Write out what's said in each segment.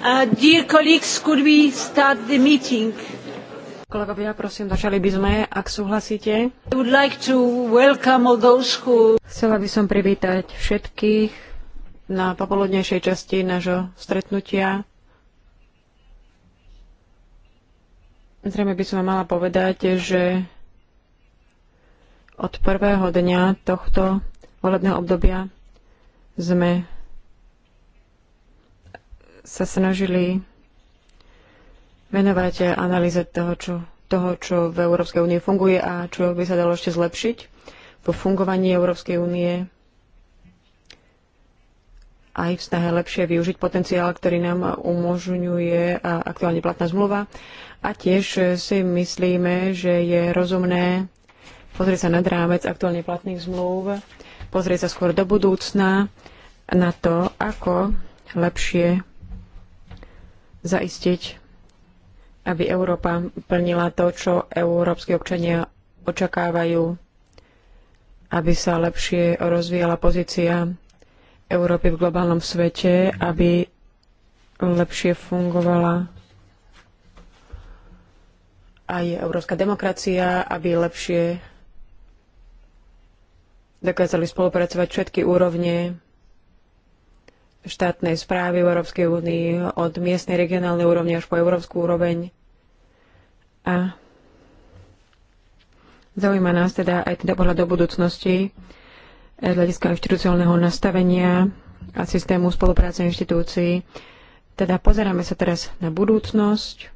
Uh, dear colleagues, could we start the meeting? Kolegovia, prosím, začali by sme, ak súhlasíte. I would like to welcome all those who... Chcela by som privítať všetkých na popoludnejšej časti nášho stretnutia. Zrejme by som mala povedať, že od prvého dňa tohto volebného obdobia sme sa snažili venovať analýze toho, čo, toho, čo v Európskej únie funguje a čo by sa dalo ešte zlepšiť po fungovaní Európskej únie aj v snahe lepšie využiť potenciál, ktorý nám umožňuje aktuálne platná zmluva. A tiež si myslíme, že je rozumné pozrieť sa nad rámec aktuálne platných zmluv, pozrieť sa skôr do budúcna na to, ako lepšie zaistiť, aby Európa plnila to, čo európsky občania očakávajú, aby sa lepšie rozvíjala pozícia Európy v globálnom svete, aby lepšie fungovala aj európska demokracia, aby lepšie dokázali spolupracovať všetky úrovne štátnej správy v Európskej únii od miestnej regionálnej úrovne až po európsku úroveň. A zaujíma nás teda aj teda pohľad do budúcnosti eh, z hľadiska inštitucionálneho nastavenia a systému spolupráce inštitúcií. Teda pozeráme sa teraz na budúcnosť,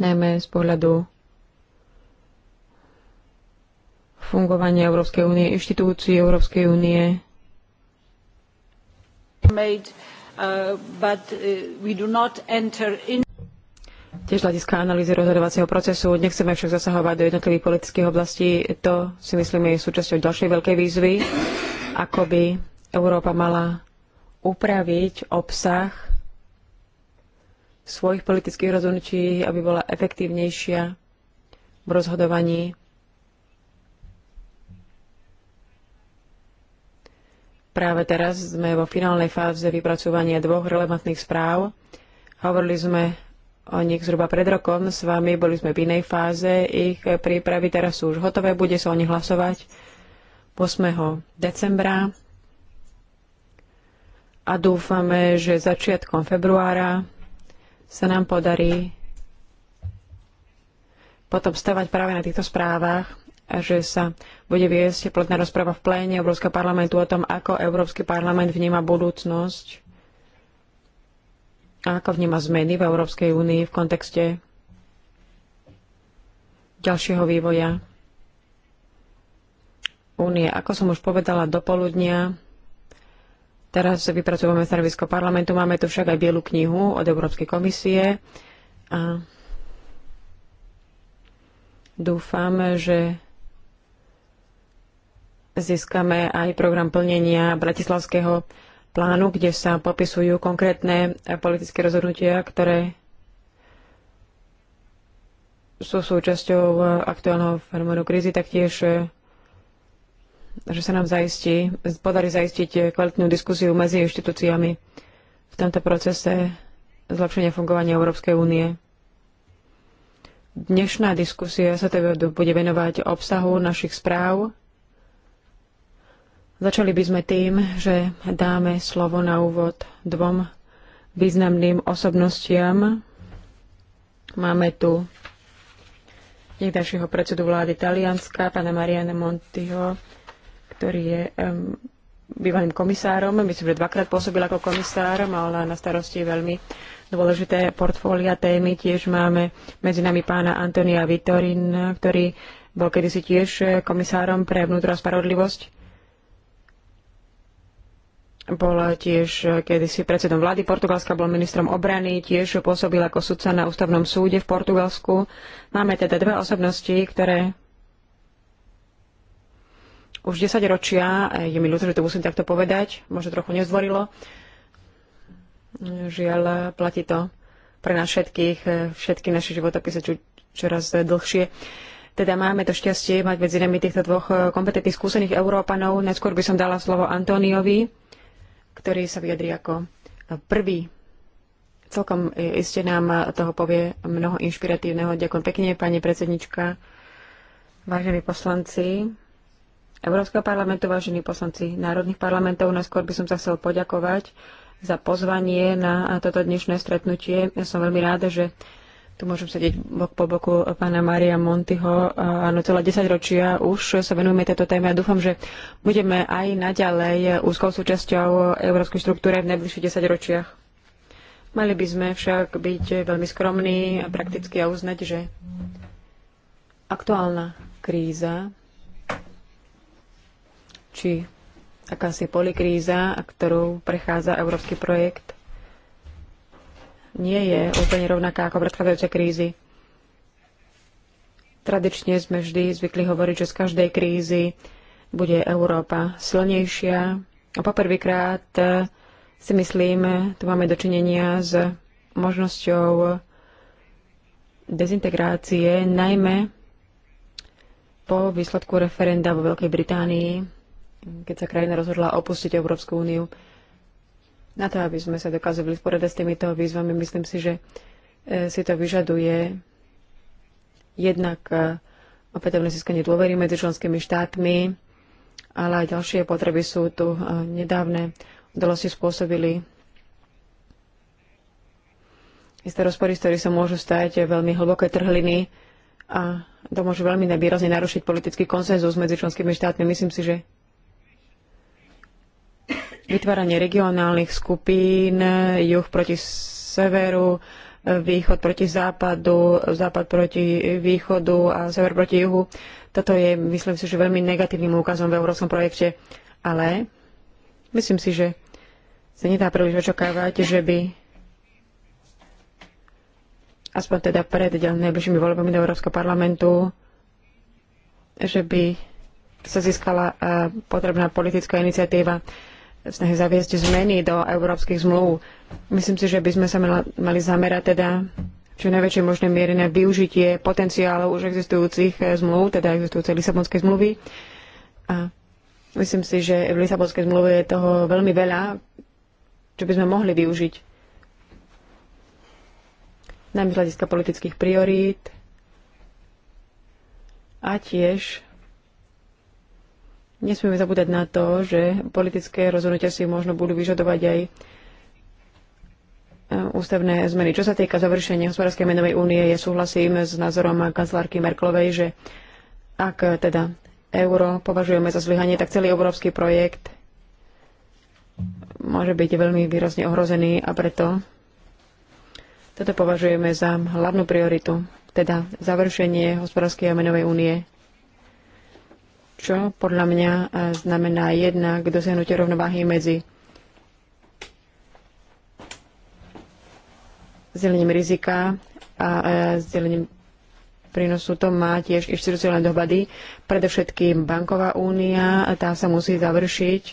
najmä z pohľadu fungovania Európskej únie, inštitúcií Európskej únie, made, uh, but uh, we do not enter in Tiež hľadiska analýzy rozhodovacieho procesu nechceme však zasahovať do jednotlivých politických oblastí. To si myslím je súčasťou ďalšej veľkej výzvy, ako by Európa mala upraviť obsah svojich politických rozhodnutí, aby bola efektívnejšia v rozhodovaní Práve teraz sme vo finálnej fáze vypracovania dvoch relevantných správ. Hovorili sme o nich zhruba pred rokom s vami, boli sme v inej fáze ich prípravy, teraz sú už hotové, bude sa o nich hlasovať 8. decembra a dúfame, že začiatkom februára sa nám podarí potom stavať práve na týchto správach že sa bude viesť plodná rozpráva v pléne Európskeho parlamentu o tom, ako Európsky parlament vníma budúcnosť a ako vníma zmeny v Európskej únii v kontexte ďalšieho vývoja únie. Ako som už povedala, do poludnia teraz vypracujeme stanovisko parlamentu. Máme tu však aj bielu knihu od Európskej komisie a dúfam, že získame aj program plnenia Bratislavského plánu, kde sa popisujú konkrétne politické rozhodnutia, ktoré sú súčasťou aktuálneho fenoménu krízy, taktiež eh, že sa nám zaistí, podarí zaistiť kvalitnú diskusiu medzi inštitúciami v tomto procese zlepšenia fungovania Európskej únie. Dnešná diskusia sa teda bude venovať obsahu našich správ Začali by sme tým, že dáme slovo na úvod dvom významným osobnostiam. Máme tu niekdajšieho predsedu vlády Talianska, pána Mariana Montiho, ktorý je um, bývalým komisárom. Myslím, že dvakrát pôsobil ako komisár, mal na starosti veľmi dôležité portfólia témy. Tiež máme medzi nami pána Antonia Vitorin, ktorý bol kedysi tiež eh, komisárom pre vnútro a spravodlivosť. Bol tiež eh, kedysi predsedom vlády Portugalska, bol ministrom obrany, tiež pôsobil ako sudca na ústavnom súde v Portugalsku. Máme teda dve osobnosti, ktoré už 10 ročia, eh, je mi ľúto, že to musím takto povedať, možno trochu nezdvorilo, žiaľ, platí to pre nás všetkých, eh, všetky naše životopisy sú čoraz dlhšie. Teda máme to šťastie mať medzi nami týchto dvoch kompetentných skúsených Európanov. Neskôr by som dala slovo Antóniovi, ktorý sa vyjadrí ako e, prvý. Celkom e, iste nám e, toho povie mnoho inšpiratívneho. Ďakujem pekne, pani predsednička, vážení poslanci Európskeho parlamentu, vážení poslanci národných parlamentov. Najskôr by som sa chcel poďakovať za pozvanie na toto dnešné stretnutie. Ja som veľmi ráda, že tu môžem sedieť bok po boku pána Maria Montyho. Áno, celé 10 ročia už sa venujeme tejto téme a dúfam, že budeme aj naďalej úzkou súčasťou európskej štruktúry v najbližších 10 ročiach. Mali by sme však byť veľmi skromní a prakticky a uznať, že aktuálna kríza či akási polikríza, ktorou prechádza európsky projekt, nie je úplne rovnaká ako predchádzajúce krízy. Tradične sme vždy zvykli hovoriť, že z každej krízy bude Európa silnejšia. A poprvýkrát e, si myslím, tu máme dočinenia s možnosťou dezintegrácie, najmä po výsledku referenda vo Veľkej Británii, keď sa krajina rozhodla opustiť Európsku úniu. Na to, aby sme sa dokázali vysporiadať s týmito výzvami, myslím si, že e, si to vyžaduje jednak e, opätovné získanie dôvery medzi členskými štátmi, ale aj ďalšie potreby sú tu e, nedávne udalosti spôsobili isté rozpory, z ktorých sa môžu stať veľmi hlboké trhliny a to môže veľmi nevýrazne narušiť politický konsenzus medzi členskými štátmi. Myslím si, že vytváranie regionálnych skupín, juh proti severu, východ proti západu, západ proti východu a sever proti juhu. Toto je, myslím si, že veľmi negatívnym úkazom v európskom projekte, ale myslím si, že sa nedá príliš očakávať, že by aspoň teda pred najbližšími voľbami do Európskeho parlamentu, že by sa získala eh, potrebná politická iniciatíva snahy zaviesť zmeny do európskych zmluv. Myslím si, že by sme sa mali zamerať teda čo najväčšej možné miery na využitie potenciálu už existujúcich eh, zmluv, teda existujúcej Lisabonskej zmluvy. A myslím si, že v Lisabonskej zmluve je toho veľmi veľa, čo by sme mohli využiť. Najmä z hľadiska politických priorít a tiež Nesmieme zabúdať na to, že politické rozhodnutia si možno budú vyžadovať aj e, ústavné zmeny. Čo sa týka završenia hospodárskej menovej únie, ja súhlasím s názorom kancelárky Merklovej, že ak teda euro považujeme za zlyhanie, tak celý európsky projekt môže byť veľmi výrazne ohrozený a preto toto považujeme za hlavnú prioritu, teda završenie hospodárskej a menovej únie čo podľa mňa e, znamená jednak dosiahnutie rovnováhy medzi zdelením rizika a e, zdelením prínosu to má tiež inštitucionálne dohody. Predovšetkým banková únia, tá sa musí završiť.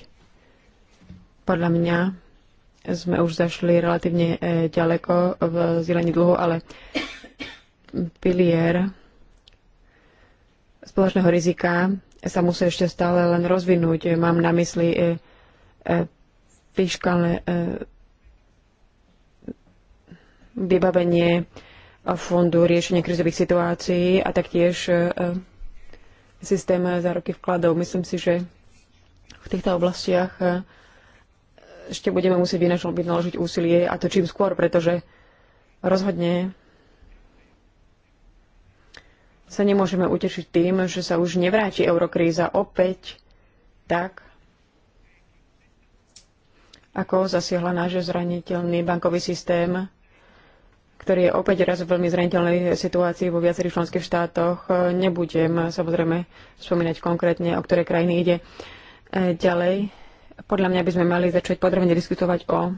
Podľa mňa sme už zašli relatívne e, ďaleko v zdieľaní dlhu, ale pilier spoločného rizika sa musí ešte stále len rozvinúť. Mám na mysli e, e, fiskálne e, vybavenie fondu riešenia krizových situácií a taktiež systém záruky vkladov. Myslím si, že v týchto oblastiach ešte budeme musieť vynaložiť úsilie a to čím skôr, pretože rozhodne sa nemôžeme utešiť tým, že sa už nevráti eurokríza opäť tak, ako zasiahla náš zraniteľný bankový systém, ktorý je opäť raz v veľmi zraniteľnej situácii vo viacerých členských štátoch. Nebudem samozrejme spomínať konkrétne, o ktoré krajiny ide. E, ďalej, podľa mňa by sme mali začať podrobne diskutovať o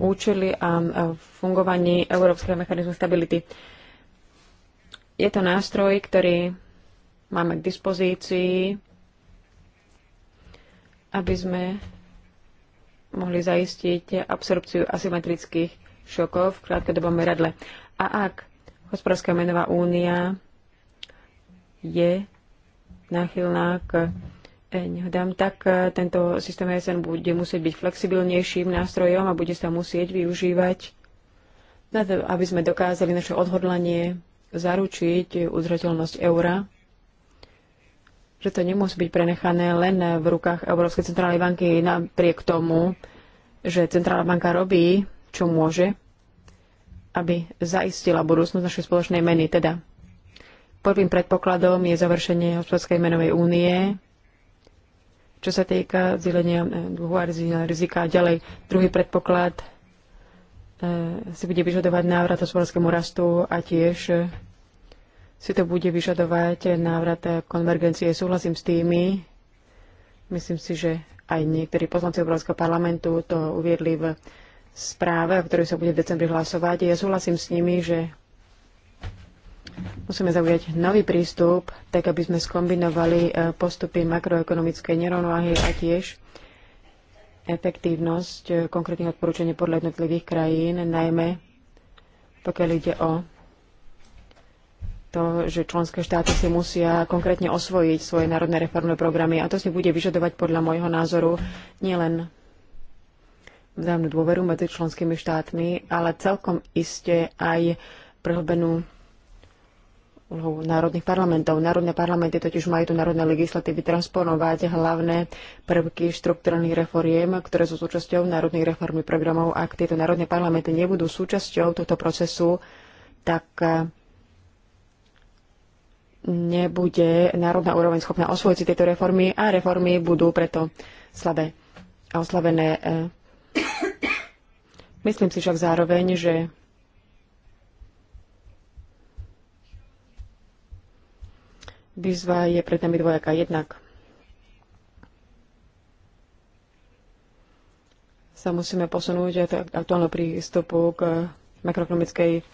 účely a fungovaní Európskeho mechanizmu stability. Je to nástroj, ktorý máme k dispozícii, aby sme mohli zaistiť absorpciu asymetrických šokov v krátkodobom meradle. A ak hospodárska menová únia je náchylná k E, nehodám, tak e, tento systém SN bude musieť byť flexibilnejším nástrojom a bude sa musieť využívať, na to, aby sme dokázali naše odhodlanie zaručiť udržateľnosť eura, že to nemusí byť prenechané len v rukách Európskej centrálnej banky napriek tomu, že centrálna banka robí, čo môže, aby zaistila budúcnosť našej spoločnej meny. Teda prvým predpokladom je završenie hospodárskej menovej únie, čo sa týka delenia e, dlhu a rizika ďalej. Druhý predpoklad e, si bude vyžadovať návrat hospodárskému rastu a tiež e, si to bude vyžadovať návrat konvergencie. Súhlasím s tými. Myslím si, že aj niektorí poslanci Európskeho parlamentu to uviedli v správe, o ktorej sa bude v decembri hlasovať. Ja súhlasím s nimi, že Musíme zaujať nový prístup, tak aby sme skombinovali e, postupy makroekonomickej nerovnováhy a tiež efektívnosť e, konkrétnych odporúčaní podľa jednotlivých krajín, najmä pokiaľ ide o to, že členské štáty si musia konkrétne osvojiť svoje národné reformné programy a to si bude vyžadovať podľa môjho názoru nielen vzájomnú dôveru medzi členskými štátmi, ale celkom iste aj prehlbenú úlohou národných parlamentov. Národné parlamenty totiž majú tu národné legislatívy transponovať hlavné prvky štruktúrnych reforiem, ktoré sú súčasťou národných reformy programov. Ak tieto národné parlamenty nebudú súčasťou tohto procesu, tak eh, nebude národná úroveň schopná osvojiť si tieto reformy a reformy budú preto slabé a oslabené. Eh. Myslím si však zároveň, že Výzva je pred nami dvojaká jednak. Sa musíme posunúť tak aktuálneho prístupu k makroekonomickej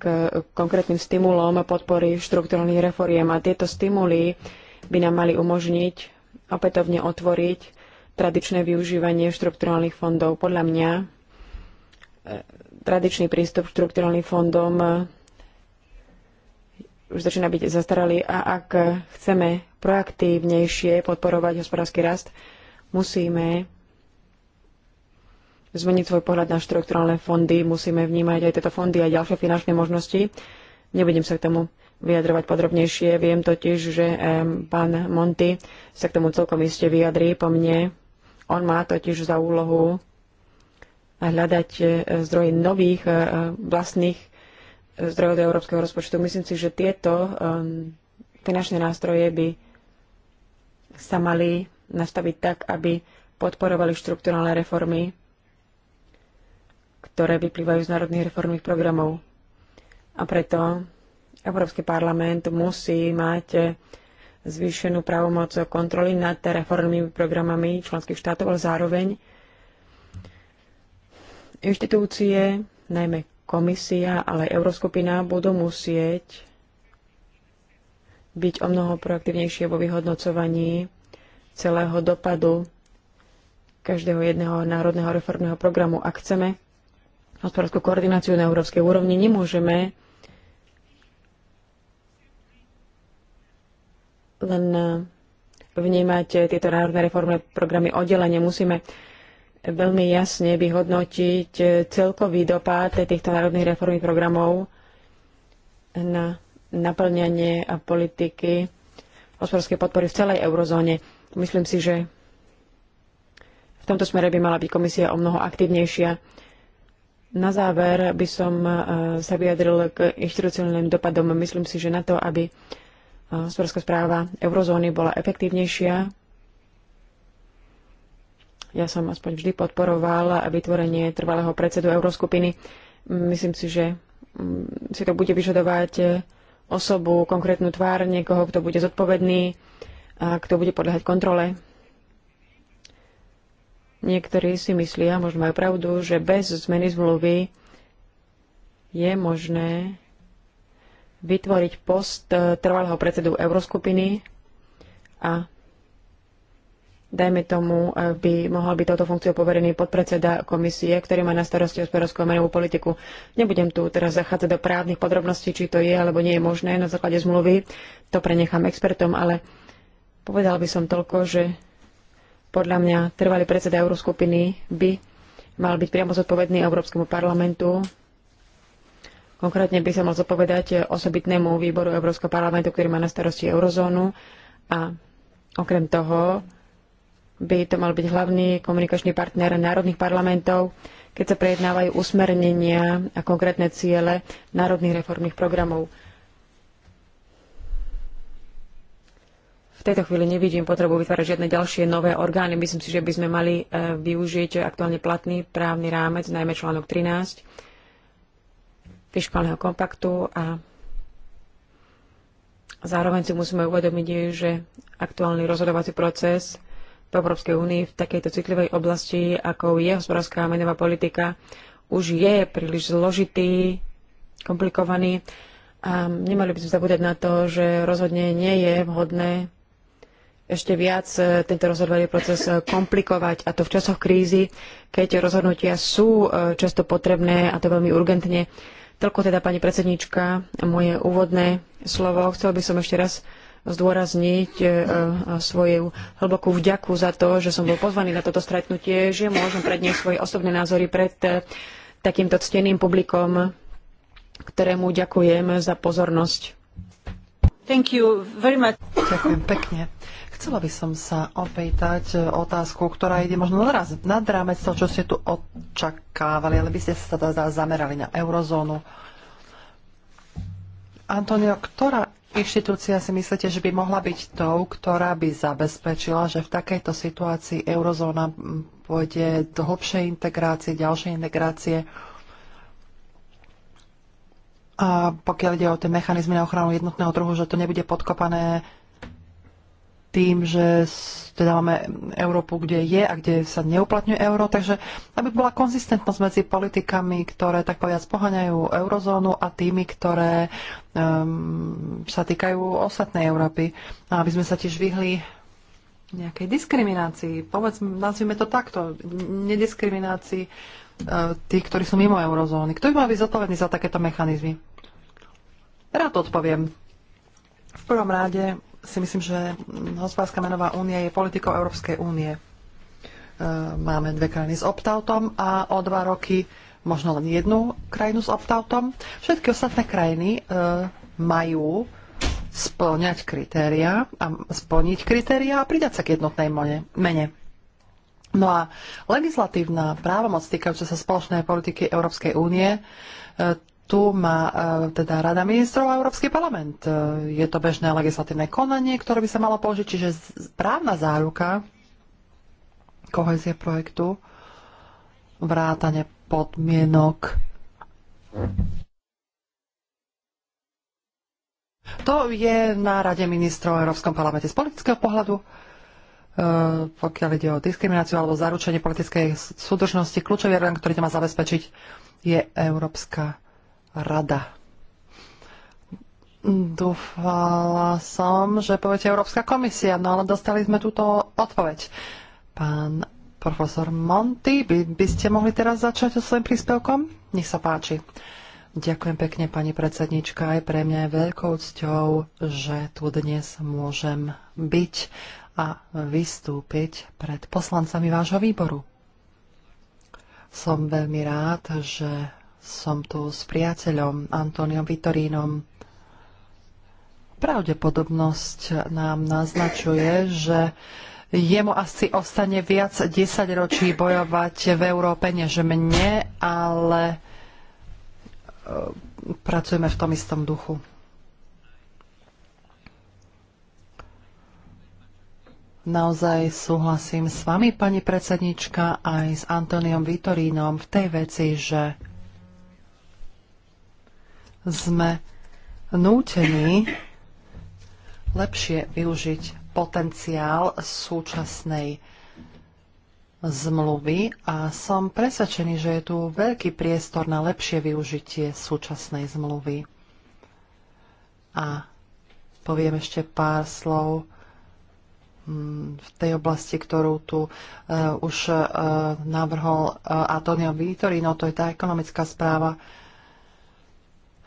k konkrétnym stimulom podpory štruktúrnych reforiem. A tieto stimuly by nám mali umožniť opätovne otvoriť tradičné využívanie štrukturálnych fondov. Podľa mňa tradičný prístup k štrukturálnym fondom e, už začína byť zastaralý a ak chceme proaktívnejšie podporovať hospodársky rast, musíme zmeniť svoj pohľad na štrukturálne fondy, musíme vnímať aj tieto fondy a ďalšie finančné možnosti. Nebudem sa k tomu vyjadrovať podrobnejšie. Viem totiž, že e, pán Monty sa k tomu celkom iste vyjadrí po mne. On má totiž za úlohu a hľadať e, zdroje nových e, vlastných e, zdrojov do európskeho rozpočtu. Myslím si, že tieto finančné nástroje by sa mali nastaviť tak, aby podporovali štrukturálne reformy, ktoré vyplývajú z národných reformných programov. A preto Európsky parlament musí mať zvýšenú právomoc kontroly nad reformnými programami členských štátov, ale zároveň Inštitúcie, najmä komisia, ale Euroskupina budú musieť byť o mnoho proaktívnejšie vo vyhodnocovaní celého dopadu každého jedného národného reformného programu. Ak chceme hospodárskú koordináciu na európskej úrovni, nemôžeme len vnímať tieto národné reformné programy oddelenie. Musíme veľmi jasne vyhodnotiť e, celkový dopad týchto národných reformných programov na naplňanie a politiky hospodárskej podpory v celej eurozóne. Myslím si, že v tomto smere by mala byť komisia o mnoho aktívnejšia. Na záver by som e, sa vyjadril k inštitucionálnym dopadom. Myslím si, že na to, aby e, hospodárska správa eurozóny bola efektívnejšia, ja som aspoň vždy podporovala vytvorenie trvalého predsedu Euroskupiny. Myslím si, že mm, si to bude vyžadovať eh, osobu, konkrétnu tvár, niekoho, kto bude zodpovedný a kto bude podľahať kontrole. Niektorí si myslia, možno majú pravdu, že bez zmeny zmluvy je možné vytvoriť post eh, trvalého predsedu Euroskupiny a dajme tomu, eh, by mohol byť touto funkciou poverený podpredseda komisie, ktorý má na starosti hospodárskú a menovú politiku. Nebudem tu teraz zachádzať do právnych podrobností, či to je alebo nie je možné na základe zmluvy. To prenechám expertom, ale povedal by som toľko, že podľa mňa trvalý predseda Euroskupiny by mal byť priamo zodpovedný Európskemu parlamentu. Konkrétne by sa mal zodpovedať osobitnému výboru Európskeho parlamentu, ktorý má na starosti eurozónu a okrem toho by to mal byť hlavný komunikačný partner národných parlamentov, keď sa prejednávajú usmernenia a konkrétne ciele národných reformných programov. V tejto chvíli nevidím potrebu vytvárať žiadne ďalšie nové orgány. Myslím si, že by sme mali e, využiť aktuálne platný právny rámec, najmä článok 13 fiskálneho kompaktu a zároveň si musíme uvedomiť, že aktuálny rozhodovací proces v Európskej únii v takejto citlivej oblasti, ako je hospodárska a menová politika, už je príliš zložitý, komplikovaný. A nemali by sme zabúdať na to, že rozhodne nie je vhodné ešte viac e, tento rozhodovací proces e, komplikovať a to v časoch krízy, keď rozhodnutia sú e, často potrebné a to veľmi urgentne. Toľko teda, pani predsednička, moje úvodné slovo. Chcel by som ešte raz zdôrazniť e, e, svoju hlbokú vďaku za to, že som bol pozvaný na toto stretnutie, že môžem predniesť svoje osobné názory pred e, takýmto cteným publikom, ktorému ďakujem za pozornosť. Ďakujem pekne. Chcela by som sa opýtať otázku, ktorá ide možno naraz, nad rámec toho, čo ste tu očakávali, ale by ste sa teda zamerali na eurozónu. Antonio, ktorá inštitúcia si myslíte, že by mohla byť tou, ktorá by zabezpečila, že v takejto situácii eurozóna pôjde do hlbšej integrácie, ďalšej integrácie? A pokiaľ ide o tie mechanizmy na ochranu jednotného trhu, že to nebude podkopané tým, že teda máme Európu, kde je a kde sa neuplatňuje euro, takže aby bola konzistentnosť medzi politikami, ktoré tak povedať spohaňajú eurozónu a tými, ktoré um, sa týkajú ostatnej Európy. A aby sme sa tiež vyhli nejakej diskriminácii, povedz, nazvime to takto, nediskriminácii uh, tých, ktorí sú mimo eurozóny. Kto by mal byť zodpovedný za takéto mechanizmy? Rád odpoviem. V prvom rade si myslím, že hospodárska menová únia je politikou Európskej únie. E, máme dve krajiny s optautom a o dva roky možno len jednu krajinu s optautom. Všetky ostatné krajiny e, majú splňať kritéria a splniť kritéria a pridať sa k jednotnej mene. No a legislatívna právomoc týkajúca sa spoločnej politiky Európskej únie, e, tu má e, teda Rada ministrov a Európsky parlament. E, je to bežné legislatívne konanie, ktoré by sa malo použiť, čiže právna záruka kohezie projektu, vrátane podmienok. To je na Rade ministrov v Európskom parlamente z politického pohľadu e, pokiaľ ide o diskrimináciu alebo zaručenie politickej súdržnosti, kľúčový orgán, ktorý to má zabezpečiť, je Európska rada. Dúfala som, že poviete Európska komisia, no ale dostali sme túto odpoveď. Pán profesor Monty, by, by ste mohli teraz začať so svojím príspevkom? Nech sa páči. Ďakujem pekne, pani predsednička. Aj pre mňa je veľkou cťou, že tu dnes môžem byť a vystúpiť pred poslancami vášho výboru. Som veľmi rád, že som tu s priateľom Antoniom Vitorínom. Pravdepodobnosť nám naznačuje, že jemu asi ostane viac desaťročí bojovať v Európe než mne, ale e, pracujeme v tom istom duchu. Naozaj súhlasím s vami, pani predsednička, aj s Antoniom Vitorínom v tej veci, že sme nútení lepšie využiť potenciál súčasnej zmluvy a som presvedčený, že je tu veľký priestor na lepšie využitie súčasnej zmluvy. A poviem ešte pár slov mm, v tej oblasti, ktorú tu uh, už uh, navrhol uh, Antonio Vitorino, to je tá ekonomická správa,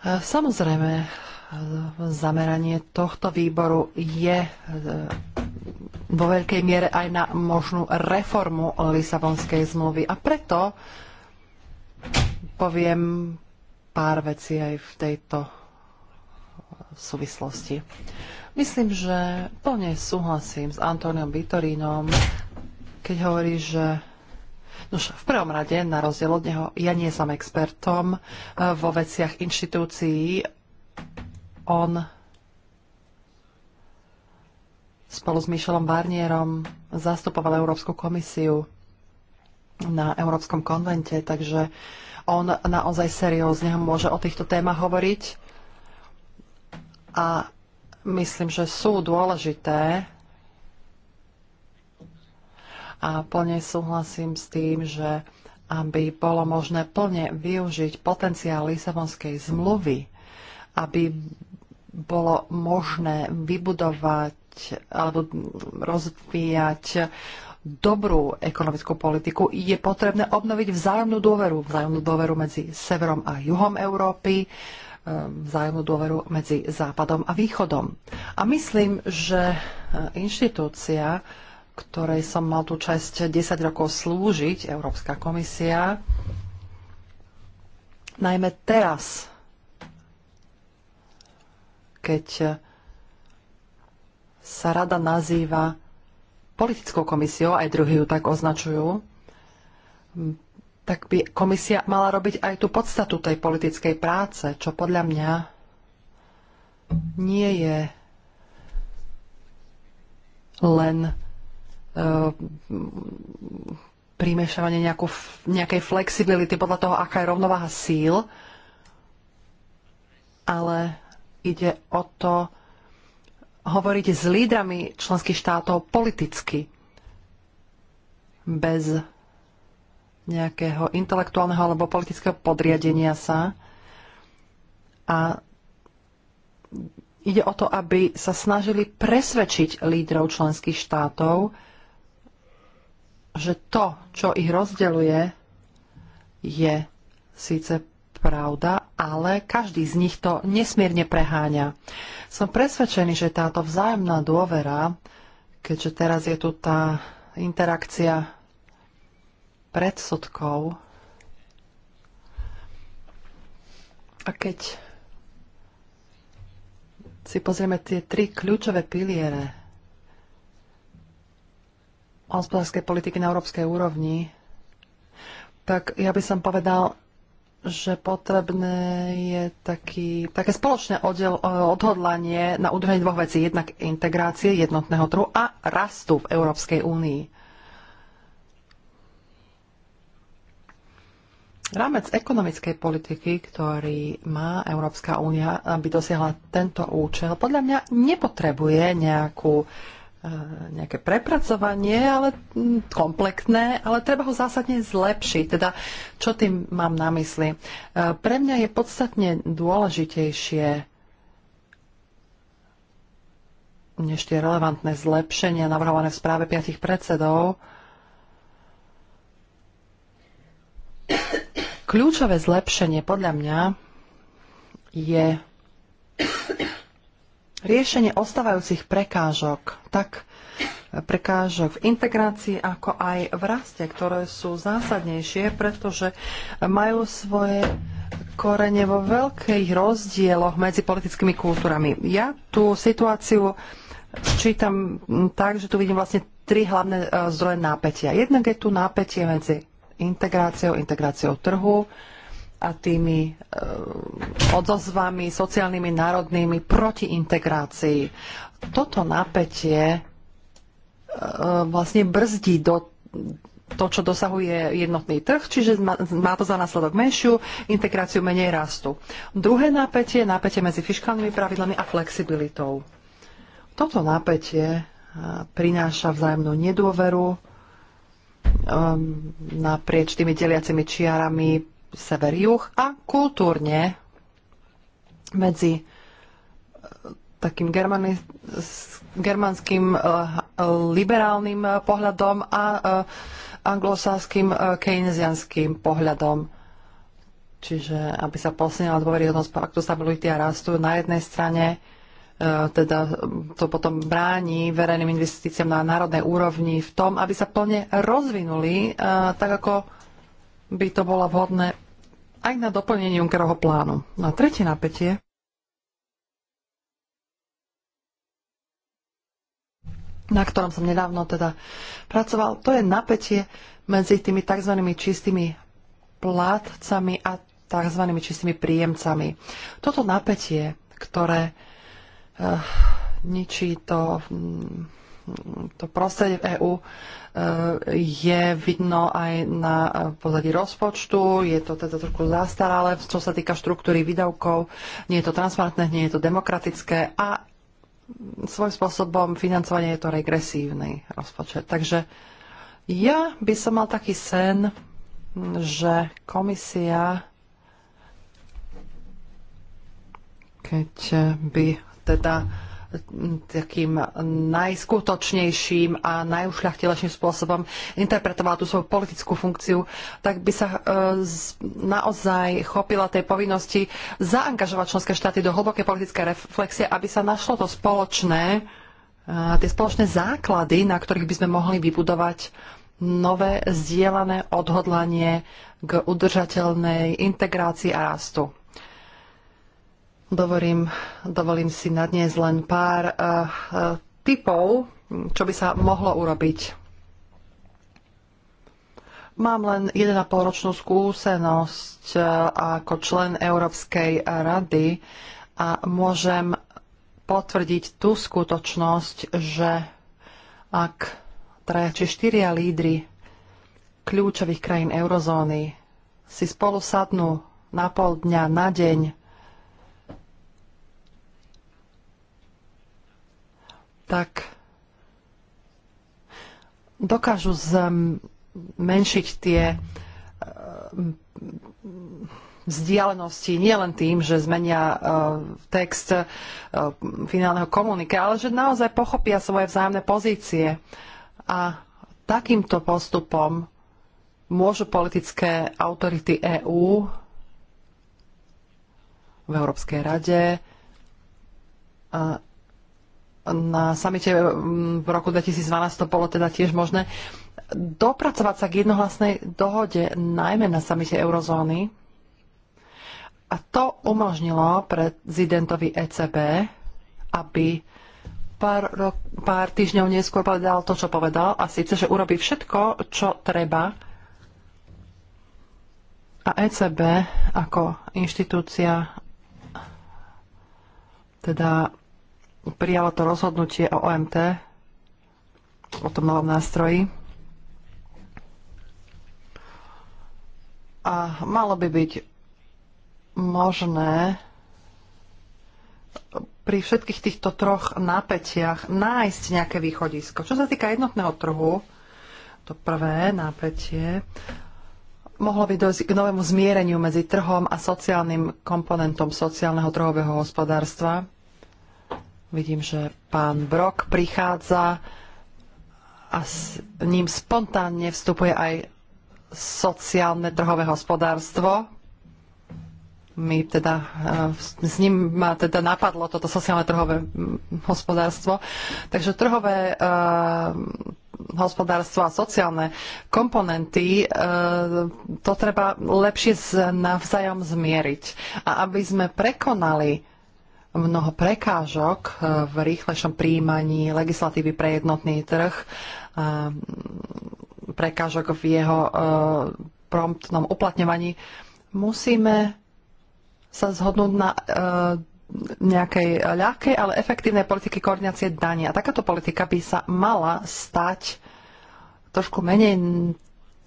Samozrejme, zameranie tohto výboru je e, vo veľkej miere aj na možnú reformu Lisabonskej zmluvy. A preto poviem pár vecí aj v tejto súvislosti. Myslím, že plne súhlasím s Antóniom Vitorínom, keď hovorí, že Nož, v prvom rade, na rozdiel od neho, ja nie som expertom eh, vo veciach inštitúcií. On spolu s Michelom Barnierom zastupoval Európsku komisiu na Európskom konvente, takže on naozaj seriózne môže o týchto témach hovoriť. A myslím, že sú dôležité a plne súhlasím s tým, že aby bolo možné plne využiť potenciál Lisabonskej zmluvy, aby bolo možné vybudovať alebo rozvíjať dobrú ekonomickú politiku, je potrebné obnoviť vzájomnú dôveru. Vzájomnú dôveru medzi severom a juhom Európy, ehm, vzájomnú dôveru medzi západom a východom. A myslím, že ehm, inštitúcia, ktorej som mal tú časť 10 rokov slúžiť, Európska komisia, najmä teraz, keď sa rada nazýva politickou komisiou, aj druhý ju tak označujú, tak by komisia mala robiť aj tú podstatu tej politickej práce, čo podľa mňa nie je len E, primešavanie nejakú, nejakej flexibility podľa toho, aká je rovnováha síl, ale ide o to hovoriť s lídrami členských štátov politicky, bez nejakého intelektuálneho alebo politického podriadenia sa. A ide o to, aby sa snažili presvedčiť lídrov členských štátov, že to, čo ich rozdeluje, je síce pravda, ale každý z nich to nesmierne preháňa. Som presvedčený, že táto vzájomná dôvera, keďže teraz je tu tá interakcia predsudkov, a keď si pozrieme tie tri kľúčové piliere hospodárskej politiky na európskej úrovni, tak ja by som povedal, že potrebné je taký, také spoločné oddel, eh, odhodlanie na udržanie dvoch vecí. Jednak integrácie jednotného trhu a rastu v Európskej únii. Rámec ekonomickej politiky, ktorý má Európska únia, aby dosiahla tento účel, podľa mňa nepotrebuje nejakú uh, nejaké prepracovanie, ale mm, kompletné, ale treba ho zásadne zlepšiť. Teda, čo tým mám na mysli? Pre mňa je podstatne dôležitejšie než tie relevantné zlepšenia navrhované v správe piatich predsedov. Kľúčové zlepšenie podľa mňa je riešenie ostávajúcich prekážok, tak eh, prekážok v integrácii, ako aj v raste, ktoré sú zásadnejšie, pretože majú svoje korene vo veľkých rozdieloch medzi politickými kultúrami. Ja tú situáciu čítam mm, tak, že tu vidím vlastne tri hlavné eh, zdroje nápetia. Jednak je tu nápetie medzi integráciou, integráciou trhu, a tými e, odozvami sociálnymi, národnými proti integrácii. Toto napätie e, vlastne brzdí do to, čo dosahuje jednotný trh, čiže má to za následok menšiu integráciu, menej rastu. Druhé napätie je napätie medzi fiskálnymi pravidlami a flexibilitou. Toto napätie e, prináša vzájomnú nedôveru um, naprieč tými deliacimi čiarami sever-juh a kultúrne medzi eh, takým germanským eh, liberálnym eh, pohľadom a anglosáským keynesianským pohľadom. Čiže aby sa posilnila dôveryhodnosť paktu stability a rastu na jednej strane, teda to potom bráni verejným investíciám na národnej úrovni v tom, aby sa plne rozvinuli, tak ako by to bolo vhodné aj na doplnenie Junckerovho plánu. Na tretie napätie na ktorom som nedávno teda pracoval, to je napätie medzi tými tzv. čistými plátcami a tzv. čistými príjemcami. Toto napätie, ktoré uh, ničí to, mm, to prostredie v EÚ, je vidno aj na pozadí rozpočtu, je to teda trošku zastaralé, čo sa týka štruktúry výdavkov, nie je to transparentné, nie je to demokratické a svojím spôsobom financovanie je to regresívny rozpočet. Takže ja by som mal taký sen, že komisia, keď by teda takým najskutočnejším a najušľachtilejším spôsobom interpretovala tú svoju politickú funkciu, tak by sa e, naozaj chopila tej povinnosti zaangažovať členské štáty do hlbokej politické reflexie, aby sa našlo to spoločné, e, tie spoločné základy, na ktorých by sme mohli vybudovať nové zdieľané odhodlanie k udržateľnej integrácii a rastu. Dovorím, dovolím si na dnes len pár uh, eh, uh, eh, typov, čo by sa mohlo urobiť. Mám len 1,5 ročnú skúsenosť eh, ako člen Európskej rady a môžem potvrdiť tú skutočnosť, že ak traja či štyria lídry kľúčových krajín eurozóny si spolu sadnú na pol dňa, na deň tak dokážu zmenšiť tie eh, vzdialenosti nielen tým, že zmenia uh, text uh, finálneho komunike, ale že naozaj pochopia svoje vzájomné pozície. A takýmto postupom môžu politické autority EÚ v Európskej rade uh, na samite mm, v roku 2012 to bolo teda tiež možné dopracovať sa k jednohlasnej dohode, najmä na samite eurozóny. A to umožnilo prezidentovi ECB, aby pár, rok, pár týždňov neskôr povedal to, čo povedal, a síce, že urobí všetko, čo treba. A ECB ako inštitúcia teda prijalo to rozhodnutie o OMT, o tom novom nástroji. A malo by byť možné pri všetkých týchto troch napätiach nájsť nejaké východisko. Čo sa týka jednotného trhu, to prvé napätie, mohlo by dojsť k novému zmiereniu medzi trhom a sociálnym komponentom sociálneho trhového hospodárstva. Vidím, že pán Brok prichádza a s ním spontánne vstupuje aj sociálne trhové hospodárstvo. My teda, eh, s ním ma teda napadlo toto sociálne trhové mm, hospodárstvo. Takže trhové eh, hospodárstvo a sociálne komponenty, eh, to treba lepšie navzájom zmieriť. A aby sme prekonali mnoho prekážok eh, v rýchlejšom príjmaní legislatívy pre jednotný trh, eh, prekážok v jeho eh, promptnom uplatňovaní. Musíme sa zhodnúť na nejakej ľahkej, ale efektívnej politiky koordinácie daní. A takáto politika by sa mala stať trošku menej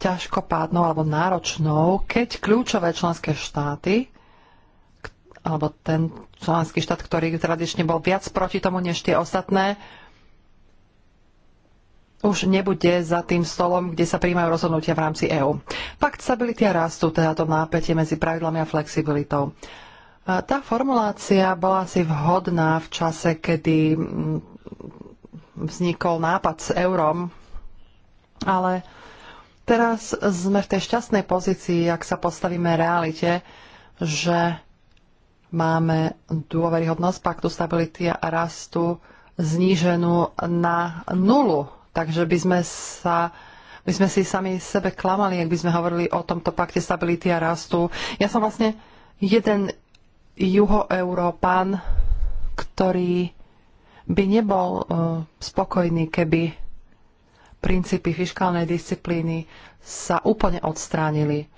ťažkopádnou alebo náročnou, keď kľúčové členské štáty alebo ten členský štát, ktorý tradične bol viac proti tomu než tie ostatné, už nebude za tým stolom, kde sa príjmajú rozhodnutia v rámci EÚ. Pakt stability a rastu, teda to nápetie medzi pravidlami a flexibilitou. Tá formulácia bola asi vhodná v čase, kedy mm, vznikol nápad s eurom, ale teraz sme v tej šťastnej pozícii, ak sa postavíme realite, že máme dôveryhodnosť paktu stability a rastu zníženú na nulu. Takže by sme, sa, my sme si sami sebe klamali, ak by sme hovorili o tomto pakte stability a rastu. Ja som vlastne jeden juhoeurópan, ktorý by nebol uh, spokojný, keby princípy fiskálnej disciplíny sa úplne odstránili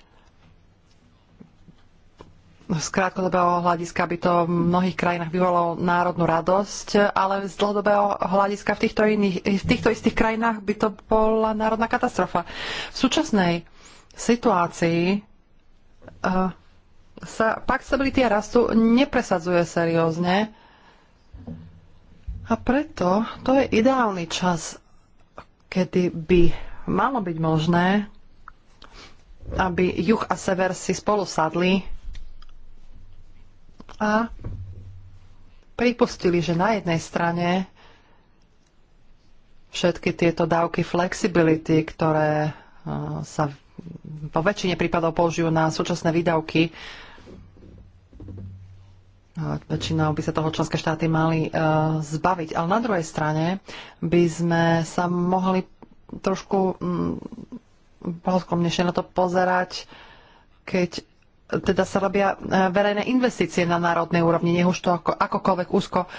z krátkodobého hľadiska by to v mnohých krajinách vyvolalo národnú radosť, ale z dlhodobého hľadiska v týchto, iných, v týchto istých krajinách by to bola národná katastrofa. V súčasnej situácii uh, sa pak stability a rastu nepresadzuje seriózne a preto to je ideálny čas, kedy by malo byť možné, aby juh a sever si spolu sadli a pripustili, že na jednej strane všetky tieto dávky flexibility, ktoré e, sa vo väčšine prípadov použijú na súčasné výdavky, väčšinou by sa toho členské štáty mali uh, zbaviť. Ale na druhej strane by sme sa mohli trošku mm, na to pozerať, keď teda sa robia e, verejné investície na národnej úrovni, nech už to ako, akokoľvek úzko e,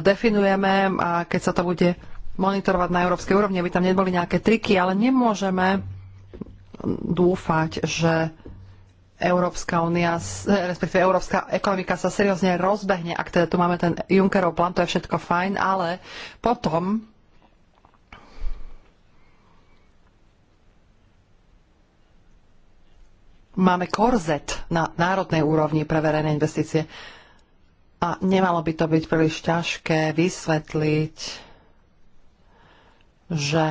definujeme a keď sa to bude monitorovať na európskej úrovni, aby tam neboli nejaké triky, ale nemôžeme dúfať, že Európska únia, e, respektíve európska ekonomika sa seriózne rozbehne, ak teda tu máme ten Junckerov plán, to je všetko fajn, ale potom máme korzet na národnej úrovni pre verejné investície. A nemalo by to byť príliš ťažké vysvetliť, že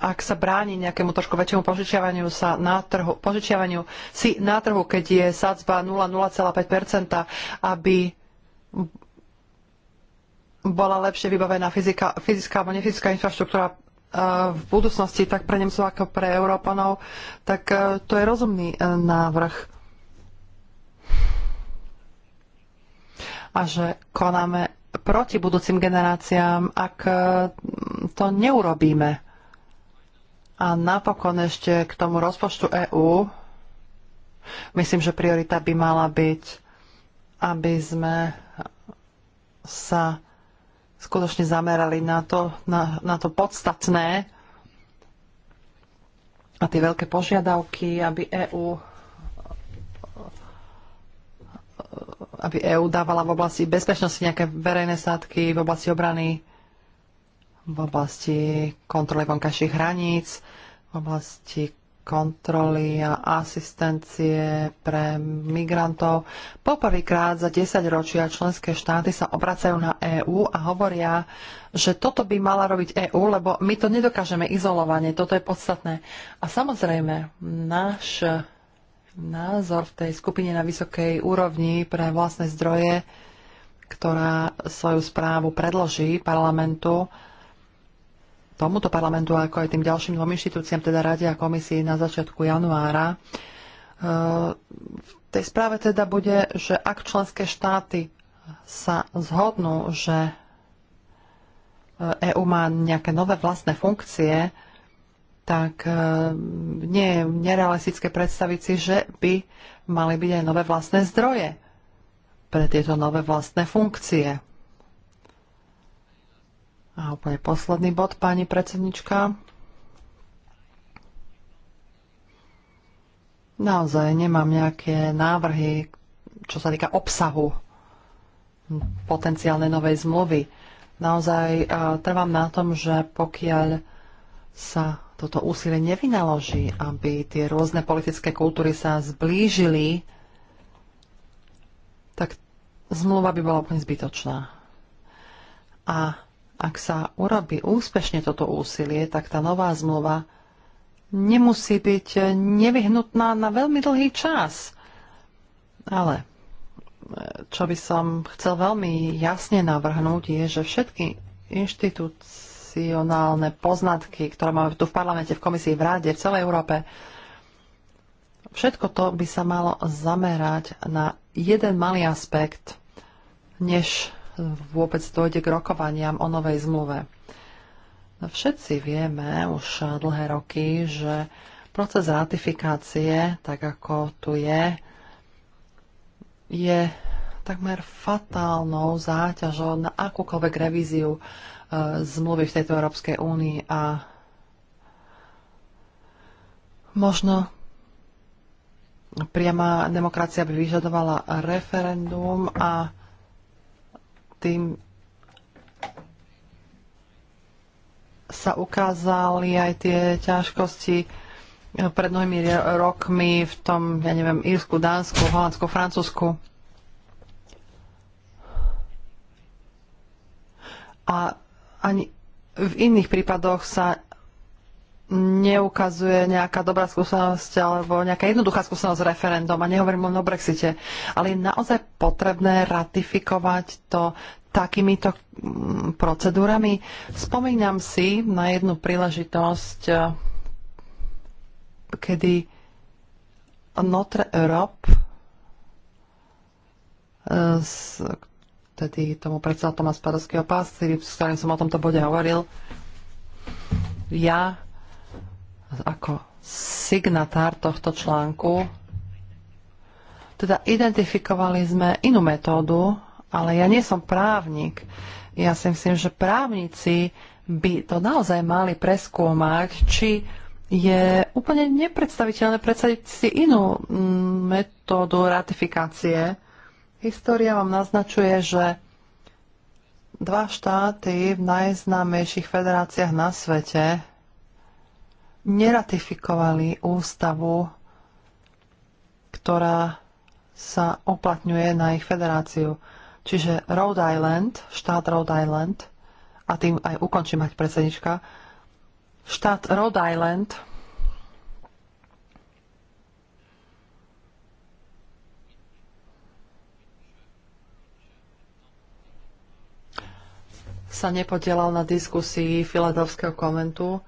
ak sa bráni nejakému trošku väčšiemu požičiavaniu, sa na trhu, požičiavaniu si na trhu, keď je sadzba 0,05%, aby bola lepšie vybavená fyzika, fyzická alebo nefyzická infraštruktúra v budúcnosti tak pre Nemcov ako pre Európanov, tak e, to je rozumný e, návrh. A že konáme proti budúcim generáciám, ak e, to neurobíme. A napokon ešte k tomu rozpočtu EÚ. Myslím, že priorita by mala byť, aby sme sa skutočne zamerali na to, na, na to podstatné a tie veľké požiadavky, aby EÚ aby EÚ dávala v oblasti bezpečnosti nejaké verejné sádky, v oblasti obrany, v oblasti kontroly vonkajších hraníc, v oblasti kontroly a asistencie pre migrantov. Poprvýkrát za 10 ročia členské štáty sa obracajú na EÚ a hovoria, že toto by mala robiť EÚ, lebo my to nedokážeme izolovanie, toto je podstatné. A samozrejme, náš názor v tej skupine na vysokej úrovni pre vlastné zdroje, ktorá svoju správu predloží parlamentu, tomuto parlamentu, ako aj tým ďalším dvom inštitúciám, teda Rade a komisii na začiatku januára. E, v tej správe teda bude, že ak členské štáty sa zhodnú, že EÚ e má nejaké nové vlastné funkcie, tak e, nie je nerealistické predstaviť si, že by mali byť aj nové vlastné zdroje pre tieto nové vlastné funkcie. A úplne posledný bod, pani predsednička. Naozaj nemám nejaké návrhy, čo sa týka obsahu potenciálnej novej zmluvy. Naozaj e, trvám na tom, že pokiaľ sa toto úsilie nevynaloží, aby tie rôzne politické kultúry sa zblížili, tak zmluva by bola úplne zbytočná. A ak sa urobí úspešne toto úsilie, tak tá nová zmluva nemusí byť nevyhnutná na veľmi dlhý čas. Ale e, čo by som chcel veľmi jasne navrhnúť, je, že všetky inštitucionálne poznatky, ktoré máme tu v parlamente, v komisii, v ráde, v celej Európe, všetko to by sa malo zamerať na jeden malý aspekt, než vôbec dojde k rokovaniam o novej zmluve. No všetci vieme už dlhé roky, že proces ratifikácie, tak ako tu je, je takmer fatálnou záťažou na akúkoľvek revíziu e, zmluvy v tejto Európskej únii a možno priama demokracia by vyžadovala referendum a tým sa ukázali aj tie ťažkosti pred mnohými rokmi v tom, ja neviem, Írsku, Dánsku, Holandsku, Francúzsku. A ani v iných prípadoch sa neukazuje nejaká dobrá skúsenosť alebo nejaká jednoduchá skúsenosť referendum a nehovorím len o Brexite, ale je naozaj potrebné ratifikovať to takýmito mm, procedúrami. Spomínam si na jednu príležitosť, eh, kedy Notre Europe eh, tedy tomu predseda Tomás Padovského pás, s ktorým som o tomto bode hovoril, ja ako signatár tohto článku. Teda identifikovali sme inú metódu, ale ja nie som právnik. Ja si myslím, že právnici by to naozaj mali preskúmať, či je úplne nepredstaviteľné predsadiť si inú mm, metódu ratifikácie. História vám naznačuje, že dva štáty v najznámejších federáciách na svete neratifikovali ústavu, ktorá sa oplatňuje na ich federáciu. Čiže Rhode Island, štát Rhode Island, a tým aj ukončím mať predsednička, štát Rhode Island sa nepodielal na diskusii Filadelfského komentu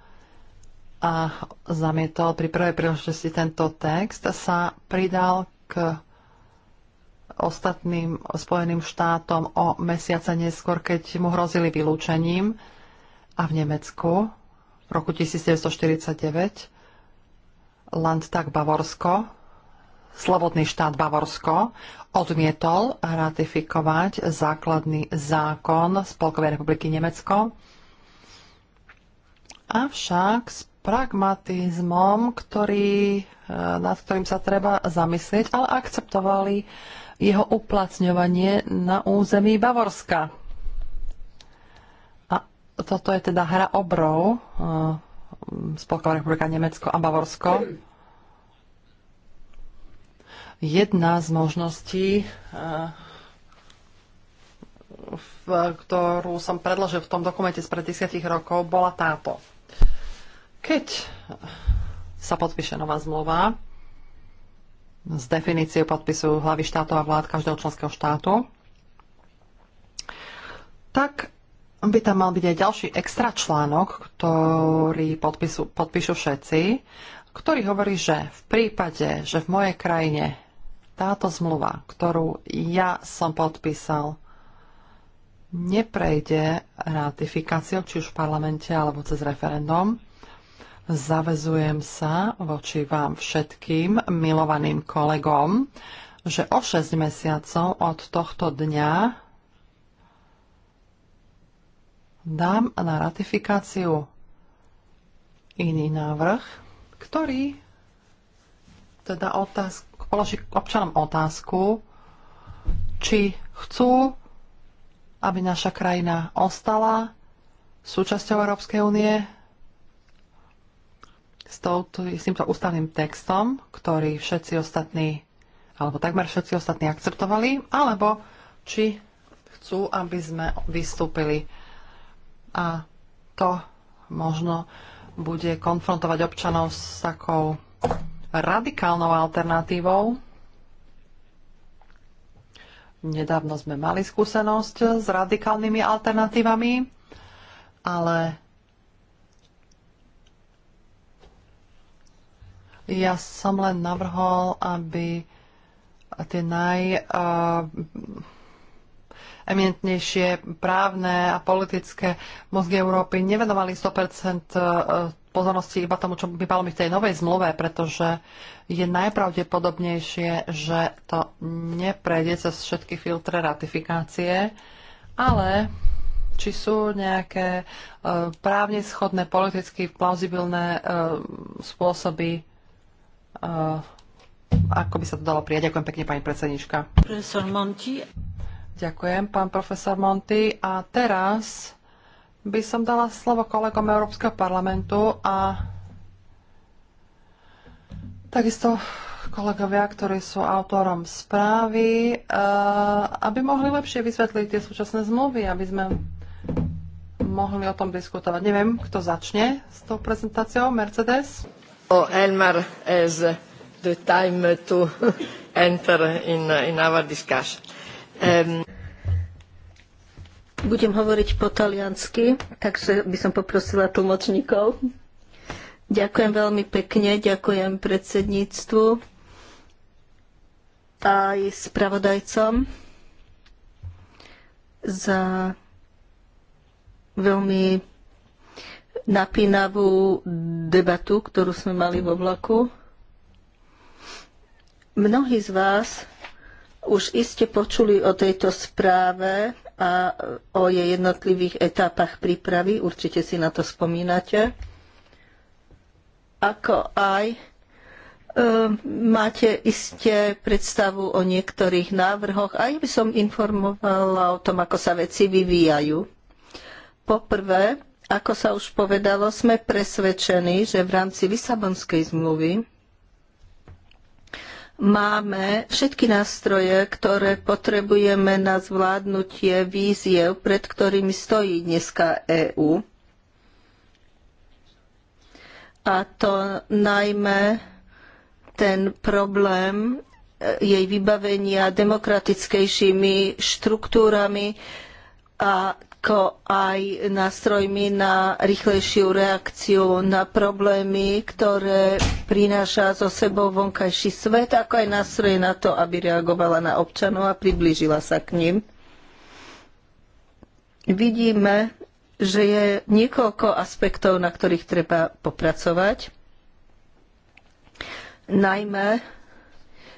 a zamietol pri prvej príležitosti tento text, sa pridal k ostatným Spojeným štátom o mesiace neskôr, keď mu hrozili vylúčením. A v Nemecku v roku 1949 Landtag Bavorsko, Slobodný štát Bavorsko, odmietol ratifikovať základný zákon Spolkovej republiky Nemecko. Avšak pragmatizmom, ktorý, e, nad ktorým sa treba zamyslieť, ale akceptovali jeho uplatňovanie na území Bavorska. A toto je teda hra obrov e, Spolková republika Nemecko a Bavorsko. Jedna z možností, e, ktorú som predložil v tom dokumente z pred 10 rokov, bola táto. Keď sa podpíše nová zmluva, z definíciou podpisu hlavy štátu a vlád každého členského štátu, tak by tam mal byť aj ďalší extra článok, ktorý podpisu, podpíšu všetci, ktorý hovorí, že v prípade, že v mojej krajine táto zmluva, ktorú ja som podpísal, neprejde ratifikáciou, či už v parlamente alebo cez referendum, Zavezujem sa voči vám všetkým milovaným kolegom, že o 6 mesiacov od tohto dňa dám na ratifikáciu iný návrh, ktorý teda otázku, položí občanom otázku, či chcú, aby naša krajina ostala súčasťou Európskej únie s, touto, s týmto ústavným textom, ktorý všetci ostatní, alebo takmer všetci ostatní akceptovali, alebo či chcú, aby sme vystúpili. A to možno bude konfrontovať občanov s takou radikálnou alternatívou. Nedávno sme mali skúsenosť s radikálnymi alternatívami, ale Ja som len navrhol, aby tie naj... Uh, eminentnejšie právne a politické mozgy Európy nevenovali 100% e, pozornosti iba tomu, čo by malo byť v tej novej zmluve, pretože je najpravdepodobnejšie, že to neprejde cez všetky filtre ratifikácie, ale či sú nejaké e, právne schodné, politicky plauzibilné e, spôsoby Eh, ako by sa to dalo prijať. Ďakujem pekne, pani predsednička. Profesor Monti. Ďakujem, pán profesor Monti. A teraz by som dala slovo kolegom Európskeho parlamentu a takisto kolegovia, ktorí sú autorom správy, eh, aby mohli lepšie vysvetliť tie súčasné zmluvy, aby sme mohli o tom diskutovať. Neviem, kto začne s tou prezentáciou. Mercedes? Oh, Elmar has uh, the time to enter in, uh, in our discussion. Um, budem hovoriť po taliansky, takže by som poprosila tlmočníkov. Ďakujem veľmi pekne, ďakujem predsedníctvu aj spravodajcom za veľmi napínavú debatu, ktorú sme mali vo vlaku. Mnohí z vás už iste počuli o tejto správe a o jej jednotlivých etapách prípravy. Určite si na to spomínate. Ako aj e, máte iste predstavu o niektorých návrhoch. Aj by som informovala o tom, ako sa veci vyvíjajú. Poprvé, ako sa už povedalo, sme presvedčení, že v rámci Lisabonskej zmluvy máme všetky nástroje, ktoré potrebujeme na zvládnutie víziev, pred ktorými stojí dneska EÚ. A to najmä ten problém eh, jej vybavenia demokratickejšími štruktúrami a ako aj nástrojmi na rýchlejšiu reakciu na problémy, ktoré prináša so sebou vonkajší svet, ako aj nástroje na to, aby reagovala na občanov a priblížila sa k ním. Vidíme, že je niekoľko aspektov, na ktorých treba popracovať. Najmä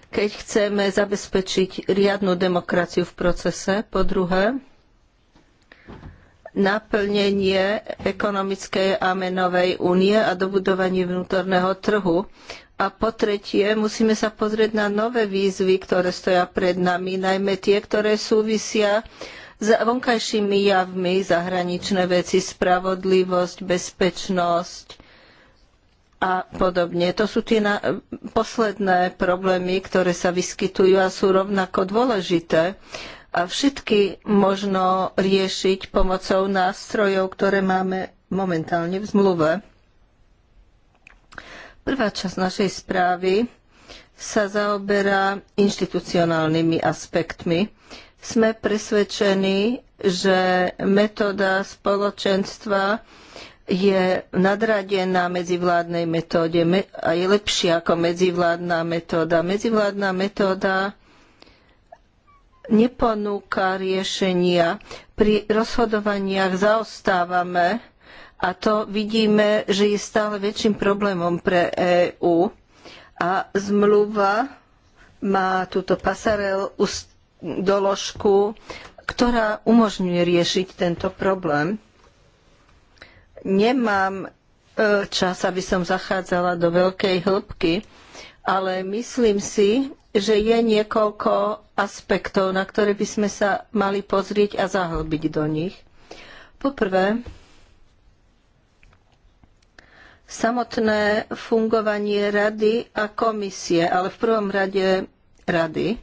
keď chceme zabezpečiť riadnu demokraciu v procese, po druhé, naplnenie ekonomickej a menovej únie a dobudovanie vnútorného trhu. A po tretie, musíme sa pozrieť na nové výzvy, ktoré stoja pred nami, najmä tie, ktoré súvisia s vonkajšími javmi, zahraničné veci, spravodlivosť, bezpečnosť a podobne. To sú tie posledné problémy, ktoré sa vyskytujú a sú rovnako dôležité všetky možno riešiť pomocou nástrojov, ktoré máme momentálne v zmluve. Prvá časť našej správy sa zaoberá inštitucionálnymi aspektmi. Sme presvedčení, že metóda spoločenstva je nadradená medzivládnej metóde a je lepšia ako medzivládna metóda. Medzivládna metóda neponúka riešenia. Pri rozhodovaniach zaostávame a to vidíme, že je stále väčším problémom pre EÚ. A zmluva má túto pasarel doložku, ktorá umožňuje riešiť tento problém. Nemám e, čas, aby som zachádzala do veľkej hĺbky, ale myslím si, že je niekoľko aspektov, na ktoré by sme sa mali pozrieť a zahlbiť do nich. Poprvé, samotné fungovanie rady a komisie, ale v prvom rade rady.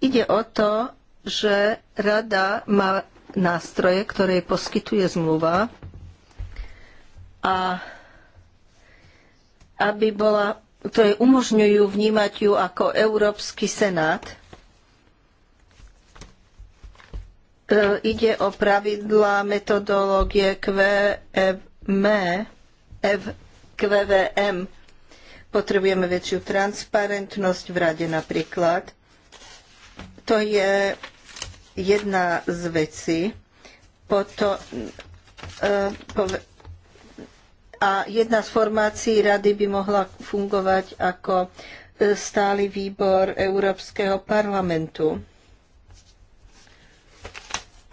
Ide o to, že rada má nástroje, ktoré poskytuje zmluva a aby bola to umožňujú vnímať ju ako Európsky senát. E, ide o pravidlá metodológie QVM, e F, QVM. Potrebujeme väčšiu transparentnosť v rade napríklad. To je jedna z vecí. Potom, e, a jedna z formácií rady by mohla fungovať ako e, stály výbor Európskeho parlamentu.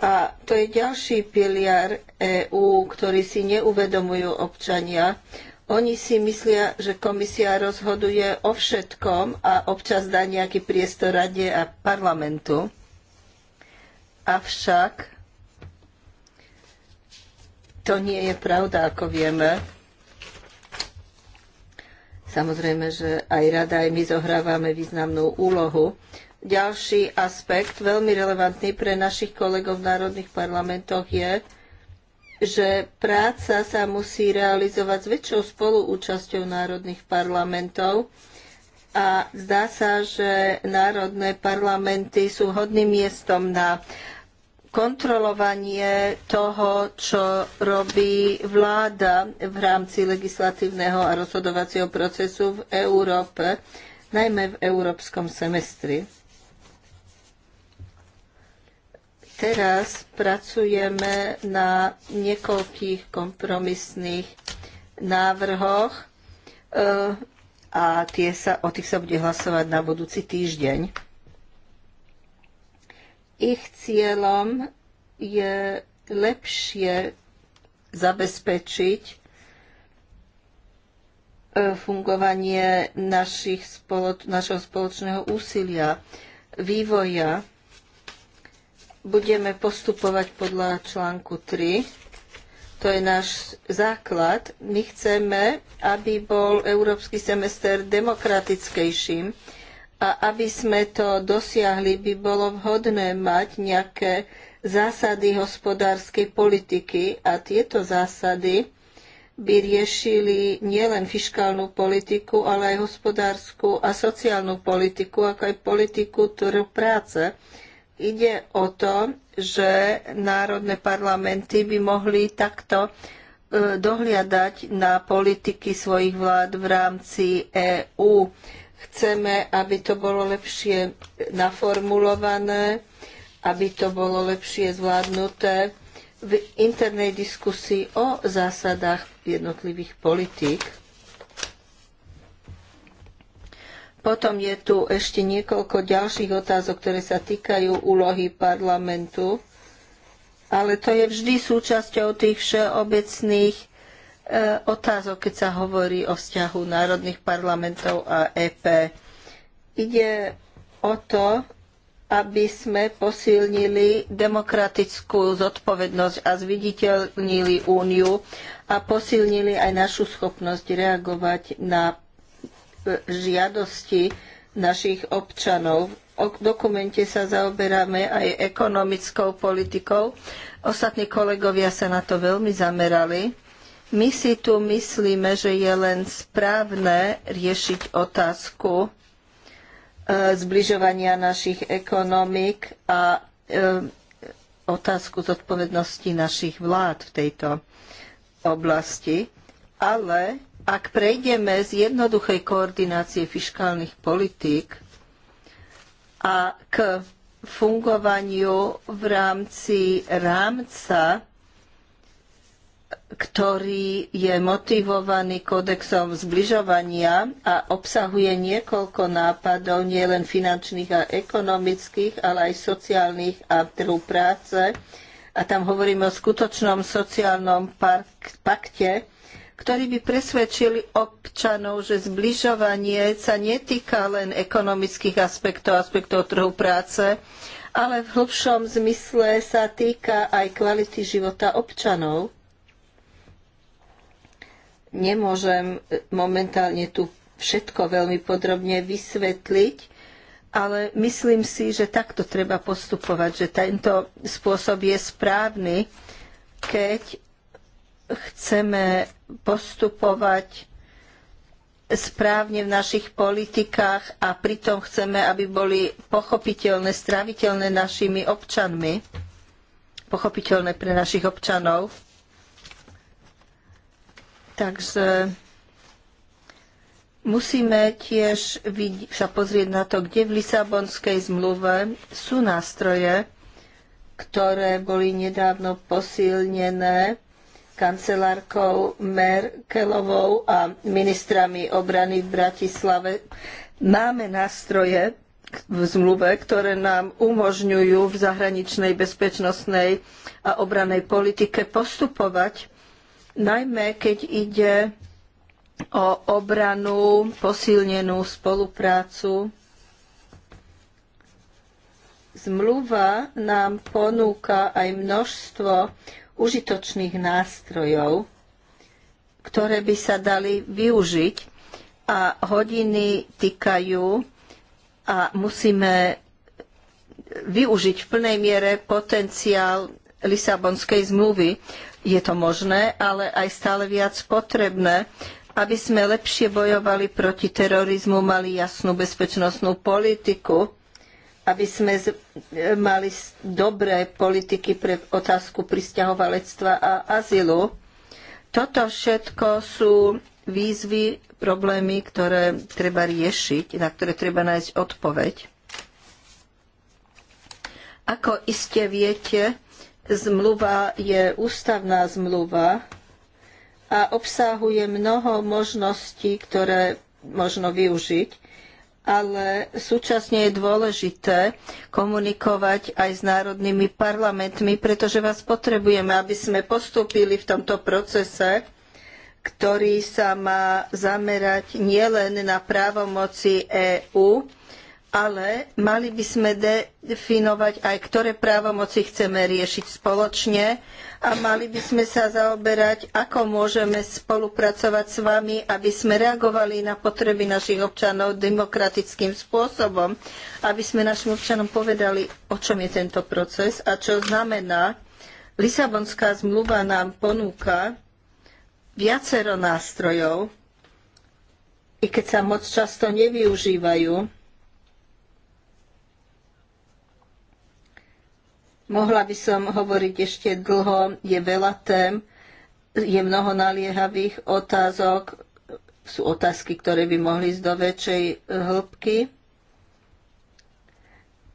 A to je ďalší piliar EÚ, ktorý si neuvedomujú občania. Oni si myslia, že komisia rozhoduje o všetkom a občas dá nejaký priestor rade a parlamentu. Avšak to nie je pravda, ako vieme. Samozrejme, že aj rada, aj my zohrávame významnú úlohu. Ďalší aspekt, veľmi relevantný pre našich kolegov v národných parlamentoch, je, že práca sa musí realizovať s väčšou spoluúčasťou národných parlamentov a zdá sa, že národné parlamenty sú hodným miestom na kontrolovanie toho, čo robí vláda v rámci legislatívneho a rozhodovacieho procesu v Európe, najmä v európskom semestri. Teraz pracujeme na niekoľkých kompromisných návrhoch eh, a tie sa, o tých sa bude hlasovať na budúci týždeň. Ich cieľom je lepšie zabezpečiť e, fungovanie našich spoloč- našho spoločného úsilia, vývoja. Budeme postupovať podľa článku 3 to je náš základ. My chceme, aby bol európsky semester demokratickejším, a aby sme to dosiahli, by bolo vhodné mať nejaké zásady hospodárskej politiky a tieto zásady by riešili nielen fiškálnu politiku, ale aj hospodárskú a sociálnu politiku, ako aj politiku trhu práce. Ide o to, že národné parlamenty by mohli takto e, dohliadať na politiky svojich vlád v rámci EÚ Chceme, aby to bolo lepšie naformulované, aby to bolo lepšie zvládnuté v internej diskusii o zásadách jednotlivých politík. Potom je tu ešte niekoľko ďalších otázok, ktoré sa týkajú úlohy parlamentu, ale to je vždy súčasťou tých všeobecných E, otázok, keď sa hovorí o vzťahu národných parlamentov a EP. Ide o to, aby sme posilnili demokratickú zodpovednosť a zviditeľnili úniu a posilnili aj našu schopnosť reagovať na e, žiadosti našich občanov. V dokumente sa zaoberáme aj ekonomickou politikou. Ostatní kolegovia sa na to veľmi zamerali my si tu myslíme, že je len správne riešiť otázku e, zbližovania našich ekonomik a e, otázku zodpovednosti našich vlád v tejto oblasti. Ale ak prejdeme z jednoduchej koordinácie fiškálnych politík a k fungovaniu v rámci rámca ktorý je motivovaný kódexom zbližovania a obsahuje niekoľko nápadov, nielen finančných a ekonomických, ale aj sociálnych a trhu práce. A tam hovoríme o skutočnom sociálnom pakte, ktorý by presvedčili občanov, že zbližovanie sa netýka len ekonomických aspektov, aspektov trhu práce, ale v hĺbšom zmysle sa týka aj kvality života občanov. Nemôžem e, momentálne tu všetko veľmi podrobne vysvetliť, ale myslím si, že takto treba postupovať, že tento spôsob je správny, keď chceme postupovať správne v našich politikách a pritom chceme, aby boli pochopiteľné, straviteľné našimi občanmi, pochopiteľné pre našich občanov. Takže musíme tiež sa pozrieť na to, kde v Lisabonskej zmluve sú nástroje, ktoré boli nedávno posilnené kancelárkou Merkelovou a ministrami obrany v Bratislave. Máme nástroje v zmluve, ktoré nám umožňujú v zahraničnej bezpečnostnej a obranej politike postupovať najmä keď ide o obranu, posilnenú spoluprácu. Zmluva nám ponúka aj množstvo užitočných nástrojov, ktoré by sa dali využiť a hodiny týkajú a musíme využiť v plnej miere potenciál Lisabonskej zmluvy je to možné, ale aj stále viac potrebné, aby sme lepšie bojovali proti terorizmu, mali jasnú bezpečnostnú politiku, aby sme mali dobré politiky pre otázku prisťahovalectva a azylu. Toto všetko sú výzvy, problémy, ktoré treba riešiť, na ktoré treba nájsť odpoveď. Ako iste viete, zmluva je ústavná zmluva a obsahuje mnoho možností, ktoré možno využiť, ale súčasne je dôležité komunikovať aj s národnými parlamentmi, pretože vás potrebujeme, aby sme postúpili v tomto procese, ktorý sa má zamerať nielen na právomoci EÚ, ale mali by sme definovať aj, ktoré právomoci chceme riešiť spoločne a mali by sme sa zaoberať, ako môžeme spolupracovať s vami, aby sme reagovali na potreby našich občanov demokratickým spôsobom, aby sme našim občanom povedali, o čom je tento proces a čo znamená. Lisabonská zmluva nám ponúka viacero nástrojov, i keď sa moc často nevyužívajú, Mohla by som hovoriť ešte dlho, je veľa tém, je mnoho naliehavých otázok, sú otázky, ktoré by mohli ísť do väčšej e, hĺbky.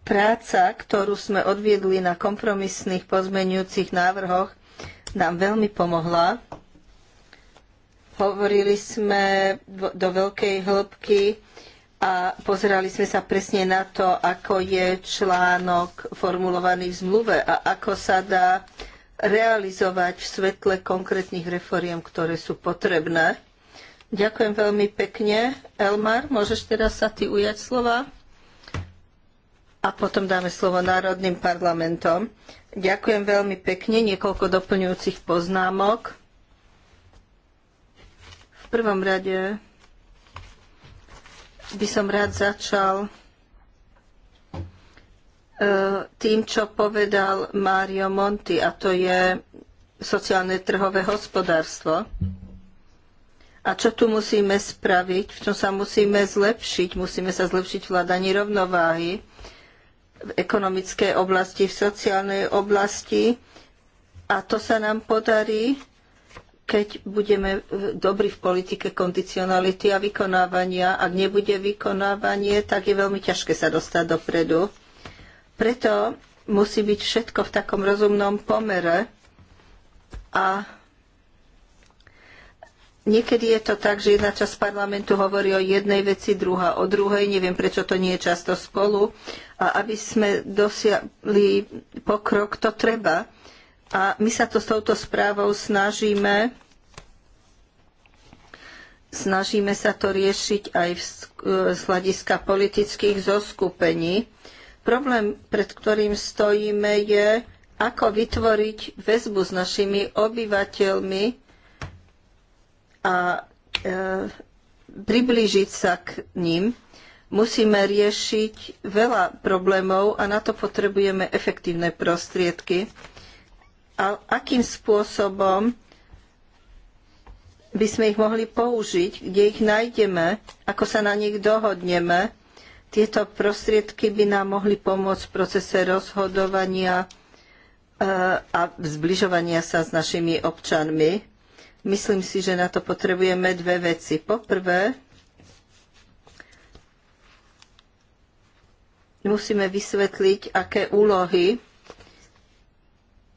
Práca, ktorú sme odviedli na kompromisných pozmenujúcich návrhoch, nám veľmi pomohla. Hovorili sme do veľkej hĺbky a pozerali sme sa presne na to, ako je článok formulovaný v zmluve a ako sa dá realizovať v svetle konkrétnych reforiem, ktoré sú potrebné. Ďakujem veľmi pekne. Elmar, môžeš teraz sa ty ujať slova? A potom dáme slovo národným parlamentom. Ďakujem veľmi pekne. Niekoľko doplňujúcich poznámok. V prvom rade by som rád začal e, tým, čo povedal Mario Monti, a to je sociálne trhové hospodárstvo. A čo tu musíme spraviť, v čom sa musíme zlepšiť? Musíme sa zlepšiť v hľadaní rovnováhy v ekonomickej oblasti, v sociálnej oblasti. A to sa nám podarí keď budeme e, dobrí v politike kondicionality a vykonávania, ak nebude vykonávanie, tak je veľmi ťažké sa dostať dopredu. Preto musí byť všetko v takom rozumnom pomere a Niekedy je to tak, že jedna časť parlamentu hovorí o jednej veci, druhá o druhej, neviem prečo to nie je často spolu. A aby sme dosiahli pokrok, to treba a my sa to s touto správou snažíme snažíme sa to riešiť aj z hľadiska politických zoskupení. Problém, pred ktorým stojíme, je, ako vytvoriť väzbu s našimi obyvateľmi a e, priblížiť sa k ním. Musíme riešiť veľa problémov a na to potrebujeme efektívne prostriedky a akým spôsobom by sme ich mohli použiť, kde ich nájdeme, ako sa na nich dohodneme. Tieto prostriedky by nám mohli pomôcť v procese rozhodovania e, a zbližovania sa s našimi občanmi. Myslím si, že na to potrebujeme dve veci. Poprvé, musíme vysvetliť, aké úlohy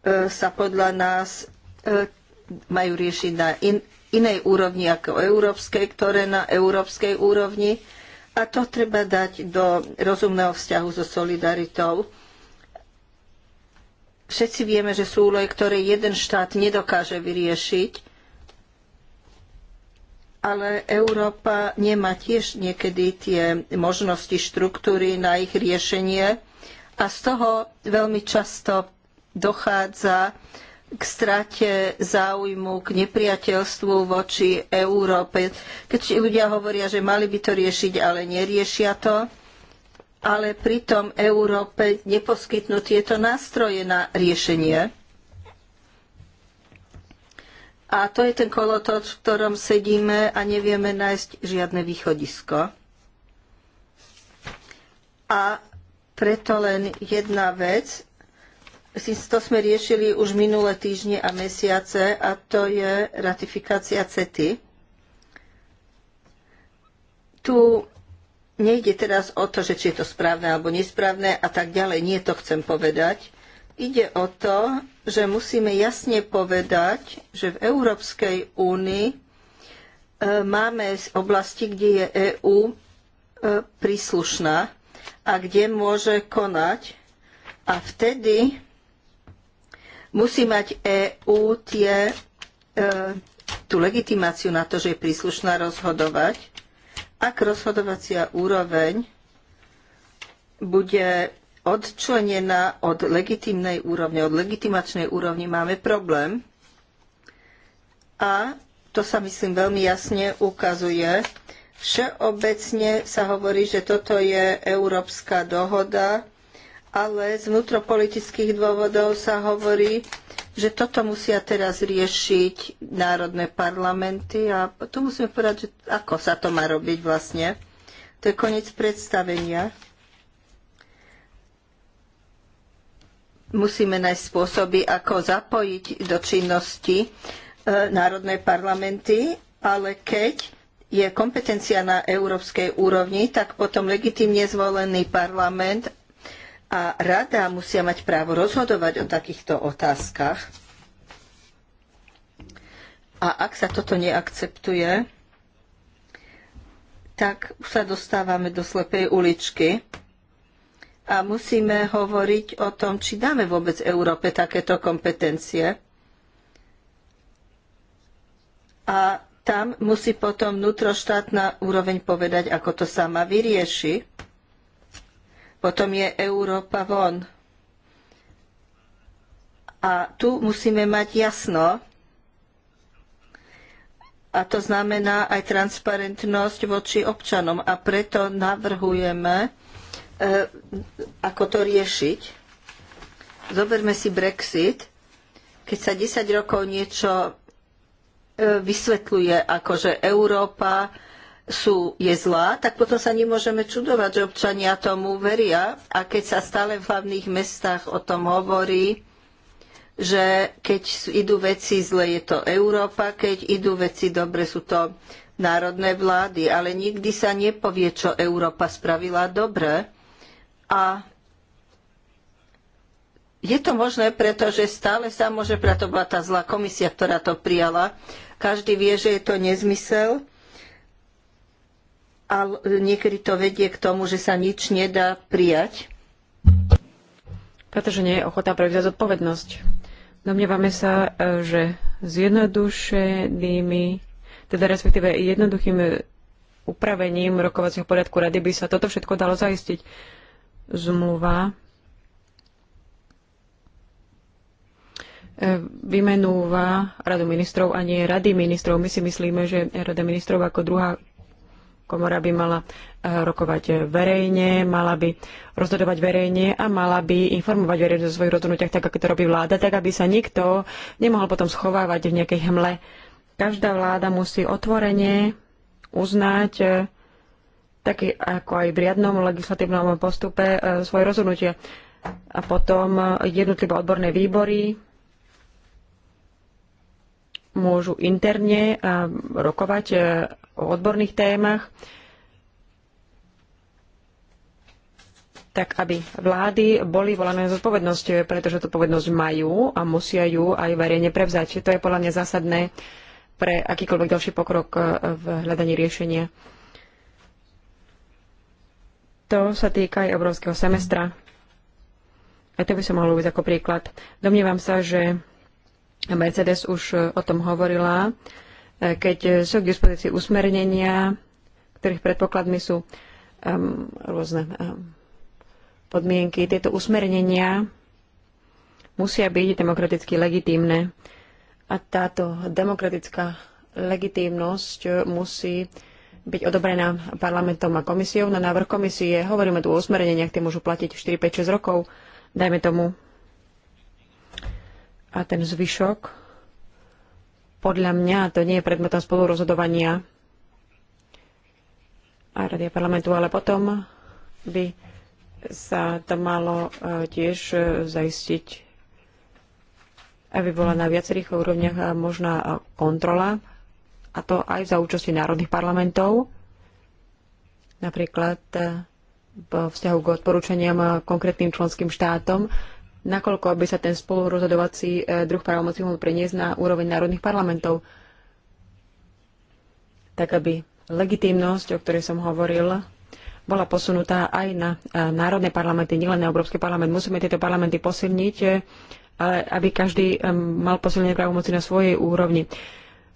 E, sa podľa nás e, majú riešiť na in, inej úrovni ako európskej, ktoré na európskej úrovni. A to treba dať do rozumného vzťahu so solidaritou. Všetci vieme, že sú úlohy, ktoré jeden štát nedokáže vyriešiť, ale Európa nemá tiež niekedy tie možnosti štruktúry na ich riešenie a z toho veľmi často dochádza k strate záujmu, k nepriateľstvu voči Európe. Keď ľudia hovoria, že mali by to riešiť, ale neriešia to, ale pritom Európe neposkytnú tieto nástroje na riešenie. A to je ten kolotoč, v ktorom sedíme a nevieme nájsť žiadne východisko. A preto len jedna vec, to sme riešili už minulé týždne a mesiace a to je ratifikácia CETY. Tu nejde teraz o to, že či je to správne alebo nesprávne a tak ďalej. Nie to chcem povedať. Ide o to, že musíme jasne povedať, že v Európskej únii e, máme z oblasti, kde je EÚ e, príslušná a kde môže konať. A vtedy Musí mať EÚ tie, e, tú legitimáciu na to, že je príslušná rozhodovať. Ak rozhodovacia úroveň bude odčlenená od legitimnej úrovne, od legitimačnej úrovne máme problém. A to sa myslím veľmi jasne ukazuje. Všeobecne sa hovorí, že toto je európska dohoda, ale z vnútropolitických dôvodov sa hovorí, že toto musia teraz riešiť národné parlamenty a tu musíme povedať, že ako sa to má robiť vlastne. To je koniec predstavenia. Musíme nájsť spôsoby, ako zapojiť do činnosti e, národné parlamenty, ale keď je kompetencia na európskej úrovni, tak potom legitimne zvolený parlament a rada musia mať právo rozhodovať o takýchto otázkach. A ak sa toto neakceptuje, tak už sa dostávame do slepej uličky a musíme hovoriť o tom, či dáme vôbec Európe takéto kompetencie. A tam musí potom vnútroštátna úroveň povedať, ako to sama vyrieši. Potom je Európa von. A tu musíme mať jasno, a to znamená aj transparentnosť voči občanom. A preto navrhujeme, e, ako to riešiť. Zoberme si Brexit. Keď sa 10 rokov niečo e, vysvetľuje ako, že Európa sú, je zlá, tak potom sa nemôžeme čudovať, že občania tomu veria. A keď sa stále v hlavných mestách o tom hovorí, že keď idú veci zle, je to Európa, keď idú veci dobre, sú to národné vlády, ale nikdy sa nepovie, čo Európa spravila dobre. A je to možné, pretože stále sa môže, preto bola tá zlá komisia, ktorá to prijala. Každý vie, že je to nezmysel a niekedy to vedie k tomu, že sa nič nedá prijať? Pretože nie je ochota prevziať zodpovednosť. Domnievame sa, e, že zjednodušenými, teda respektíve jednoduchým upravením rokovacieho poriadku rady by sa toto všetko dalo zaistiť. Zmluva e, vymenúva radu ministrov a nie rady ministrov. My si myslíme, že rada ministrov ako druhá Komora by mala eh, rokovať verejne, mala by rozhodovať verejne a mala by informovať verejne o svojich rozhodnutiach, tak ako to robí vláda, tak aby sa nikto nemohol potom schovávať v nejakej hmle. Každá vláda musí otvorene uznať, eh, taký ako aj v riadnom legislatívnom postupe, eh, svoje rozhodnutia. A potom jednotlivé odborné výbory môžu interne rokovať e, o odborných témach, tak aby vlády boli volané zodpovednosť, pretože povednosť majú a musia ju aj verejne prevzať. To je podľa mňa zásadné pre akýkoľvek ďalší pokrok e, v hľadaní riešenia. To sa týka aj európskeho semestra. A to by som mohlo uvieť ako príklad. Domnievam sa, že Mercedes už e, o tom hovorila, e, keď e, sú k dispozícii usmernenia, ktorých predpokladmi sú um, rôzne um, podmienky. Tieto usmernenia musia byť demokraticky legitímne a táto demokratická legitímnosť musí byť odobrená parlamentom a komisiou na návrh komisie. Hovoríme tu o usmerneniach, tie môžu platiť 4, 5, 6 rokov, dajme tomu. A ten zvyšok, podľa mňa, to nie je predmetom spolurozhodovania a Radia parlamentu, ale potom by sa to malo e, tiež e, zaistiť, aby bola na viacerých úrovniach e, možná kontrola, a to aj za účasti národných parlamentov, napríklad vo vzťahu k odporúčaniam konkrétnym členským štátom, nakoľko by sa ten spolurozhodovací e, druh právomocí mohol preniesť na úroveň národných parlamentov, tak aby legitímnosť, o ktorej som hovoril, bola posunutá aj na e, národné parlamenty, nielen na Európsky parlament. Musíme tieto parlamenty posilniť, e, ale aby každý mal posilnené právomoci na svojej úrovni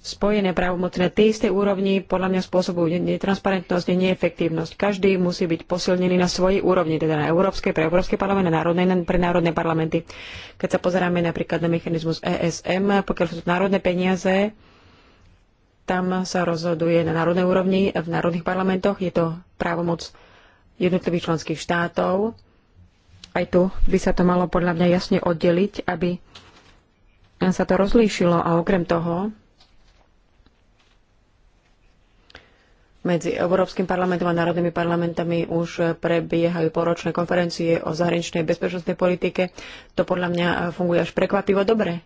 spojené právomoci na tej istej úrovni podľa mňa spôsobujú netransparentnosť a neefektívnosť. Každý musí byť posilnený na svojej úrovni, teda na európskej, pre európske parlament, a národnej, pre národné parlamenty. Keď sa pozeráme napríklad na mechanizmus ESM, pokiaľ sú to národné peniaze, tam sa rozhoduje na národnej úrovni, v národných parlamentoch, je to právomoc jednotlivých členských štátov. Aj tu by sa to malo podľa mňa jasne oddeliť, aby sa to rozlíšilo a okrem toho Medzi Európskym parlamentom a národnými parlamentami už prebiehajú poročné konferencie o zahraničnej bezpečnostnej politike. To podľa mňa funguje až prekvapivo dobre.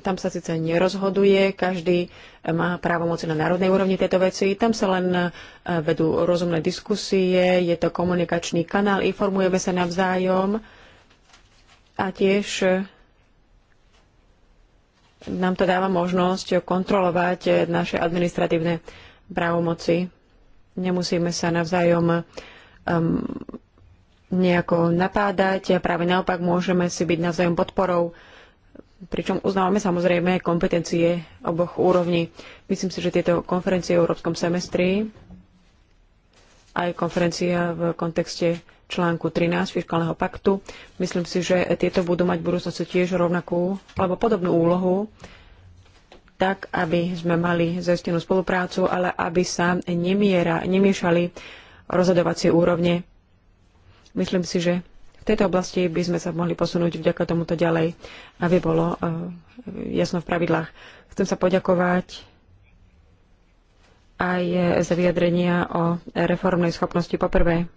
Tam sa síce nerozhoduje, každý má právomoci na národnej úrovni tieto veci, tam sa len eh, vedú rozumné diskusie, je to komunikačný kanál, informujeme sa navzájom a tiež eh, nám to dáva možnosť kontrolovať eh, naše administratívne právomoci. Nemusíme sa navzájom um, nejako napádať, a práve naopak môžeme si byť navzájom podporou, pričom uznávame samozrejme kompetencie oboch úrovní. Myslím si, že tieto konferencie v Európskom semestri aj konferencia v kontexte článku 13 fiskálneho paktu. Myslím si, že tieto budú mať v budúcnosti tiež rovnakú alebo podobnú úlohu, tak aby sme mali zaistenú spoluprácu, ale aby sa nemiera, nemiešali rozhodovacie úrovne. Myslím si, že v tejto oblasti by sme sa mohli posunúť vďaka tomuto ďalej, aby bolo uh, jasno v pravidlách. Chcem sa poďakovať aj za vyjadrenia o reformnej schopnosti poprvé.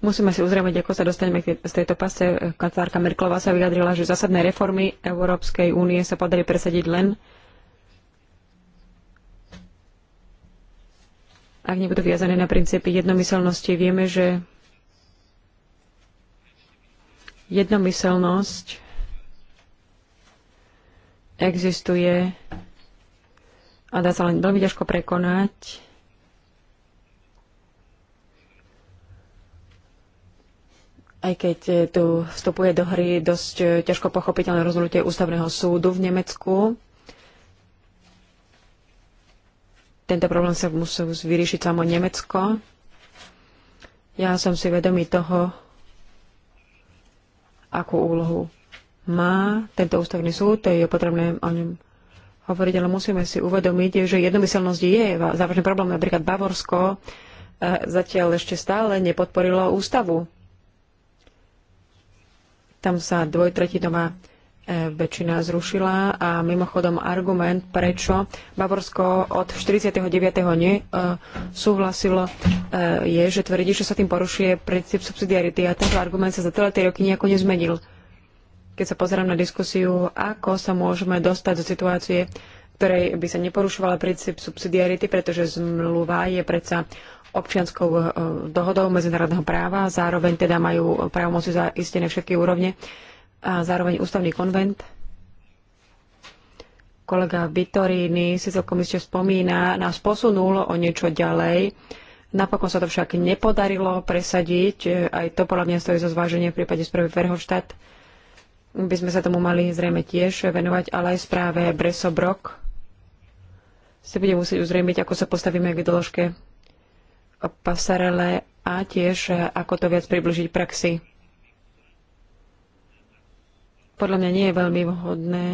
Musíme si uzrieť, ako sa dostaneme z tejto pase. Kancelárka Merklová sa vyjadrila, že zásadné reformy Európskej únie sa podarí presadiť len, ak nebudú viazané na princípy jednomyselnosti. Vieme, že jednomyselnosť existuje a dá sa len veľmi ťažko prekonať aj keď e, tu vstupuje do hry dosť e, ťažko pochopiteľné rozhodnutie ústavného súdu v Nemecku. Tento problém sa musí vyriešiť samo Nemecko. Ja som si vedomý toho, akú úlohu má tento ústavný súd, to je potrebné o ňom hovoriť, ale musíme si uvedomiť, že jednomyselnosť je závažný problém. Napríklad Bavorsko e, zatiaľ ešte stále nepodporilo ústavu tam sa dvojtretinová e, väčšina zrušila a mimochodom argument, prečo Bavorsko od 49. nesúhlasilo, e, súhlasilo, e, je, že tvrdí, že sa tým porušuje princíp subsidiarity a tento argument sa za celé tie roky nejako nezmenil. Keď sa pozerám na diskusiu, ako sa môžeme dostať do situácie, ktorej by sa neporušovala princíp subsidiarity, pretože zmluva je predsa občianskou eh, dohodou medzinárodného práva, zároveň teda majú právomoci zaistené všetky úrovne a zároveň ústavný konvent. Kolega Vitoríny si celkom iste spomína, nás posunul o niečo ďalej. Napokon sa to však nepodarilo presadiť, aj to podľa mňa stojí zo zváženie v prípade správy Verhofstadt. By sme sa tomu mali zrejme tiež venovať, ale aj správe Bresobrok si bude musieť uzrejmiť, ako sa postavíme k doložke pasarele a tiež eh, ako to viac približiť praxi. Podľa mňa nie je veľmi vhodné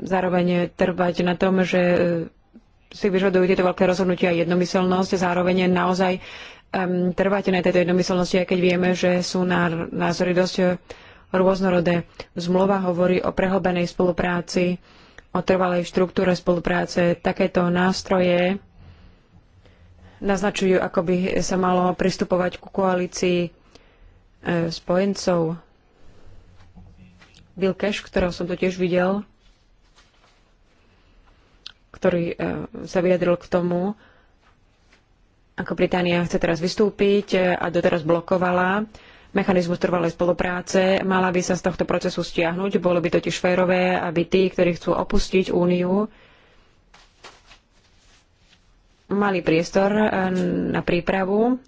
zároveň trvať na tom, že eh, si vyžadujú tieto veľké rozhodnutia jednomyselnosť, zároveň naozaj um, trvať na tejto jednomyselnosti, aj keď vieme, že sú názory dosť eh, rôznorodé. Zmluva hovorí o prehlbenej spolupráci o trvalej štruktúre spolupráce. Takéto nástroje naznačujú, ako by sa malo pristupovať ku koalícii e, spojencov. Bill Cash, ktorého som to tiež videl, ktorý e, sa vyjadril k tomu, ako Británia chce teraz vystúpiť e, a doteraz blokovala mechanizmus trvalej spolupráce. Mala by sa z tohto procesu stiahnuť. Bolo by totiž férové, aby tí, ktorí chcú opustiť úniu, mali priestor eh, na prípravu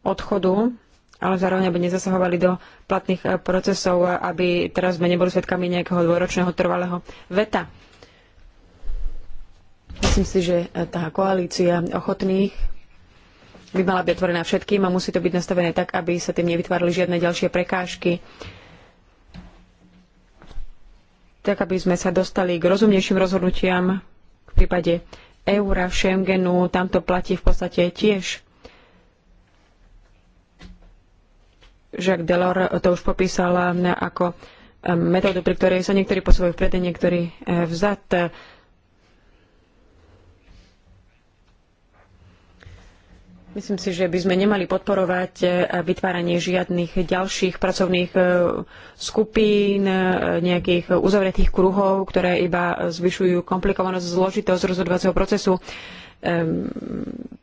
odchodu, ale zároveň aby nezasahovali do platných eh, procesov, aby teraz sme neboli svedkami nejakého dvojročného trvalého veta. Myslím si, že eh, tá koalícia ochotných by mala byť otvorená všetkým a musí to byť nastavené tak, aby sa tým nevytvárali žiadne ďalšie prekážky. Tak, aby sme sa dostali k rozumnejším rozhodnutiam v prípade eura, Schengenu, tam to platí v podstate tiež. Jacques Delors to už popísal um, ako um, metódu, pri ktorej sa niektorí posúvajú vpred, niektorí eh, vzad. Myslím si, že by sme nemali podporovať e, vytváranie žiadnych ďalších pracovných e, skupín, e, nejakých uzavretých kruhov, ktoré iba zvyšujú komplikovanosť, zložitosť rozhodovacieho procesu ehm,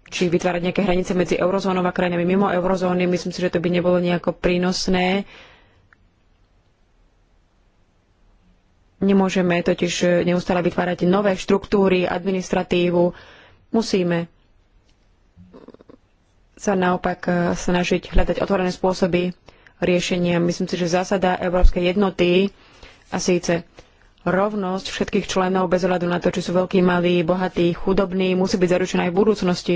či vytvárať nejaké hranice medzi eurozónou a krajinami mimo eurozóny. Myslím si, že to by nebolo nejako prínosné. Nemôžeme totiž neustále vytvárať nové štruktúry, administratívu. Musíme sa naopak e, snažiť hľadať otvorené spôsoby riešenia. Myslím si, že zásada európskej jednoty a síce rovnosť všetkých členov bez ohľadu na to, či sú veľkí, malí, bohatí, chudobní, musí byť zaručená aj v budúcnosti,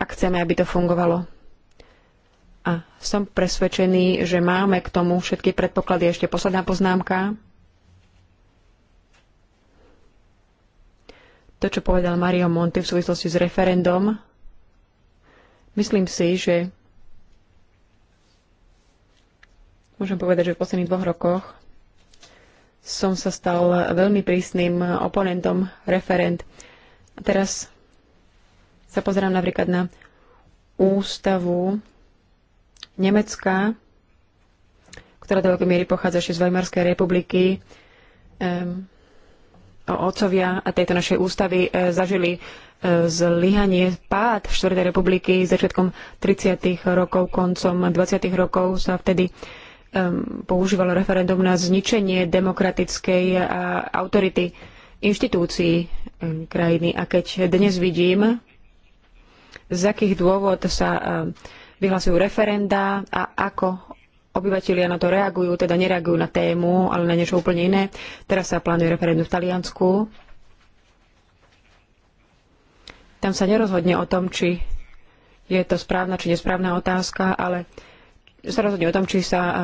ak chceme, aby to fungovalo. A som presvedčený, že máme k tomu všetky predpoklady. Ešte posledná poznámka. To, čo povedal Mario Monti v súvislosti s referendum, Myslím si, že môžem povedať, že v posledných dvoch rokoch som sa stal veľmi prísnym oponentom referent. A teraz sa pozerám napríklad na ústavu Nemecka, ktorá do veľkej miery pochádza ešte z Weimarskej republiky. Ehm, o, ocovia a tejto našej ústavy e, zažili zlyhanie, pád Štvrtej republiky začiatkom 30. rokov, koncom 20. rokov sa vtedy um, používalo referendum na zničenie demokratickej a autority inštitúcií krajiny. A keď dnes vidím, z akých dôvod sa um, vyhlasujú referenda a ako obyvatelia na to reagujú, teda nereagujú na tému, ale na niečo úplne iné. Teraz sa plánuje referendum v Taliansku tam sa nerozhodne o tom, či je to správna či nesprávna otázka, ale sa rozhodne o tom, či sa eh,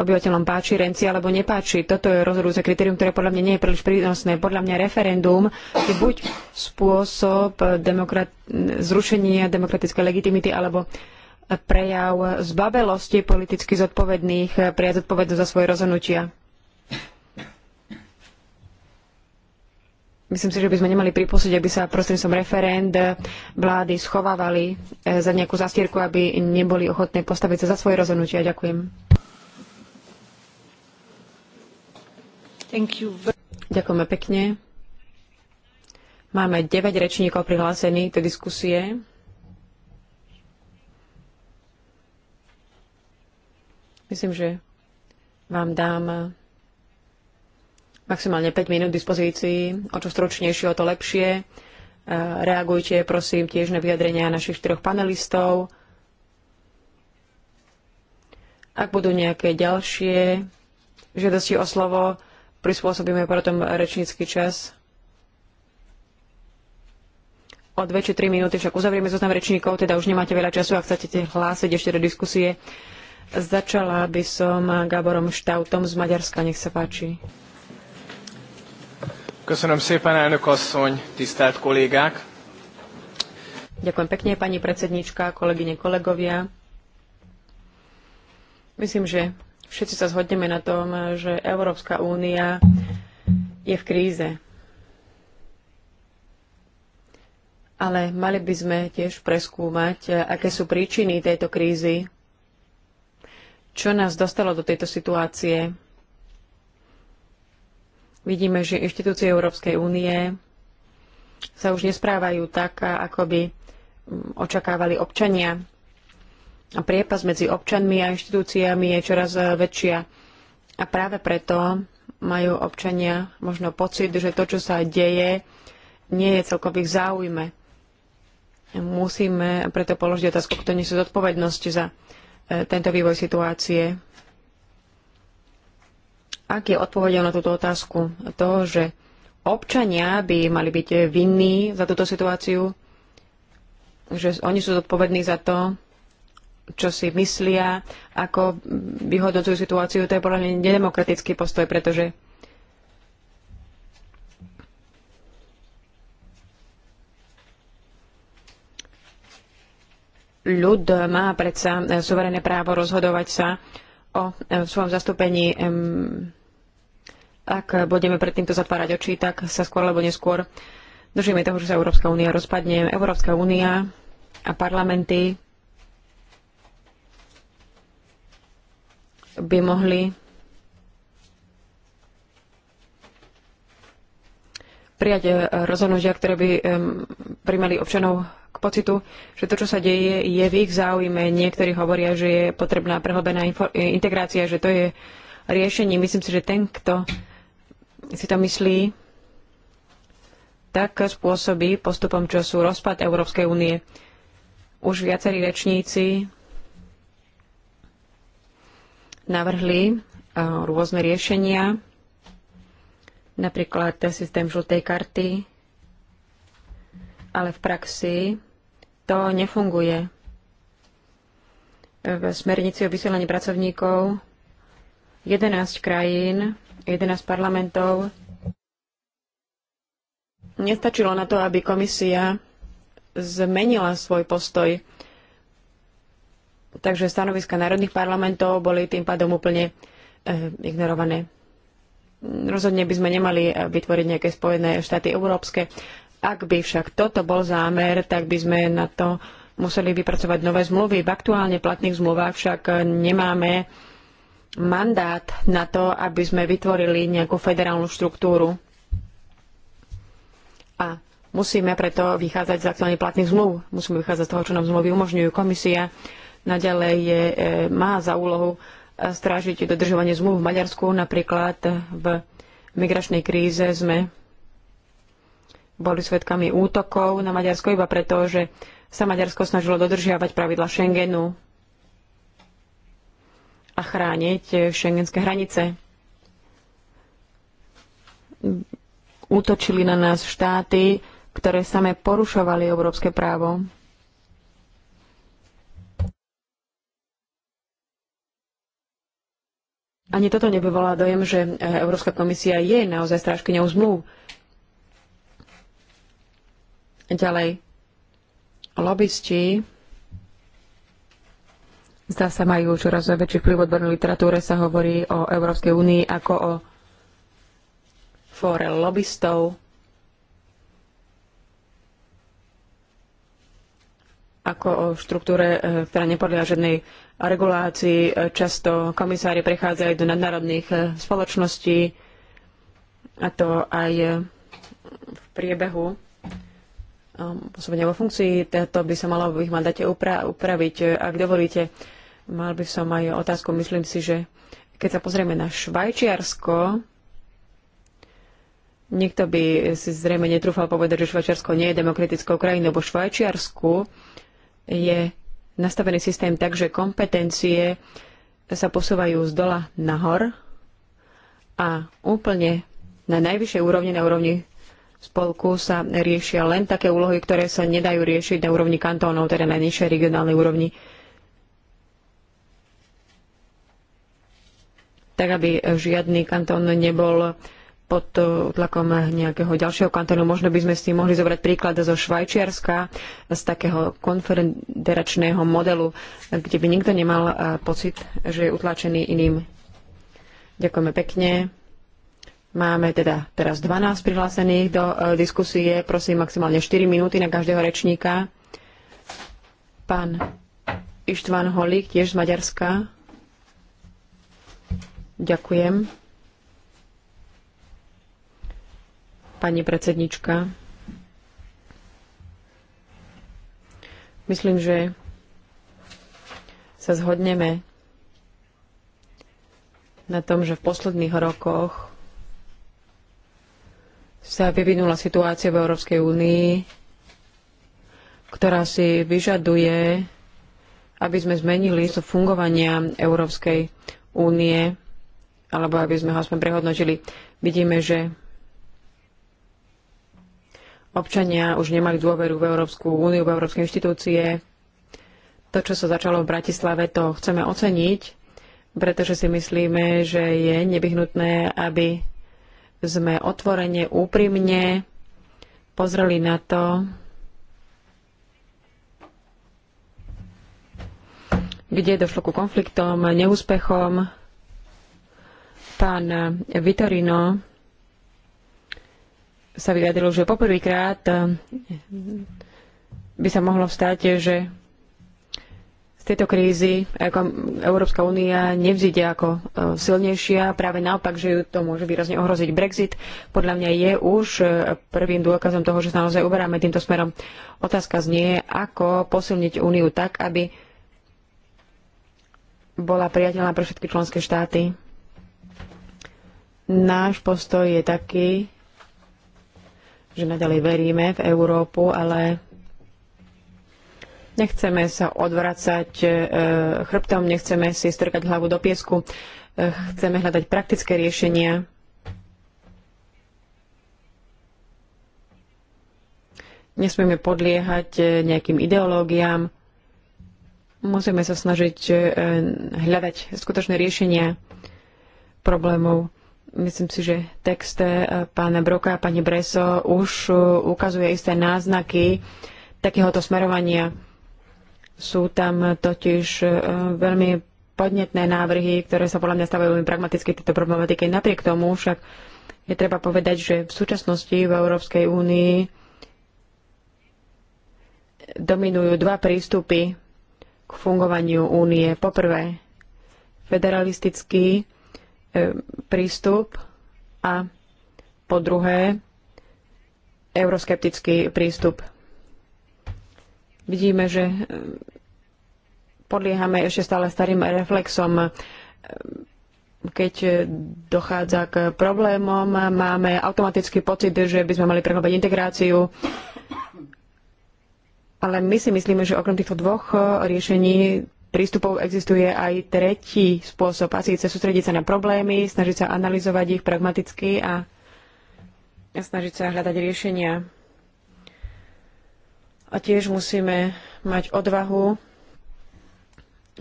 obyvateľom páči renci alebo nepáči. Toto je rozhodujúce kritérium, ktoré podľa mňa nie je príliš prínosné. Podľa mňa referendum je buď spôsob demokrat- zrušenia demokratickej legitimity alebo prejav zbabelosti politicky zodpovedných eh, prejav zodpovednosť za svoje rozhodnutia. Myslím si, že by sme nemali pripustiť, aby sa prostredníctvom referend vlády schovávali eh, za nejakú zastierku, aby neboli ochotné postaviť sa za svoje rozhodnutia. Ďakujem. Ďakujeme pekne. Máme 9 rečníkov prihlásených do diskusie. Myslím, že vám dám maximálne 5 minút dispozícii, o čo stručnejšie, o to lepšie. E, reagujte, prosím, tiež na vyjadrenia našich štyroch panelistov. Ak budú nejaké ďalšie žiadosti o slovo, prispôsobíme potom rečnícky čas. O 2 či 3 minúty však uzavrieme zoznam rečníkov, teda už nemáte veľa času a chcete hlásiť ešte do diskusie. Začala by som Gáborom Štautom z Maďarska, nech sa páči. Köszönöm szépen, elnök asszony, tisztelt kollégák! Ďakujem pekne, pani predsednička, kolegyne, kolegovia. Myslím, že všetci sa zhodneme na tom, že Európska únia je v kríze. Ale mali by sme tiež preskúmať, aké sú príčiny tejto krízy, čo nás dostalo do tejto situácie, Vidíme, že inštitúcie Európskej únie sa už nesprávajú tak, ako by mm, očakávali občania. A priepas medzi občanmi a inštitúciami je čoraz e, väčšia. A práve preto majú občania možno pocit, že to, čo sa deje, nie je celkom v ich záujme. Musíme preto položiť otázku, kto nesie zodpovednosť za e, tento vývoj situácie. Ak je odpovedou na túto otázku to, že občania by mali byť vinní za túto situáciu, že oni sú zodpovední za to, čo si myslia, ako vyhodnocujú situáciu, to je podľa mňa nedemokratický postoj, pretože ľud má predsa suverénne právo rozhodovať sa o e, svojom zastúpení. Ak budeme pred týmto zatvárať oči, tak sa skôr alebo neskôr držíme toho, že sa Európska únia rozpadne. Európska únia a parlamenty by mohli prijať e, rozhodnutia, ktoré by primali občanov pocitu, že to, čo sa deje, je v ich záujme. Niektorí hovoria, že je potrebná prehlbená integrácia, že to je riešenie. Myslím si, že ten, kto si to myslí, tak spôsobí postupom času rozpad Európskej únie. Už viacerí rečníci navrhli e, rôzne riešenia, napríklad systém žltej karty, ale v praxi to nefunguje. V smernici o vysielaní pracovníkov 11 krajín, 11 parlamentov nestačilo na to, aby komisia zmenila svoj postoj. Takže stanoviska národných parlamentov boli tým pádom úplne e, ignorované. Rozhodne by sme nemali vytvoriť nejaké spojené štáty európske. Ak by však toto bol zámer, tak by sme na to museli vypracovať nové zmluvy. V aktuálne platných zmluvách však nemáme mandát na to, aby sme vytvorili nejakú federálnu štruktúru. A musíme preto vychádzať z aktuálne platných zmluv. Musíme vychádzať z toho, čo nám zmluvy umožňujú. Komisia naďalej je, má za úlohu e, strážiť dodržovanie zmluv v Maďarsku. Napríklad v migračnej kríze sme boli svetkami útokov na Maďarsko iba preto, že sa Maďarsko snažilo dodržiavať pravidla Schengenu a chrániť šengenské hranice. Útočili na nás štáty, ktoré same porušovali európske právo. Ani toto nevyvolá dojem, že Európska komisia je naozaj strážkyňou zmluv. Ďalej, lobbysti zdá sa majú čoraz väčší vplyv odbornej literatúre, sa hovorí o Európskej únii ako o fóre lobbystov. ako o štruktúre, e, ktorá nepodľa žiadnej regulácii. E, často komisári prechádzajú do nadnárodných e, spoločností a to aj v priebehu Um, pôsobenia vo funkcii, to by sa malo v ich mandáte upra- upraviť. Ak dovolíte, mal by som aj otázku. Myslím si, že keď sa pozrieme na Švajčiarsko, nikto by si zrejme netrúfal povedať, že Švajčiarsko nie je demokratickou krajinou, bo Švajčiarsku je nastavený systém tak, že kompetencie sa posúvajú z dola nahor a úplne na najvyššej úrovni, na úrovni spolku sa riešia len také úlohy, ktoré sa nedajú riešiť na úrovni kantónov, teda na nižšej regionálnej úrovni. Tak, aby žiadny kantón nebol pod tlakom nejakého ďalšieho kantónu. Možno by sme si mohli zobrať príklad zo Švajčiarska, z takého konfederačného modelu, kde by nikto nemal eh, pocit, že je utlačený iným. Ďakujeme pekne. Máme teda teraz 12 prihlásených do e, diskusie. Prosím maximálne 4 minúty na každého rečníka. Pán Ištván Holík, tiež z Maďarska. Ďakujem. Pani predsednička. Myslím, že sa zhodneme na tom, že v posledných rokoch sa vyvinula situácia v Európskej únii, ktorá si vyžaduje, aby sme zmenili so fungovania Európskej únie, alebo aby sme ho aspoň prehodnotili. Vidíme, že občania už nemali dôveru v Európsku úniu, v európske inštitúcie. To, čo sa začalo v Bratislave, to chceme oceniť, pretože si myslíme, že je nevyhnutné, aby sme otvorene, úprimne pozreli na to, kde došlo ku konfliktom, neúspechom. Pán Vitorino sa vyjadril, že poprvýkrát by sa mohlo stať, že z tejto krízy Európska únia nevzíde ako e, silnejšia, práve naopak, že ju to môže výrazne ohroziť. Brexit podľa mňa je už e, prvým dôkazom toho, že sa naozaj uberáme týmto smerom. Otázka znie, ako posilniť úniu tak, aby bola priateľná pre všetky členské štáty. Náš postoj je taký, že naďalej veríme v Európu, ale Nechceme sa odvracať e, chrbtom, nechceme si strkať hlavu do piesku, e, chceme hľadať praktické riešenia. Nesmieme podliehať e, nejakým ideológiám. Musíme sa snažiť hľadať skutočné riešenia problémov myslím si, že text pána Broka a pani Breso už ukazuje isté náznaky takéhoto smerovania. Sú tam totiž e, veľmi podnetné návrhy, ktoré sa podľa mňa stavajú veľmi pragmaticky tejto problematike. Napriek tomu však je treba povedať, že v súčasnosti v Európskej únii dominujú dva prístupy k fungovaniu únie. Poprvé, federalistický e, prístup a po druhé, euroskeptický prístup. Vidíme, že eh, podliehame ešte stále starým reflexom. Eh, keď eh, dochádza k problémom, máme automatický pocit, že by sme mali prehlbať integráciu. Ale my si myslíme, že okrem týchto dvoch riešení prístupov existuje aj tretí spôsob, a síce sústrediť sa na problémy, snažiť sa analyzovať ich pragmaticky a snažiť sa hľadať riešenia. A tiež musíme mať odvahu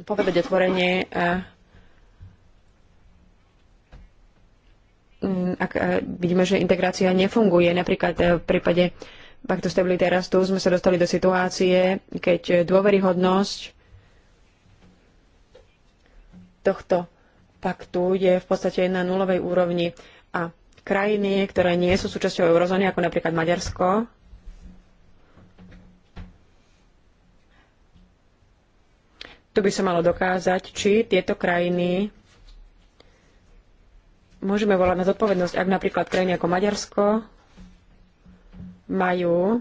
povedať otvorenie, mm, ak vidíme, že integrácia nefunguje. Napríklad e, v prípade paktu stability rastu sme sa dostali do situácie, keď dôveryhodnosť tohto paktu je v podstate na nulovej úrovni a krajiny, ktoré nie sú súčasťou eurozóny, ako napríklad Maďarsko, Tu by sa malo dokázať, či tieto krajiny môžeme volať na zodpovednosť, ak napríklad krajiny ako Maďarsko majú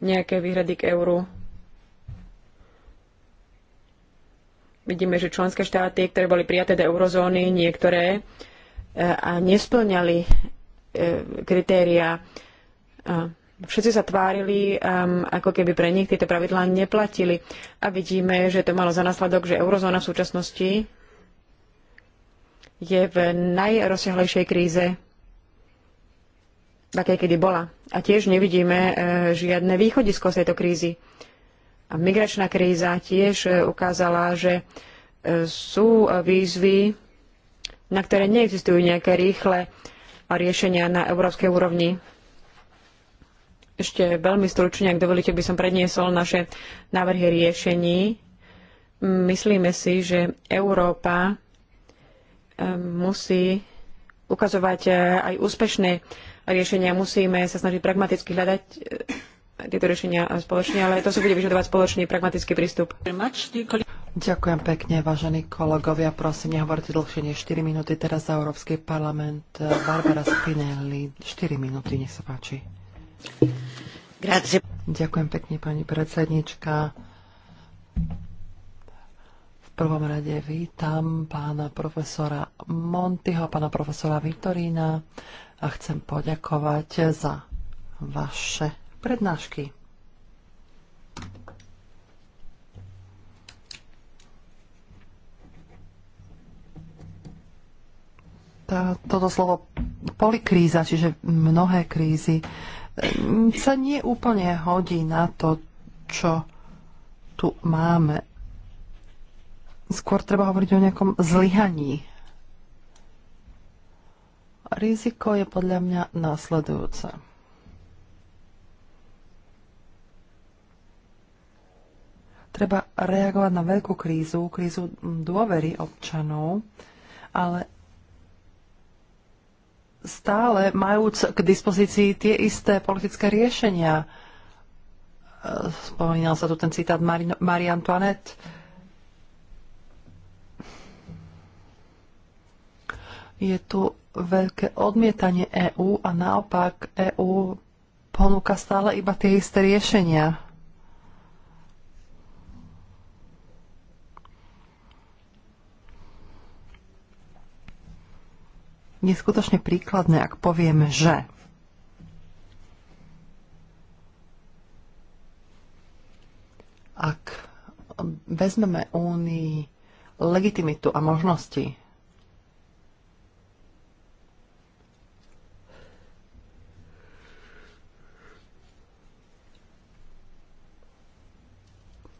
nejaké výhrady k euru. Vidíme, že členské štáty, ktoré boli prijaté do eurozóny, niektoré e, a nesplňali e, kritéria všetci sa tvárili, um, ako keby pre nich tieto pravidlá neplatili. A vidíme, že to malo za následok, že eurozóna v súčasnosti je v najrozsiahlejšej kríze, také kedy bola. A tiež nevidíme uh, žiadne východisko z tejto krízy. A migračná kríza tiež uh, ukázala, že uh, sú uh, výzvy, na ktoré neexistujú nejaké rýchle riešenia na európskej úrovni. Ešte veľmi stručne, ak dovolíte, by som predniesol naše návrhy riešení. Myslíme si, že Európa eh, musí ukazovať eh, aj úspešné riešenia. Musíme sa snažiť pragmaticky hľadať eh, tieto riešenia spoločne, ale to sa bude vyžadovať spoločný pragmatický prístup. Ďakujem pekne, vážení kolegovia. Prosím, nehovorte dlhšie než 4 minúty. Teraz za Európsky parlament Barbara Spinelli. 4 minúty, nech sa páči. Grazie. Ďakujem pekne, pani predsednička. V prvom rade vítam pána profesora Montyho, pána profesora Vitorína a chcem poďakovať za vaše prednášky. Tá, toto slovo polikríza, čiže mnohé krízy sa nie úplne hodí na to, čo tu máme. Skôr treba hovoriť o nejakom zlyhaní. Riziko je podľa mňa následujúce. Treba reagovať na veľkú krízu, krízu dôvery občanov, ale stále majúc k dispozícii tie isté politické riešenia. E, spomínal sa tu ten citát Marie Antoinette. Je tu veľké odmietanie EÚ a naopak EÚ ponúka stále iba tie isté riešenia. je skutočne príkladné, ak poviem, že ak vezmeme Únii legitimitu a možnosti,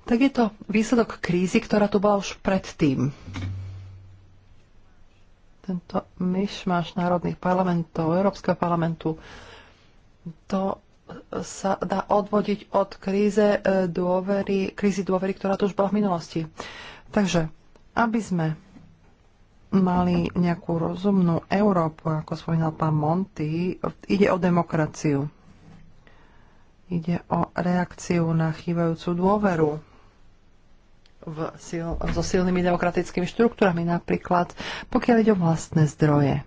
tak je to výsledok krízy, ktorá tu bola už predtým tento myšmaš národných parlamentov, Európskeho parlamentu, to sa dá odvodiť od kríze e, dôvery, krízy dôvery, ktorá tu už bola v minulosti. Takže, aby sme mali nejakú rozumnú Európu, ako spomínal pán Monty, ide o demokraciu. Ide o reakciu na chýbajúcu dôveru v sil, so silnými demokratickými štruktúrami, napríklad pokiaľ ide o vlastné zdroje.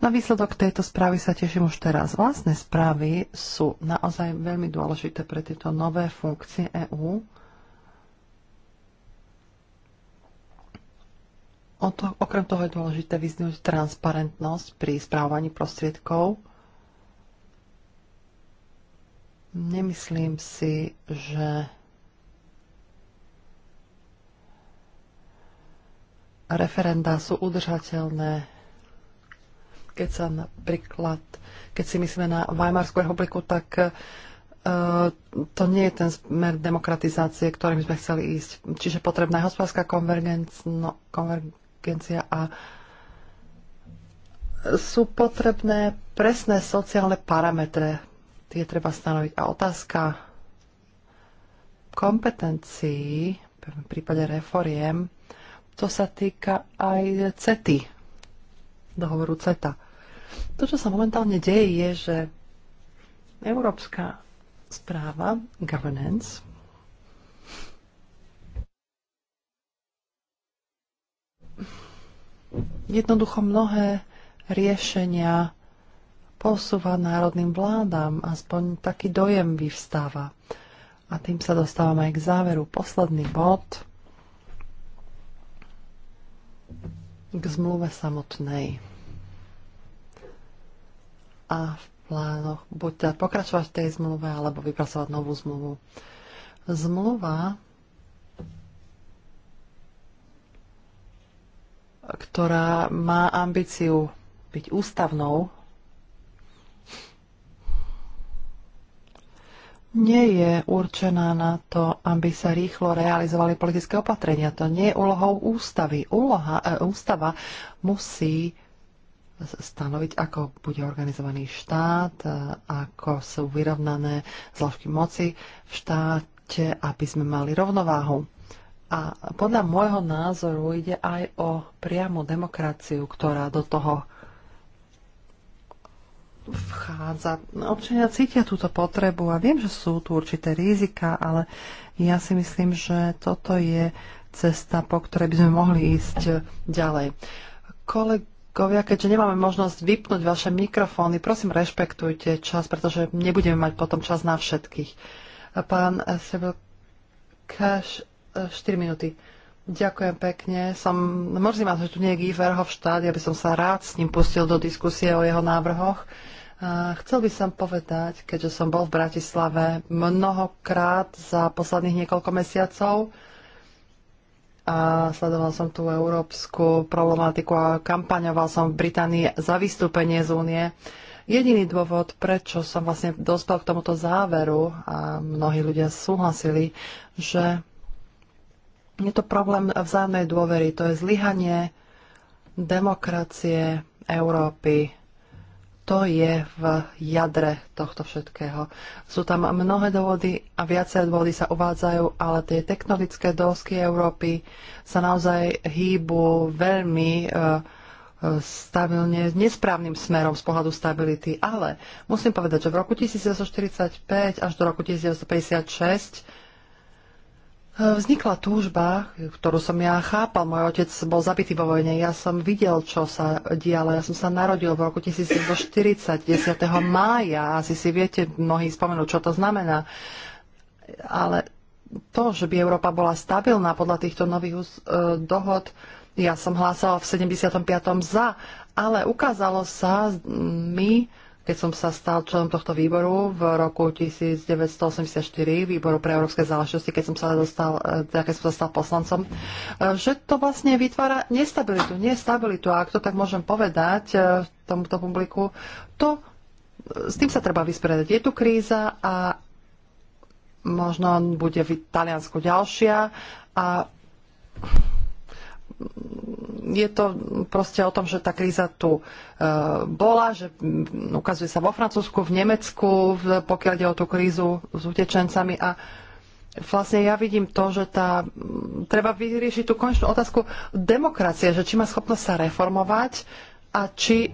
Na výsledok tejto správy sa teším už teraz. Vlastné správy sú naozaj veľmi dôležité pre tieto nové funkcie EÚ. To, okrem toho je dôležité vyznúť transparentnosť pri správovaní prostriedkov Nemyslím si, že referendá sú udržateľné. Keď sa napríklad, keď si myslíme na Weimarskú republiku, tak Uh, to nie je ten smer demokratizácie, ktorým sme chceli ísť. Čiže potrebná je hospodárska no, konvergencia a sú potrebné presné sociálne parametre tie treba stanoviť. A otázka kompetencií, v prípade reforiem, to sa týka aj CETY, dohovoru CETA. To, čo sa momentálne deje, je, že Európska správa, governance, jednoducho mnohé riešenia posúva národným vládam. Aspoň taký dojem vyvstáva. A tým sa dostávame aj k záveru. Posledný bod k zmluve samotnej. A v plánoch buď teda pokračovať v tej zmluve, alebo vypracovať novú zmluvu. Zmluva, ktorá má ambíciu byť ústavnou, nie je určená na to, aby sa rýchlo realizovali politické opatrenia. To nie je úlohou ústavy. Úloha, e, ústava musí stanoviť, ako bude organizovaný štát, e, ako sú vyrovnané zložky moci v štáte, aby sme mali rovnováhu. A podľa môjho názoru ide aj o priamu demokraciu, ktorá do toho vchádza. Občania cítia túto potrebu a viem, že sú tu určité rizika, ale ja si myslím, že toto je cesta, po ktorej by sme mohli ísť ďalej. Kolegovia, keďže nemáme možnosť vypnúť vaše mikrofóny, prosím rešpektujte čas, pretože nebudeme mať potom čas na všetkých. Pán Sebel kaž, 4 eh, minúty. Ďakujem pekne. Som, mrzí ma, že tu nie je Guy Verhofstadt, ja som sa rád s ním pustil do diskusie o jeho návrhoch. Chcel by som povedať, keďže som bol v Bratislave mnohokrát za posledných niekoľko mesiacov a sledoval som tú európsku problematiku a kampaňoval som v Británii za vystúpenie z únie. Jediný dôvod, prečo som vlastne dospel k tomuto záveru a mnohí ľudia súhlasili, že je to problém vzájomnej dôvery, to je zlyhanie demokracie Európy to je v jadre tohto všetkého. Sú tam mnohé dôvody a viaceré dôvody sa uvádzajú, ale tie technologické dosky Európy sa naozaj hýbu veľmi e, e, stabilne, nesprávnym smerom z pohľadu stability. Ale musím povedať, že v roku 1945 až do roku 1956 E, vznikla túžba, ktorú som ja chápal. Môj otec bol zabitý vo vojne. Ja som videl, čo sa dialo. Ja som sa narodil v roku 1940, 10. mája. Asi si viete mnohí spomenú, čo to znamená. Ale to, že by Európa bola stabilná podľa týchto nových uh, dohod, ja som hlásala v 75. za, ale ukázalo sa mi, keď som sa stal členom tohto výboru v roku 1984, výboru pre európske záležitosti, keď som sa dostal, e, teda keď som sa stal poslancom, e, že to vlastne vytvára nestabilitu, nestabilitu. A ak to tak môžem povedať e, tomuto publiku, to s tým sa treba vysporiadať. Je tu kríza a možno bude v Taliansku ďalšia a je to proste o tom, že tá kríza tu e, bola, že ukazuje sa vo Francúzsku, v Nemecku, pokiaľ ide o tú krízu s utečencami a vlastne ja vidím to, že tá, treba vyriešiť tú konečnú otázku demokracie, že či má schopnosť sa reformovať a či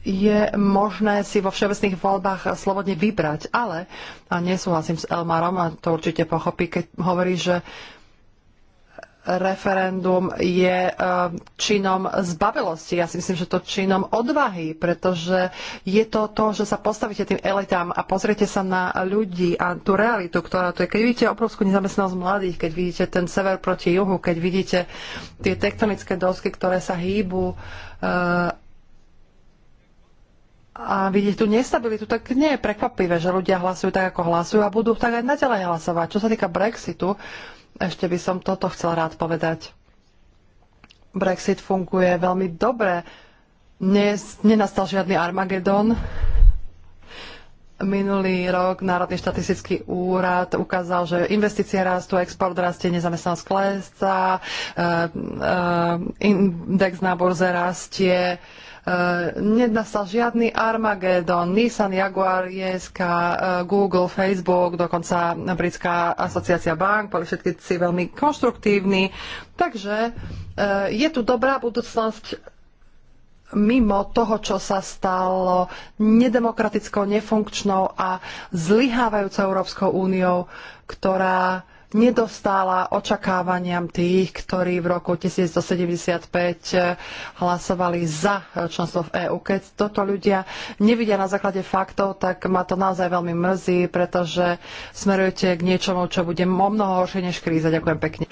je možné si vo všeobecných voľbách slobodne vybrať. Ale, a nesúhlasím s Elmarom, a to určite pochopí, keď hovorí, že uh, referendum je e, činom zbavilosti. Ja si myslím, že to činom odvahy, pretože je to to, že sa postavíte tým elitám a pozriete sa na ľudí a tú realitu, ktorá tu je. Keď vidíte obrovskú nezamestnanosť mladých, keď vidíte ten sever proti juhu, keď vidíte tie tektonické dosky, ktoré sa hýbu e, a vidieť tú nestabilitu, tak nie je prekvapivé, že ľudia hlasujú tak, ako hlasujú a budú tak aj naďalej hlasovať. Čo sa týka Brexitu, uh, ešte by som toto chcel rád povedať. Brexit funguje veľmi dobre. Dnes nenastal žiadny Armagedon. Minulý rok Národný štatistický úrad ukázal, že investície rastú, export rastie, nezamestnanosť klesá, eh, eh, index na burze rastie. Eh, sa žiadny Armageddon. Nissan, Jaguar, JSK, eh, Google, Facebook, dokonca britská asociácia bank, boli si veľmi konštruktívni. Takže eh, je tu dobrá budúcnosť mimo toho, čo sa stalo nedemokratickou, nefunkčnou a zlyhávajúcou Európskou úniou, ktorá nedostála očakávaniam tých, ktorí v roku 1975 eh, hlasovali za eh, členstvo v EÚ. Keď toto ľudia nevidia na základe faktov, tak ma to naozaj veľmi mrzí, pretože smerujete k niečomu, čo bude o mnoho horšie než kríza. Ďakujem pekne.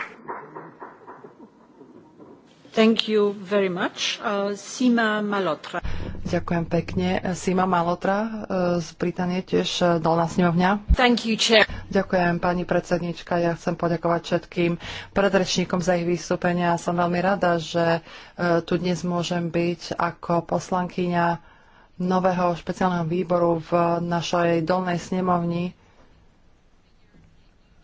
Uh, Ďakujem pekne. Sima Malotra uh, z Británie, tiež uh, dolná snemovňa. Ďakujem, pani predsednička. Ja chcem poďakovať všetkým predrečníkom za ich vystúpenia. Som veľmi rada, že uh, tu dnes môžem byť ako poslankyňa nového špeciálneho výboru v našej dolnej snemovni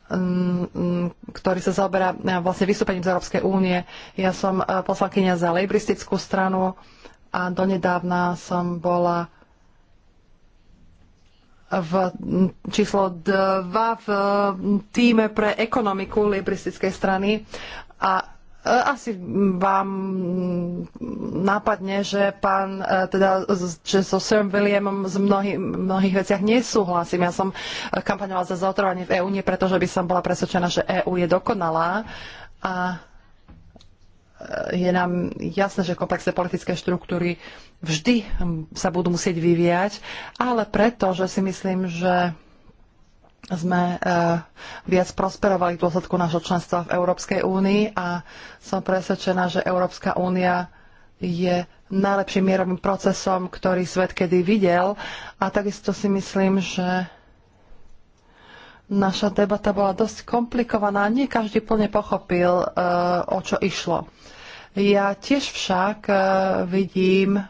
Um, um, ktorý sa zaoberá uh, vlastne vystúpením z Európskej únie. Ja som uh, poslankyňa za lejbristickú stranu a donedávna som bola v číslo 2 v týme pre ekonomiku lejbristickej strany a uh, asi vám nápadne, že pán, e, teda, že so Sirom Williamom z mnohých, mnohých veciach nesúhlasím. Ja som e, kampaňovala za zaotrovanie v EÚ, nie preto, že by som bola presvedčená, že EÚ je dokonalá a e, je nám jasné, že komplexné politické štruktúry vždy sa budú musieť vyvíjať, ale preto, že si myslím, že sme viac prosperovali v dôsledku nášho členstva v Európskej únii a som presvedčená, že Európska únia je najlepším mierovým procesom, ktorý svet kedy videl. A takisto si myslím, že naša debata bola dosť komplikovaná. Nie každý plne pochopil, e, o čo išlo. Ja tiež však e, vidím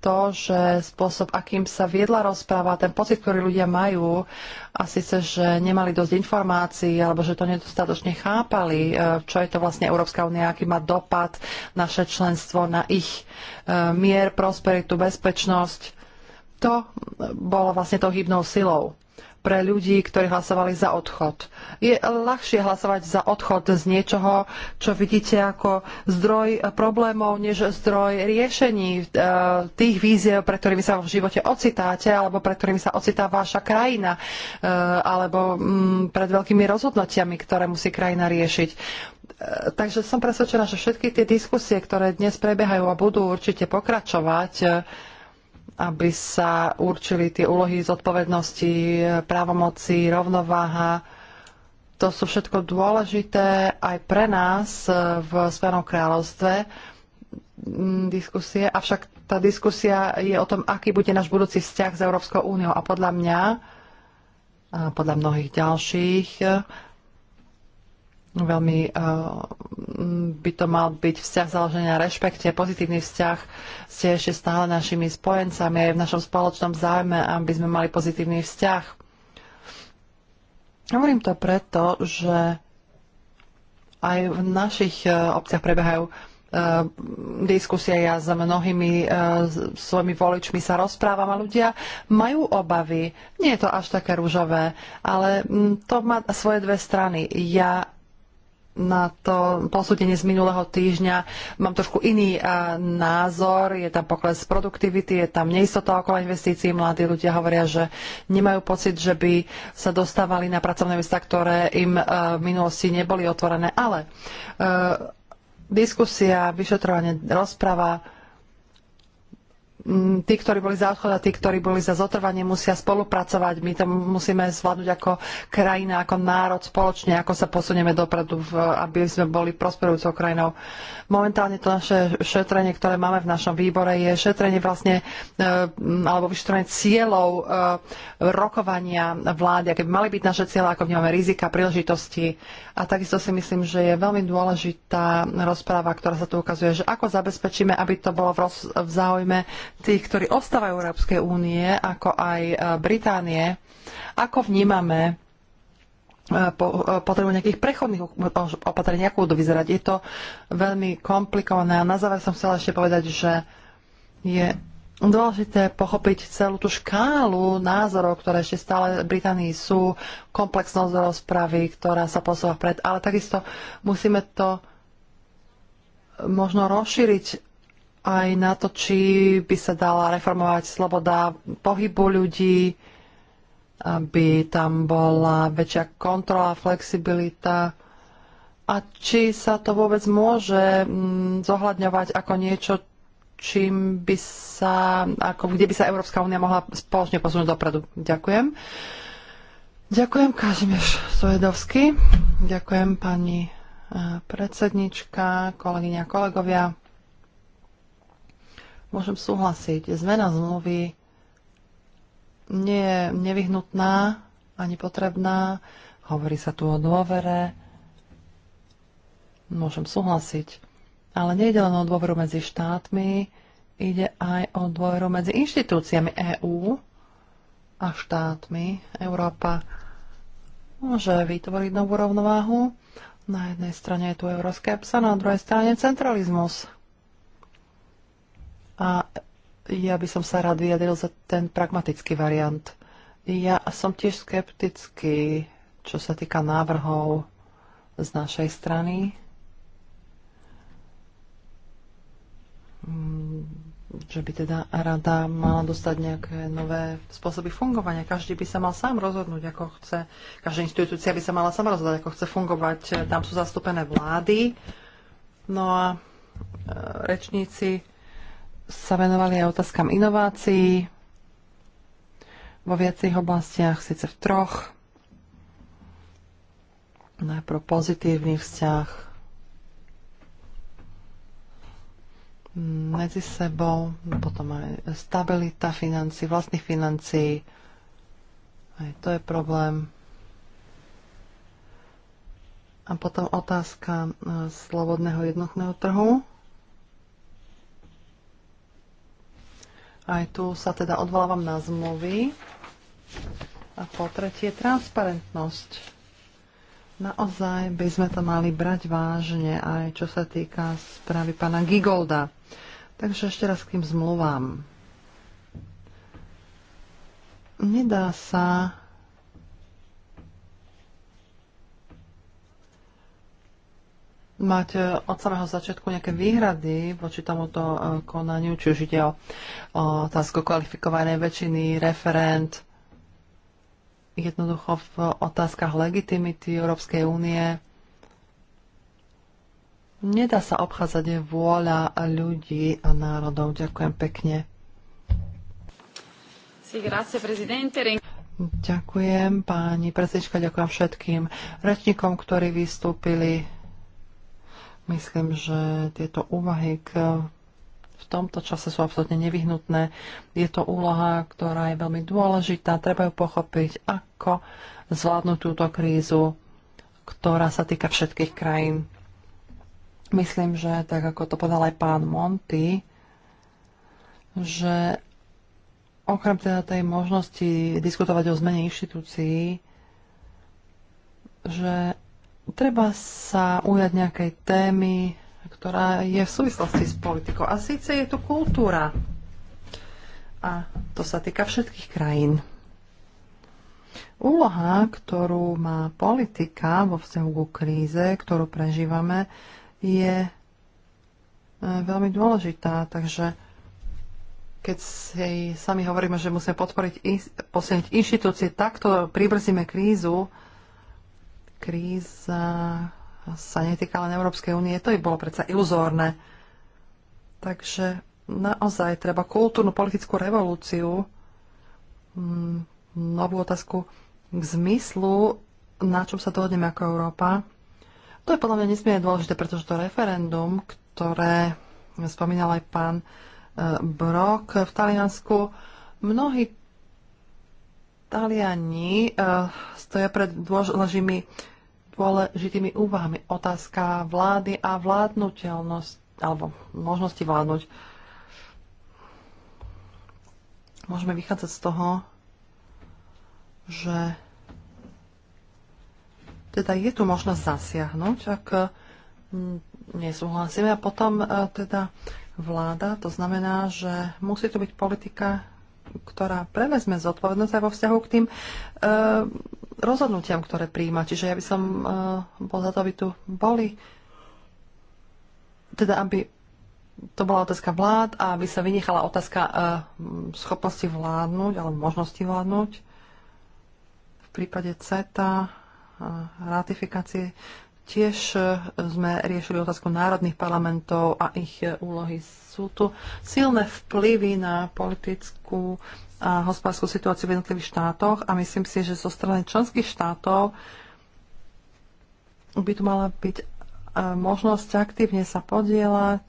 to, že spôsob, akým sa viedla rozpráva, ten pocit, ktorý ľudia majú, a síce, že nemali dosť informácií, alebo že to nedostatočne chápali, e, čo je to vlastne Európska únia, aký má dopad naše členstvo na ich e, mier, prosperitu, bezpečnosť, to bolo vlastne tou hybnou silou pre ľudí, ktorí hlasovali za odchod. Je ľahšie hlasovať za odchod z niečoho, čo vidíte ako zdroj problémov, než zdroj riešení e, tých víziev, pre ktorými sa v živote ocitáte, alebo pre ktorými sa ocitá vaša krajina, e, alebo mm, pred veľkými rozhodnotiami, ktoré musí krajina riešiť e, takže som presvedčená, že všetky tie diskusie, ktoré dnes prebiehajú a budú určite pokračovať, aby sa určili tie úlohy zodpovednosti, právomoci, rovnováha. To sú všetko dôležité aj pre nás v Svenom kráľovstve mm, diskusie, avšak tá diskusia je o tom, aký bude náš budúci vzťah s Európskou úniou a podľa mňa a podľa mnohých ďalších Veľmi eh, by to mal byť vzťah založený na rešpekte, pozitívny vzťah. Ste ešte stále našimi spojencami aj v našom spoločnom záujme, aby sme mali pozitívny vzťah. Hovorím to preto, že aj v našich eh, obciach prebiehajú eh, diskusia. Ja s mnohými svojimi voličmi sa rozprávam a ľudia majú obavy. Nie je to až také rúžové, ale mm, to má svoje dve strany. Ja na to posúdenie z minulého týždňa. Mám trošku iný názor, je tam pokles produktivity, je tam neistota okolo investícií. Mladí ľudia hovoria, že nemajú pocit, že by sa dostávali na pracovné miesta, ktoré im v minulosti neboli otvorené. Ale diskusia, vyšetrovanie, rozprava Mm, tí, ktorí boli za odchod a tí, ktorí boli za zotrvanie, musia spolupracovať. My to musíme zvládnuť ako krajina, ako národ spoločne, ako sa posunieme dopredu, aby sme boli prosperujúcou krajinou. Momentálne to naše šetrenie, ktoré máme v našom výbore, je šetrenie vlastne, e, alebo vyšetrenie cieľov e, rokovania vlády, aké by mali byť naše cieľa, ako vnímame rizika, príležitosti. A takisto si myslím, že je veľmi dôležitá rozpráva, ktorá sa tu ukazuje, že ako zabezpečíme, aby to bolo v, roz, v záujme tých, ktorí ostávajú Európskej únie, ako aj e, Británie, ako vnímame e, e, potrebu nejakých prechodných opatrení, ako budú vyzerať. Je to veľmi komplikované a na záver som chcela ešte povedať, že je dôležité pochopiť celú tú škálu názorov, ktoré ešte stále v Británii sú, komplexnosť rozpravy, ktorá sa posúva vpred, ale takisto musíme to možno rozšíriť aj na to, či by sa dala reformovať sloboda pohybu ľudí, aby tam bola väčšia kontrola, flexibilita a či sa to vôbec môže mm, zohľadňovať ako niečo, čím by sa, ako, kde by sa Európska únia mohla spoločne posunúť dopredu. Ďakujem. Ďakujem, Kažimir Sojedovský. Ďakujem, pani eh, predsednička, kolegyňa, kolegovia môžem súhlasiť. Zmena zmluvy nie je nevyhnutná ani potrebná. Hovorí sa tu o dôvere. Môžem súhlasiť. Ale nejde len o dôveru medzi štátmi, ide aj o dôveru medzi inštitúciami EÚ a štátmi. Európa môže vytvoriť novú rovnováhu. Na jednej strane je tu euroskepsa, na druhej strane centralizmus. A ja by som sa rád vyjadril za ten pragmatický variant. Ja som tiež skeptický, čo sa týka návrhov z našej strany. Mm, že by teda rada mala dostať nejaké nové spôsoby fungovania. Každý by sa mal sám rozhodnúť, ako chce. Každá inštitúcia by sa mala sama rozhodnúť, ako chce fungovať. Tam sú zastúpené vlády. No a e, rečníci sa venovali aj otázkam inovácií vo viacerých oblastiach, síce v troch. Najprv pozitívny vzťah medzi sebou, potom aj stabilita financí, vlastných financí. Aj to je problém. A potom otázka eh, slobodného jednotného trhu. Aj tu sa teda odvolávam na zmluvy. A po tretie, transparentnosť. Naozaj by sme to mali brať vážne, aj čo sa týka správy pána Gigolda. Takže ešte raz k tým zmluvám. Nedá sa mať e, od samého začiatku nejaké výhrady voči tomuto e, konaniu, či už ide o, otázku kvalifikovanej väčšiny, referent, jednoducho v otázkach legitimity Európskej únie. Nedá sa obchádzať vôľa ľudí a národov. Ďakujem pekne. Ďakujem pani predsednička, ďakujem všetkým rečníkom, ktorí vystúpili. Myslím, že tieto úvahy k, v tomto čase sú absolútne nevyhnutné. Je to úloha, ktorá je veľmi dôležitá. Treba ju pochopiť, ako zvládnuť túto krízu, ktorá sa týka všetkých krajín. Myslím, že tak ako to povedal aj pán Monty, že okrem teda tej možnosti diskutovať o zmene inštitúcií, že treba sa ujať nejakej témy, ktorá je v súvislosti s politikou. A síce je to kultúra. A to sa týka všetkých krajín. Úloha, ktorú má politika vo vzťahu ku kríze, ktorú prežívame, je e, veľmi dôležitá. Takže keď si sami hovoríme, že musíme podporiť, posilniť inštitúcie, takto pribrzíme krízu, kríza sa netýka len Európskej únie, to by bolo predsa iluzórne. Takže naozaj treba kultúrnu politickú revolúciu, mm, novú otázku k zmyslu, na čom sa dohodneme ako Európa. To je podľa mňa nesmierne dôležité, pretože to referendum, ktoré spomínal aj pán e, Brok v Taliansku, mnohí Taliani uh, stoja pred dôležitými, dôležitými úvahami. Otázka vlády a vládnutelnosť, alebo možnosti vládnuť. Môžeme vychádzať z toho, že teda je tu možnosť zasiahnuť, ak hm, nesúhlasíme. A potom eh, teda vláda, to znamená, že musí to byť politika ktorá prevezme zodpovednosť aj vo vzťahu k tým e, rozhodnutiam, ktoré príjma. Čiže ja by som e, bol za to, aby tu boli, teda aby to bola otázka vlád a aby sa vynechala otázka e, schopnosti vládnuť alebo možnosti vládnuť. V prípade CETA ratifikácie Tiež e, sme riešili otázku národných parlamentov a ich e, úlohy. Sú tu silné vplyvy na politickú a hospodárskú situáciu v jednotlivých štátoch a myslím si, že zo strany členských štátov by tu mala byť e, možnosť aktívne sa podielať.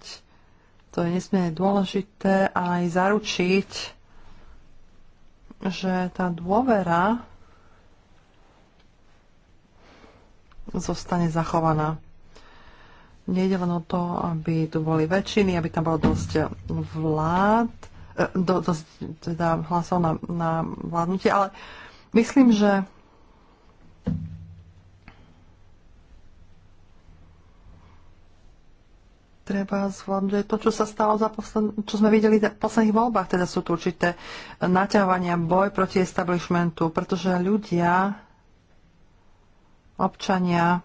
To je nesmierne dôležité a aj zaručiť, že tá dôvera zostane zachovaná. Nejde len o to, aby tu boli väčšiny, aby tam bolo dosť vlád, e, do, dosť teda hlasov na, na vládnutie, ale myslím, že treba zvládnuť to, čo sa stalo za posled, čo sme videli v posledných voľbách, teda sú tu určité naťávania, boj proti establishmentu, pretože ľudia občania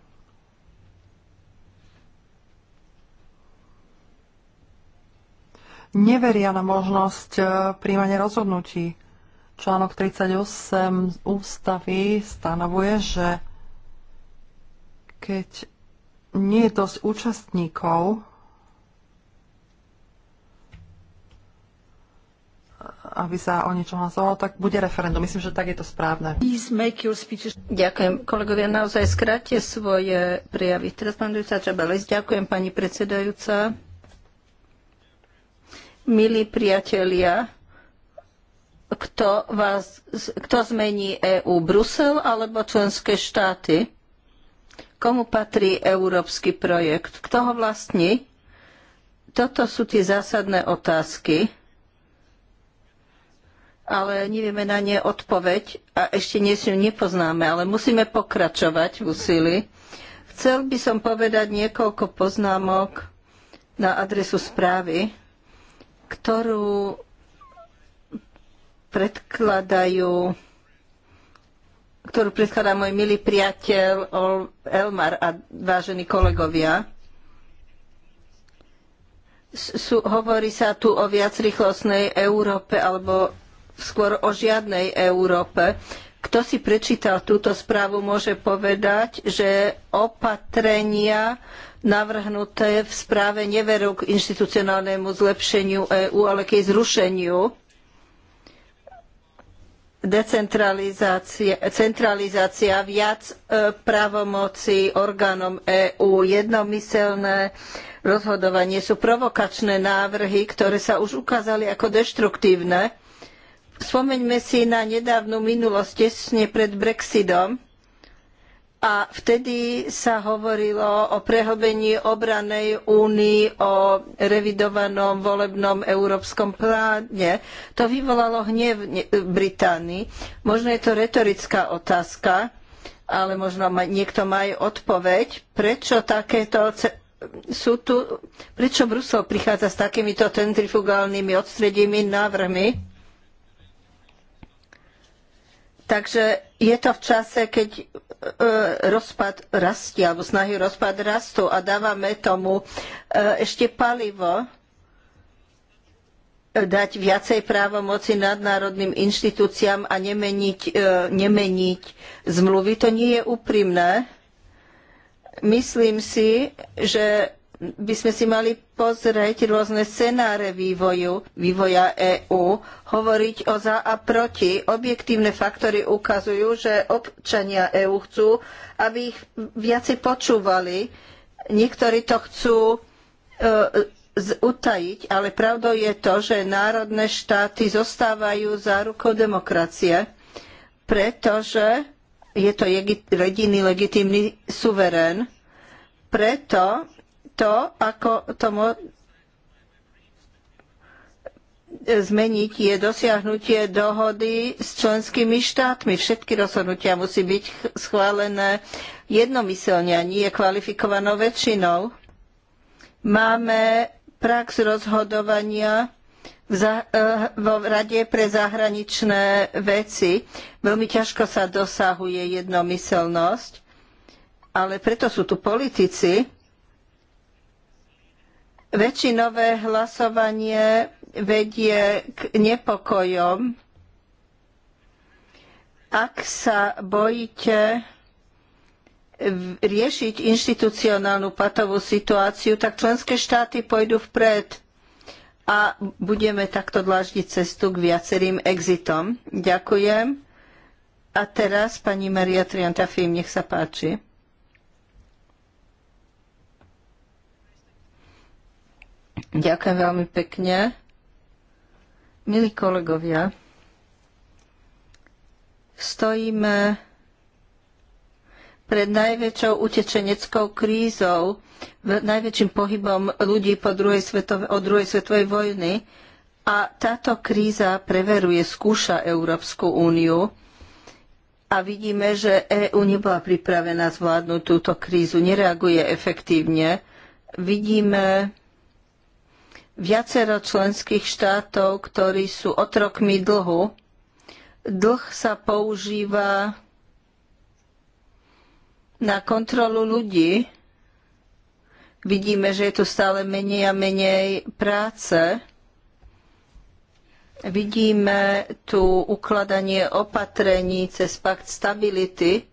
neveria na možnosť e, príjmania rozhodnutí. Článok 38 ústavy stanovuje, že keď nie je dosť účastníkov, aby sa o niečo hlasovalo, tak bude referendum. Myslím, že tak je to správne. Ďakujem. Kolegovia, naozaj skráte svoje prijavy. Teraz pán Dujca Čabeles. Ďakujem, pani predsedajúca. Milí priatelia, kto, vás, kto zmení EÚ? Brusel alebo členské štáty? Komu patrí európsky projekt? Kto ho vlastní? Toto sú tie zásadné otázky ale nevieme na ne odpoveď a ešte niečo nepoznáme, ale musíme pokračovať v úsilí. Chcel by som povedať niekoľko poznámok na adresu správy, ktorú predkladajú ktorú predkladá môj milý priateľ Elmar a vážení kolegovia. Sú, hovorí sa tu o viacrychlostnej Európe alebo skôr o žiadnej Európe. Kto si prečítal túto správu, môže povedať, že opatrenia navrhnuté v správe neverú k inštitucionálnemu zlepšeniu EÚ, ale k jej zrušeniu centralizácia, viac e, právomoci orgánom EÚ, jednomyseľné rozhodovanie sú provokačné návrhy, ktoré sa už ukázali ako deštruktívne Spomeňme si na nedávnu minulosť, tesne pred Brexitom. A vtedy sa hovorilo o prehlbení obranej únii, o revidovanom volebnom európskom pláne. To vyvolalo hnev Británii. Možno je to retorická otázka, ale možno niekto má aj odpoveď, prečo takéto sú tu, prečo Brusel prichádza s takýmito centrifugálnymi odstrediemi návrhmi Takže je to v čase, keď e, rozpad rastie, alebo snahy rozpad rastú a dávame tomu e, ešte palivo e, dať viacej právomoci nadnárodným inštitúciám a nemeniť, nemeniť zmluvy. To nie je úprimné. Myslím si, že by sme si mali pozrieť rôzne scenáre vývoju, vývoja EÚ, hovoriť o za a proti. Objektívne faktory ukazujú, že občania EÚ chcú, aby ich viacej počúvali. Niektorí to chcú e, utajiť, ale pravdou je to, že národné štáty zostávajú zárukou demokracie, pretože je to jediný legitímny suverén. Preto to, ako to zmeniť je dosiahnutie dohody s členskými štátmi. Všetky rozhodnutia musí byť schválené jednomyselne a nie kvalifikovanou väčšinou. Máme prax rozhodovania eh, vo Rade pre zahraničné veci. Veľmi ťažko sa dosahuje jednomyselnosť, ale preto sú tu politici, Väčšinové hlasovanie vedie k nepokojom. Ak sa bojíte riešiť inštitucionálnu patovú situáciu, tak členské štáty pôjdu vpred a budeme takto dláždiť cestu k viacerým exitom. Ďakujem. A teraz pani Maria Triantafim, nech sa páči. Ďakujem veľmi pekne. Milí kolegovia, stojíme pred najväčšou utečeneckou krízou, najväčším pohybom ľudí po druhej svetove, od druhej svetovej vojny. A táto kríza preveruje, skúša Európsku úniu a vidíme, že EÚ nebola pripravená zvládnuť túto krízu, nereaguje efektívne. Vidíme viacero členských štátov, ktorí sú otrokmi dlhu. Dlh sa používa na kontrolu ľudí. Vidíme, že je tu stále menej a menej práce. Vidíme tu ukladanie opatrení cez pakt stability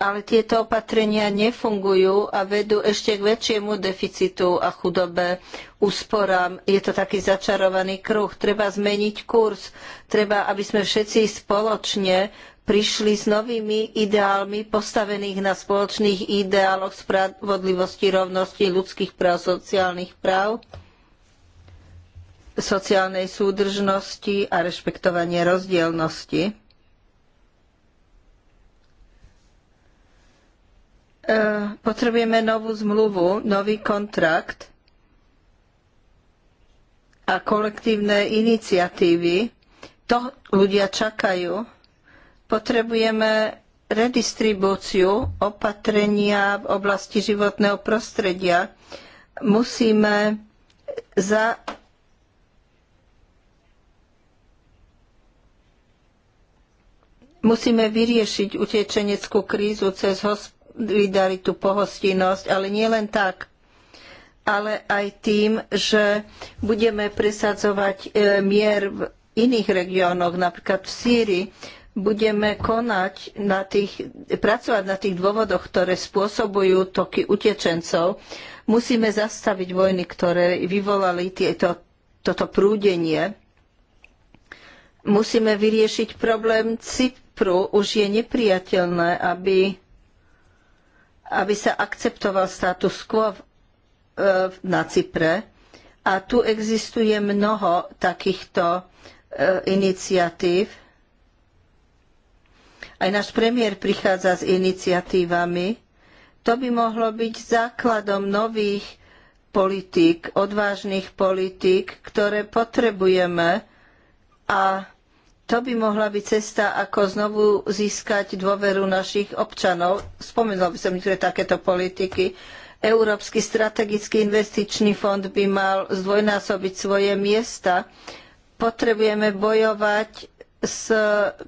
ale tieto opatrenia nefungujú a vedú ešte k väčšiemu deficitu a chudobe, úsporám. Je to taký začarovaný kruh. Treba zmeniť kurz. Treba, aby sme všetci spoločne prišli s novými ideálmi postavených na spoločných ideáloch spravodlivosti, rovnosti, ľudských práv, sociálnych práv, sociálnej súdržnosti a rešpektovanie rozdielnosti E, potrebujeme novú zmluvu, nový kontrakt a kolektívne iniciatívy. To ľudia čakajú. Potrebujeme redistribúciu opatrenia v oblasti životného prostredia. Musíme za musíme vyriešiť utečeneckú krízu cez hospodárstvo vydali tú pohostinnosť, ale nielen tak, ale aj tým, že budeme presadzovať e, mier v iných regiónoch, napríklad v Sýrii, budeme konať na tých, pracovať na tých dôvodoch, ktoré spôsobujú toky utečencov. Musíme zastaviť vojny, ktoré vyvolali tieto, toto prúdenie. Musíme vyriešiť problém Cypru. Už je nepriateľné, aby aby sa akceptoval status quo e, na Cypre. A tu existuje mnoho takýchto e, iniciatív. Aj náš premiér prichádza s iniciatívami. To by mohlo byť základom nových politík, odvážnych politík, ktoré potrebujeme a to by mohla byť cesta, ako znovu získať dôveru našich občanov. Spomenula by som niektoré takéto politiky. Európsky strategický investičný fond by mal zdvojnásobiť svoje miesta. Potrebujeme bojovať s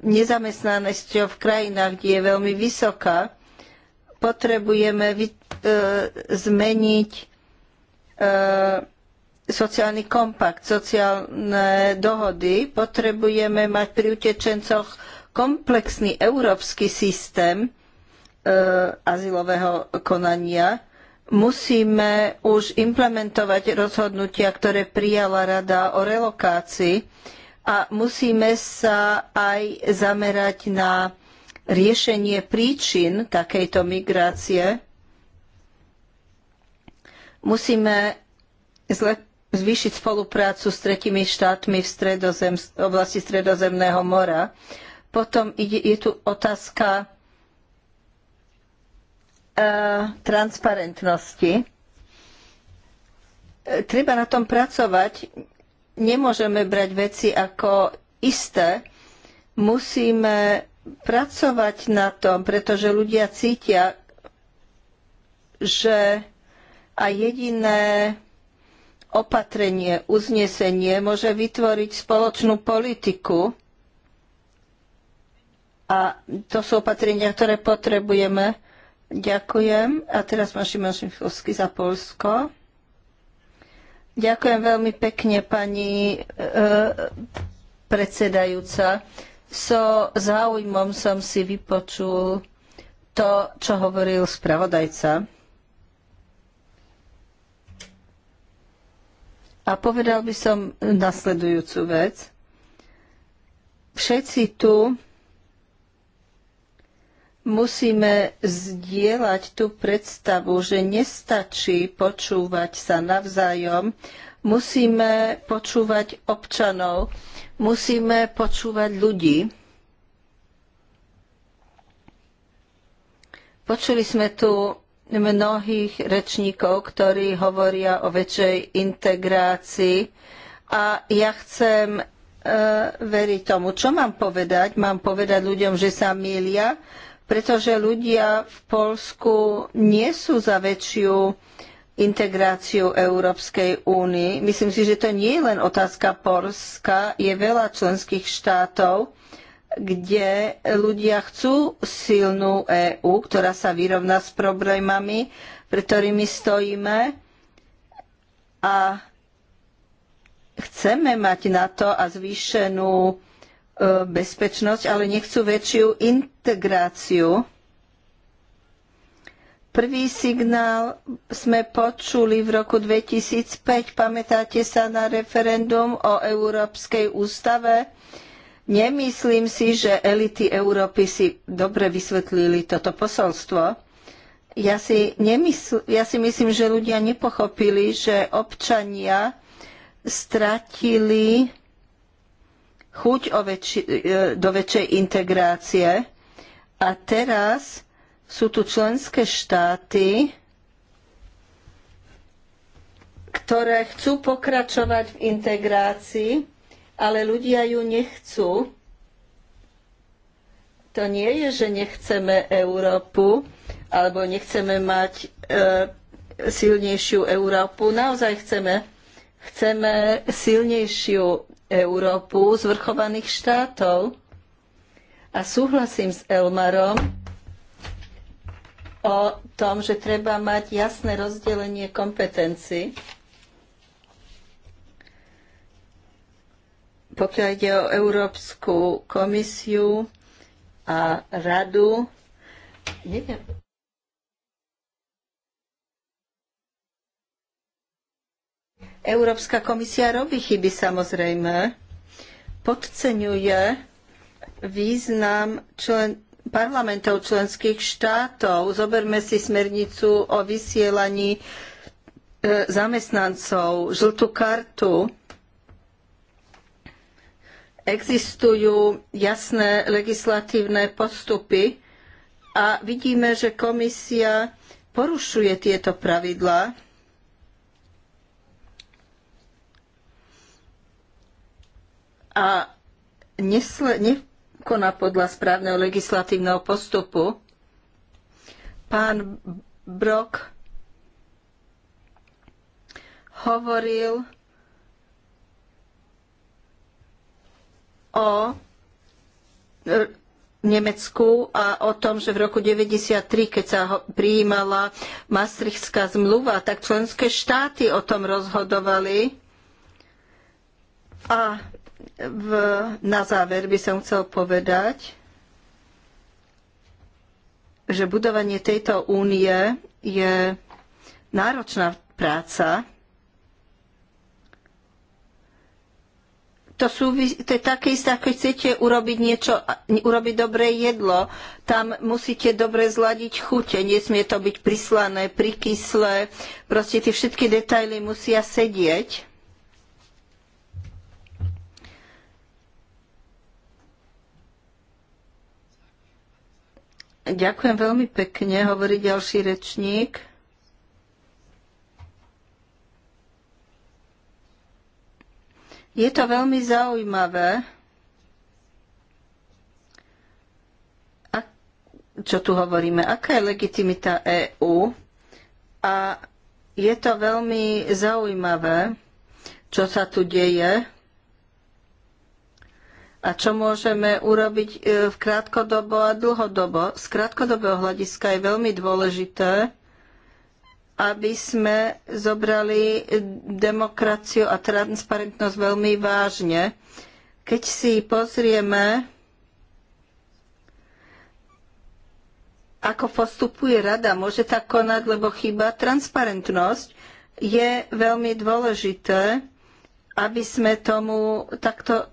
nezamestnanosťou v krajinách, kde je veľmi vysoká. Potrebujeme e, zmeniť e, sociálny kompakt, sociálne dohody. Potrebujeme mať pri utečencoch komplexný európsky systém e, azylového konania. Musíme už implementovať rozhodnutia, ktoré prijala Rada o relokácii a musíme sa aj zamerať na riešenie príčin takejto migrácie. Musíme zlepšiť zvýšiť spoluprácu s tretimi štátmi v stredozem, oblasti Stredozemného mora. Potom ide, je tu otázka e, transparentnosti. E, treba na tom pracovať. Nemôžeme brať veci ako isté. Musíme pracovať na tom, pretože ľudia cítia, že a jediné opatrenie, uznesenie môže vytvoriť spoločnú politiku a to sú opatrenia, ktoré potrebujeme. Ďakujem. A teraz pán Šimanšinkovský za Polsko. Ďakujem veľmi pekne, pani e, predsedajúca. So záujmom som si vypočul to, čo hovoril spravodajca. A povedal by som nasledujúcu vec. Všetci tu musíme zdieľať tú predstavu, že nestačí počúvať sa navzájom, musíme počúvať občanov, musíme počúvať ľudí. Počuli sme tu mnohých rečníkov, ktorí hovoria o väčšej integrácii. A ja chcem e, veriť tomu, čo mám povedať. Mám povedať ľuďom, že sa milia, pretože ľudia v Polsku nie sú za väčšiu integráciu Európskej únie. Myslím si, že to nie je len otázka Polska, je veľa členských štátov, kde ľudia chcú silnú EÚ, ktorá sa vyrovná s problémami, pre ktorými stojíme a chceme mať na to a zvýšenú e, bezpečnosť, ale nechcú väčšiu integráciu. Prvý signál sme počuli v roku 2005. Pamätáte sa na referendum o Európskej ústave? Nemyslím si, že elity Európy si dobre vysvetlili toto posolstvo. Ja si, nemysl- ja si myslím, že ľudia nepochopili, že občania stratili chuť väč- e, do väčšej integrácie a teraz sú tu členské štáty, ktoré chcú pokračovať v integrácii ale ľudia ju nechcú. To nie je, že nechceme Európu alebo nechceme mať e, silnejšiu Európu. Naozaj chceme, chceme silnejšiu Európu zvrchovaných štátov. A súhlasím s Elmarom o tom, že treba mať jasné rozdelenie kompetencií. pokiaľ ide o Európsku komisiu a radu, neviem. Európska komisia robí chyby samozrejme, podceňuje význam člen, parlamentov členských štátov. Zoberme si smernicu o vysielaní e, zamestnancov, žltú kartu Existujú jasné legislatívne postupy a vidíme, že komisia porušuje tieto pravidlá. a nesle, nekoná podľa správneho legislatívneho postupu. Pán Brok hovoril o e, Nemecku a o tom, že v roku 1993, keď sa prijímala Maastrichtská zmluva, tak členské štáty o tom rozhodovali. A v, na záver by som chcel povedať, že budovanie tejto únie je náročná práca, to, súvis- to je také isté, ako chcete urobiť niečo, urobiť dobré jedlo. Tam musíte dobre zladiť chute, nesmie to byť prislané, prikyslé. Proste tie všetky detaily musia sedieť. Ďakujem veľmi pekne, hovorí ďalší rečník. Je to veľmi zaujímavé, a čo tu hovoríme, aká je legitimita EÚ a je to veľmi zaujímavé, čo sa tu deje a čo môžeme urobiť e, v krátkodobo a dlhodobo. Z krátkodobého hľadiska je veľmi dôležité, aby sme zobrali demokraciu a transparentnosť veľmi vážne. Keď si pozrieme, ako postupuje rada, môže tak konať, lebo chýba transparentnosť, je veľmi dôležité, aby sme, tomu takto,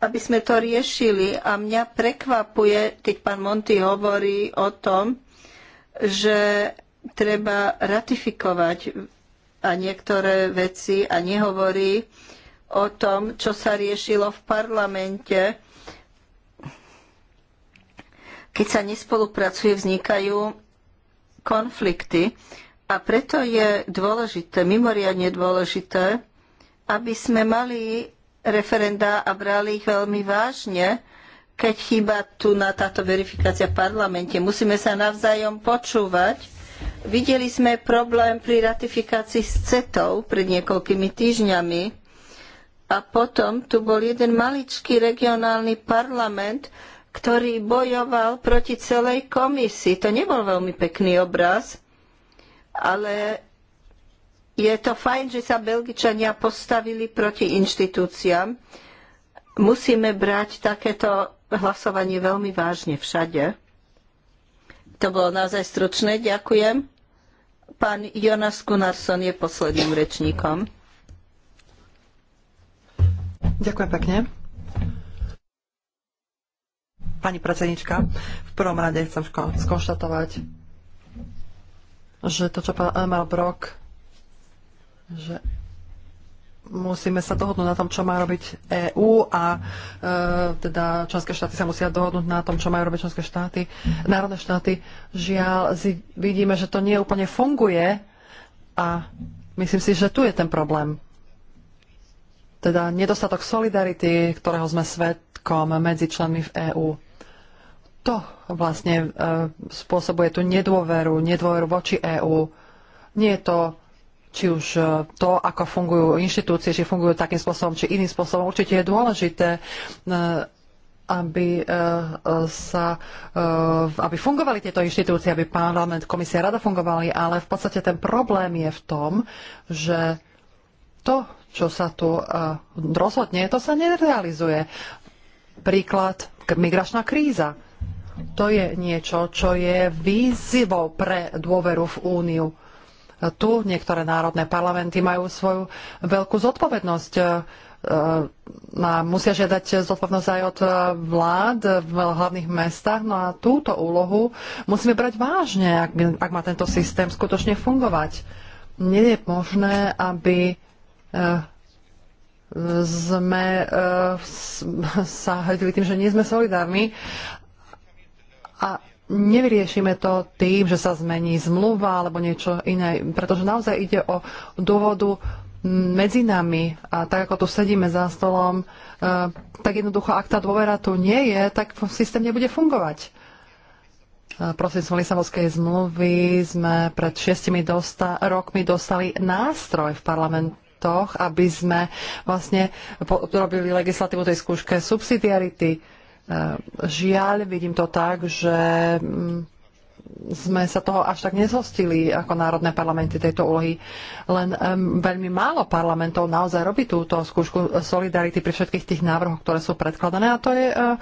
aby sme to riešili. A mňa prekvapuje, keď pán Monty hovorí o tom, že treba ratifikovať a niektoré veci a nehovorí o tom, čo sa riešilo v parlamente. Keď sa nespolupracuje, vznikajú konflikty a preto je dôležité, mimoriadne dôležité, aby sme mali referendá a brali ich veľmi vážne, keď chýba tu na táto verifikácia v parlamente. Musíme sa navzájom počúvať Videli sme problém pri ratifikácii s CETou pred niekoľkými týždňami a potom tu bol jeden maličký regionálny parlament, ktorý bojoval proti celej komisii. To nebol veľmi pekný obraz, ale je to fajn, že sa Belgičania postavili proti inštitúciám. Musíme brať takéto hlasovanie veľmi vážne všade. To bolo naozaj stručné, ďakujem. Pán Jonas Gunnarsson je posledným rečníkom. Ďakujem pekne. Pani predsednička, v prvom rade chcem skonštatovať, že to, čo pán Elmar Brok, že musíme sa dohodnúť na tom, čo má robiť EÚ a e, teda členské štáty sa musia dohodnúť na tom, čo majú robiť členské štáty, národné štáty. Žiaľ, vidíme, že to nie úplne funguje a myslím si, že tu je ten problém. Teda nedostatok solidarity, ktorého sme svetkom medzi členmi v EÚ. To vlastne e, spôsobuje tú nedôveru, nedôveru voči EÚ. Nie je to či už e, to, ako fungujú inštitúcie, či fungujú takým spôsobom, či iným spôsobom. Určite je dôležité e, aby e, sa aby fungovali tieto inštitúcie, aby parlament, komisia, rada fungovali, ale v podstate ten problém je v tom, že to, čo sa tu rozhodne, to sa nerealizuje. Príklad, migračná kríza. To je niečo, čo je výzivou pre dôveru v úniu tu niektoré národné parlamenty majú svoju veľkú zodpovednosť e, e, a musia žiadať zodpovednosť aj od e, vlád v hlavných mestách. No a túto úlohu musíme brať vážne, ak, ak má tento systém skutočne fungovať. Nie je možné, aby sme sa hrdili tým, že nie sme solidárni. A nevyriešime to tým, že sa zmení zmluva alebo niečo iné, pretože naozaj ide o dôvodu medzi nami a tak ako tu sedíme za stolom, e, tak jednoducho, ak tá dôvera tu nie je, tak systém nebude fungovať. E, Prosím som Lisabonskej zmluvy sme pred šiestimi dosta- rokmi dostali nástroj v parlamentoch, aby sme vlastne robili legislatívu tej skúške subsidiarity Eh, žiaľ, vidím to tak, že mm, sme sa toho až tak nezhostili ako národné parlamenty tejto úlohy. Len um, veľmi málo parlamentov naozaj robí túto skúšku solidarity pri všetkých tých návrhoch, ktoré sú predkladané. A to je uh,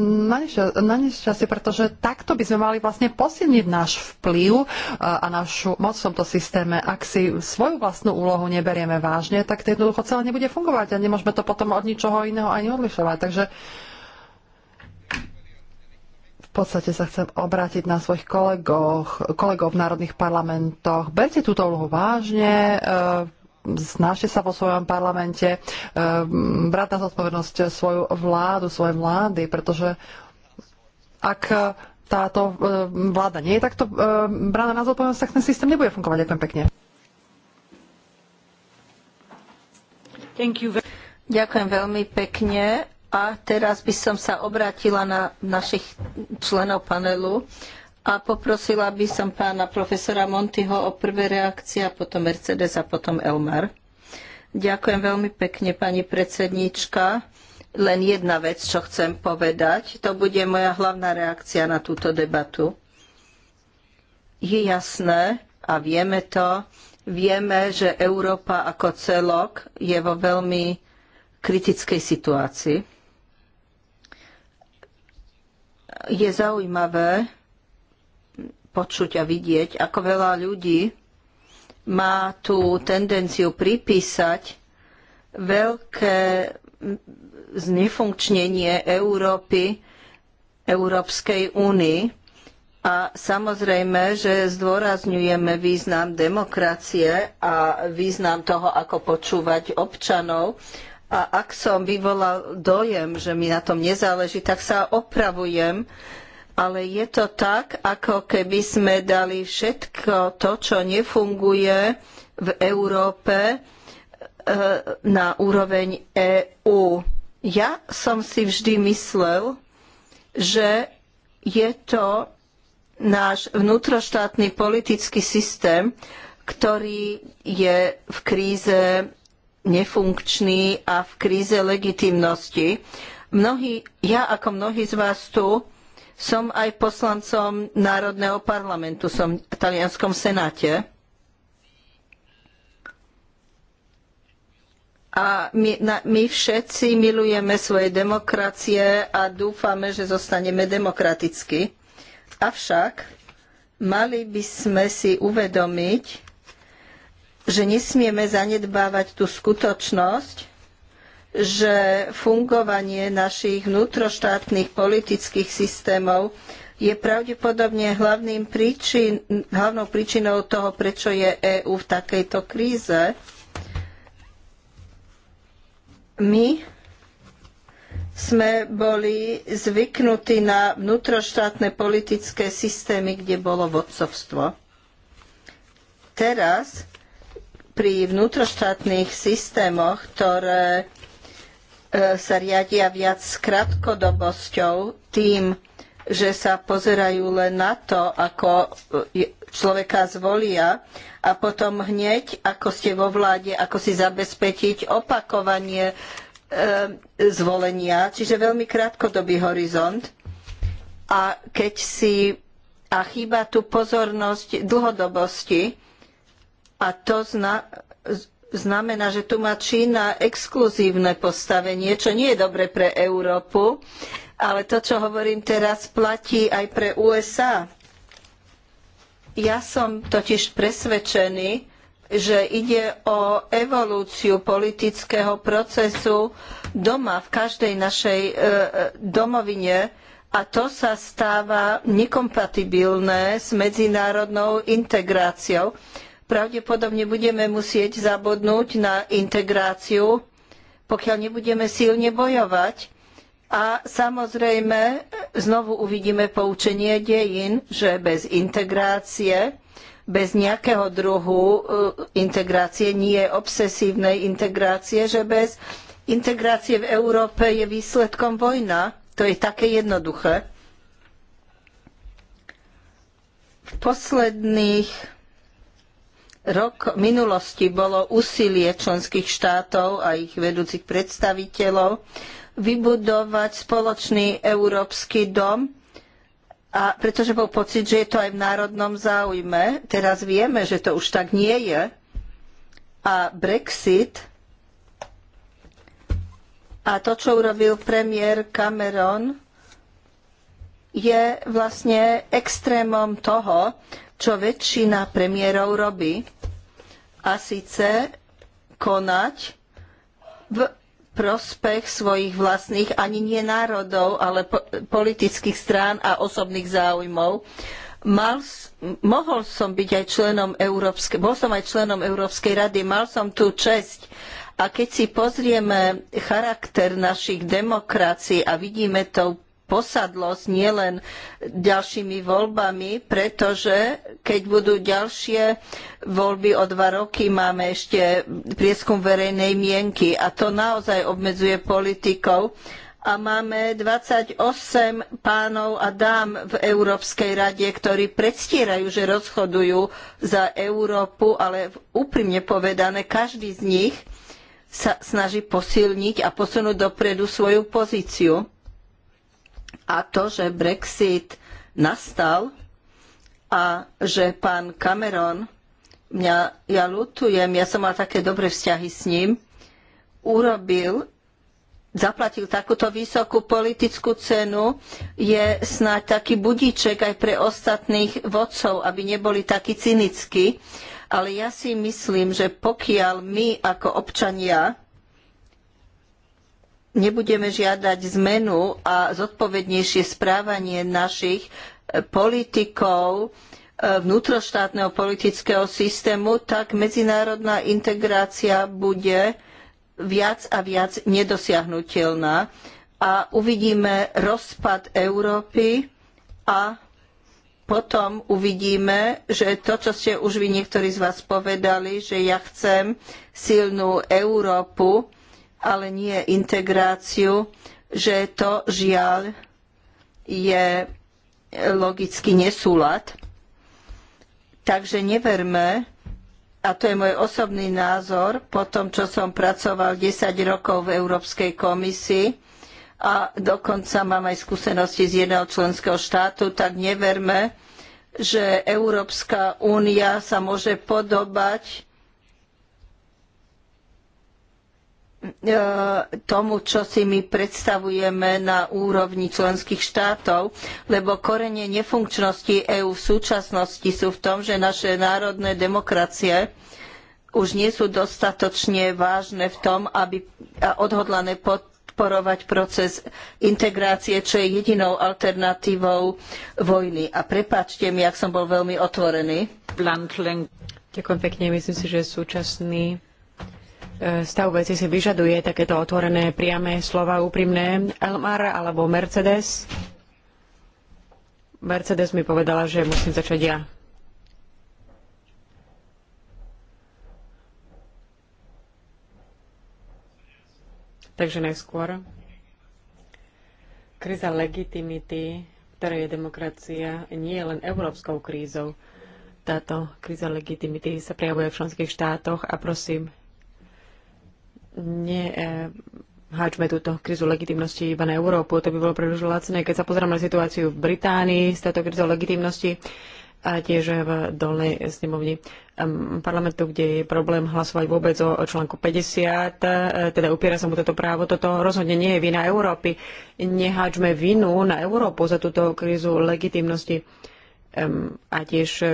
na, nešťastie, pretože takto by sme mali vlastne posilniť náš vplyv uh, a našu moc v tomto systéme. Ak si svoju vlastnú úlohu neberieme vážne, tak to jednoducho celé nebude fungovať a nemôžeme to potom od ničoho iného ani odlišovať. Takže uh, podstate sa chcem obrátiť na svojich kolegov, kolegov v národných parlamentoch. Berte túto úlohu vážne, e, snažte sa vo svojom parlamente e, brať na zodpovednosť svoju vládu, svoje vlády, pretože ak táto e, vláda nie je takto braná na zodpovednosť, tak ten systém nebude fungovať. Ďakujem pekne. Ďakujem veľmi pekne a teraz by som sa obrátila na našich členov panelu a poprosila by som pána profesora Montyho o prvé reakcie a potom Mercedes a potom Elmar. Ďakujem veľmi pekne, pani predsednička. Len jedna vec, čo chcem povedať. To bude moja hlavná reakcia na túto debatu. Je jasné a vieme to, vieme, že Európa ako celok je vo veľmi kritickej situácii je zaujímavé počuť a vidieť, ako veľa ľudí má tú tendenciu pripísať veľké znefunkčnenie Európy Európskej únii. A samozrejme, že zdôrazňujeme význam demokracie a význam toho, ako počúvať občanov, a ak som vyvolal dojem, že mi na tom nezáleží, tak sa opravujem. Ale je to tak, ako keby sme dali všetko to, čo nefunguje v Európe, eh, na úroveň EÚ. Ja som si vždy myslel, že je to náš vnútroštátny politický systém, ktorý je v kríze nefunkčný a v kríze legitimnosti. Mnohí, ja ako mnohí z vás tu som aj poslancom Národného parlamentu, som v talianskom senáte. A my, na, my všetci milujeme svoje demokracie a dúfame, že zostaneme demokraticky. Avšak mali by sme si uvedomiť, že nesmieme zanedbávať tú skutočnosť, že fungovanie našich vnútroštátnych politických systémov je pravdepodobne príčin, hlavnou príčinou toho, prečo je EÚ v takejto kríze. My sme boli zvyknutí na vnútroštátne politické systémy, kde bolo vodcovstvo. Teraz pri vnútroštátnych systémoch, ktoré e, sa riadia viac krátkodobosťou tým, že sa pozerajú len na to, ako e, človeka zvolia a potom hneď, ako ste vo vláde, ako si zabezpečiť opakovanie e, zvolenia, čiže veľmi krátkodobý horizont. A keď si a chýba tu pozornosť dlhodobosti, a to zna, znamená, že tu má Čína exkluzívne postavenie, čo nie je dobre pre Európu, ale to, čo hovorím teraz, platí aj pre USA. Ja som totiž presvedčený, že ide o evolúciu politického procesu doma, v každej našej e, e domovine a to sa stáva nekompatibilné s medzinárodnou integráciou pravdepodobne budeme musieť zabudnúť na integráciu, pokiaľ nebudeme silne bojovať. A samozrejme, znovu uvidíme poučenie dejín, že bez integrácie, bez nejakého druhu e, integrácie, nie obsesívnej integrácie, že bez integrácie v Európe je výsledkom vojna. To je také jednoduché. V posledných rok minulosti bolo úsilie členských štátov a ich vedúcich predstaviteľov vybudovať spoločný európsky dom, a pretože bol pocit, že je to aj v národnom záujme. Teraz vieme, že to už tak nie je. A Brexit a to, čo urobil premiér Cameron, je vlastne extrémom toho, čo väčšina premiérov robí. A síce konať v prospech svojich vlastných, ani nie národov, ale po politických strán a osobných záujmov. Mal, mohol som byť aj členom Európskej, bol som aj členom Európskej rady, mal som tú česť. A keď si pozrieme charakter našich demokracií a vidíme to posadlosť nielen ďalšími voľbami, pretože keď budú ďalšie voľby o dva roky, máme ešte prieskum verejnej mienky a to naozaj obmedzuje politikov a máme 28 pánov a dám v Európskej rade, ktorí predstierajú, že rozhodujú za Európu, ale úprimne povedané, každý z nich sa snaží posilniť a posunúť dopredu svoju pozíciu a to, že Brexit nastal a že pán Cameron, mňa, ja lutujem, ja som mal také dobré vzťahy s ním, urobil, zaplatil takúto vysokú politickú cenu, je snáď taký budíček aj pre ostatných vodcov, aby neboli takí cynickí. Ale ja si myslím, že pokiaľ my ako občania nebudeme žiadať zmenu a zodpovednejšie správanie našich eh, politikov, eh, vnútroštátneho politického systému, tak medzinárodná integrácia bude viac a viac nedosiahnutelná a uvidíme rozpad Európy a potom uvidíme, že to, čo ste už vy niektorí z vás povedali, že ja chcem silnú Európu, ale nie integráciu, že to žiaľ je logický nesúlad. Takže neverme, a to je môj osobný názor, po tom, čo som pracoval 10 rokov v Európskej komisii a dokonca mám aj skúsenosti z jedného členského štátu, tak neverme, že Európska únia sa môže podobať E, tomu, čo si my predstavujeme na úrovni členských štátov, lebo korene nefunkčnosti EÚ v súčasnosti sú v tom, že naše národné demokracie už nie sú dostatočne vážne v tom, aby odhodlané podporovať proces integrácie, čo je jedinou alternatívou vojny. A prepáčte mi, ak som bol veľmi otvorený. Ďakujem pekne. Myslím si, že súčasný stav veci si vyžaduje takéto otvorené, priame slova, úprimné. Elmar alebo Mercedes? Mercedes mi povedala, že musím začať ja. Takže najskôr. Kríza legitimity, ktorej je demokracia, nie je len európskou krízou. Táto kríza legitimity sa prejavuje v členských štátoch a prosím, Eh, háčme túto krizu legitimnosti iba na Európu, to by bolo príliš lacné. Keď sa pozrieme na situáciu v Británii s táto krizou legitimnosti a tiež v dolnej snemovni parlamentu, kde je problém hlasovať vôbec o článku 50, eh, teda upiera sa mu toto právo. Toto rozhodne nie je vina Európy. Neháčme vinu na Európu za túto krízu legitimnosti a tiež eh,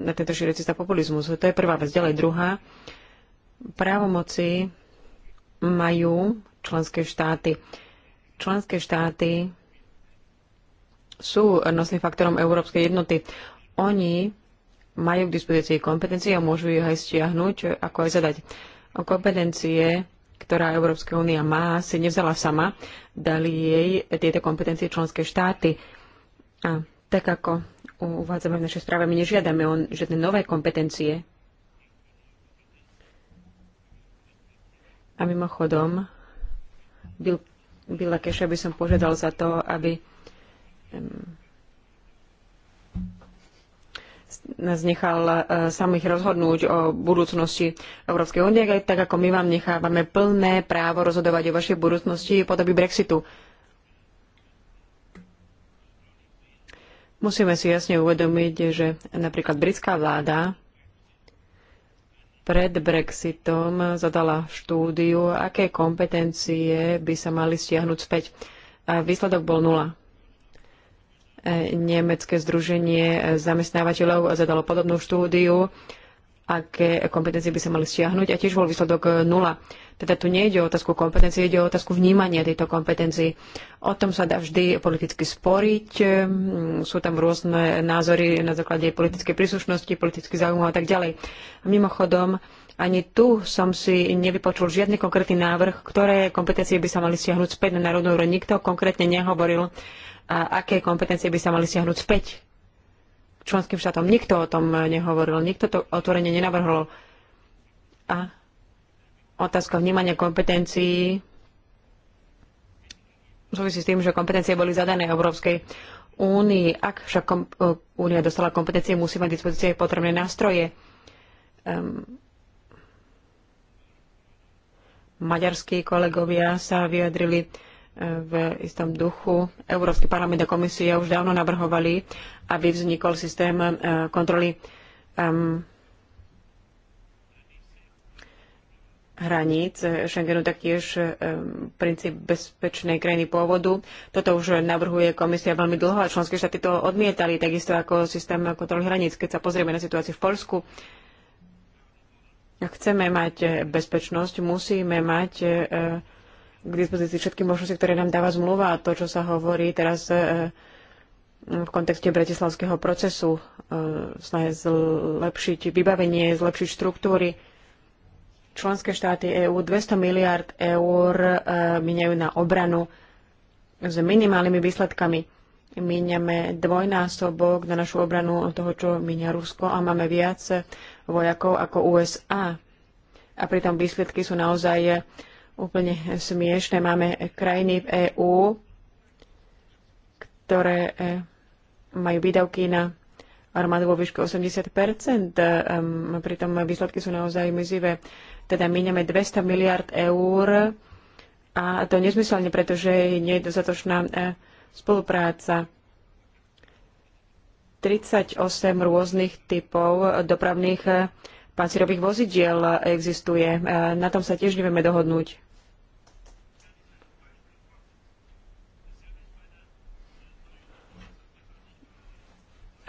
na tento šírecista populizmus. To je prvá vec. Ďalej druhá. Právomoci majú členské štáty. Členské štáty sú nosným faktorom európskej jednoty. Oni majú k dispozícii kompetencie a môžu ich aj stiahnuť, ako aj zadať. O kompetencie, ktorá Európska únia má, si nevzala sama, dali jej tieto kompetencie členské štáty. A tak ako uvádzame v našej správe, my nežiadame on žiadne nové kompetencie A mimochodom, Bill, Billa Keša by som požiadal za to, aby nás nechal e, samých rozhodnúť o budúcnosti Európskej únie, tak ako my vám nechávame plné právo rozhodovať o vašej budúcnosti podoby Brexitu. Musíme si jasne uvedomiť, že napríklad britská vláda pred Brexitom zadala štúdiu, aké kompetencie by sa mali stiahnuť späť. A výsledok bol nula. E, Nemecké združenie zamestnávateľov zadalo podobnú štúdiu, aké kompetencie by sa mali stiahnuť a tiež bol výsledok nula. Teda tu nejde o otázku kompetencie, ide o otázku vnímania tejto kompetencii. O tom sa dá vždy politicky sporiť, hm, sú tam rôzne názory na základe politickej príslušnosti, politických záujmov a tak ďalej. A mimochodom, ani tu som si nevypočul žiadny konkrétny návrh, ktoré kompetencie by sa mali stiahnuť späť na národnú úroveň. Nikto konkrétne nehovoril, a aké kompetencie by sa mali stiahnuť späť členským štátom. Nikto o tom nehovoril, nikto to otvorene nenavrhol. A otázka vnímania kompetencií súvisí s tým, že kompetencie boli zadané Európskej únii. Ak však kom- e, únia dostala kompetencie, musí mať dispozície potrebné nástroje. Um, maďarskí kolegovia sa vyjadrili e, v istom duchu. Európsky parlament a komisia už dávno navrhovali, aby vznikol systém e, kontroly hraníc e, Schengenu, taktiež e, princíp bezpečnej krajiny pôvodu. Toto už navrhuje komisia veľmi dlho a členské štáty to odmietali, takisto ako systém kontroly hraníc. Keď sa pozrieme na situáciu v Polsku, ak chceme mať e, bezpečnosť, musíme mať k dispozícii všetky možnosti, ktoré nám dáva zmluva a to, čo sa hovorí teraz v kontexte bratislavského procesu, snahe zlepšiť vybavenie, zlepšiť štruktúry členské štáty EÚ 200 miliard eur e, minajú na obranu s minimálnymi výsledkami. Míňame dvojnásobok na našu obranu od toho, čo míňa Rusko a máme viac vojakov ako USA. A pritom výsledky sú naozaj úplne smiešne. Máme krajiny v EÚ, ktoré e, majú výdavky na armádu vo výške 80 ehm, pritom výsledky sú naozaj mizivé. Teda míňame 200 miliard eur a to nezmyselne, pretože nie je dostatočná e, spolupráca. 38 rôznych typov dopravných e, pancirových vozidiel existuje. E, na tom sa tiež nevieme dohodnúť.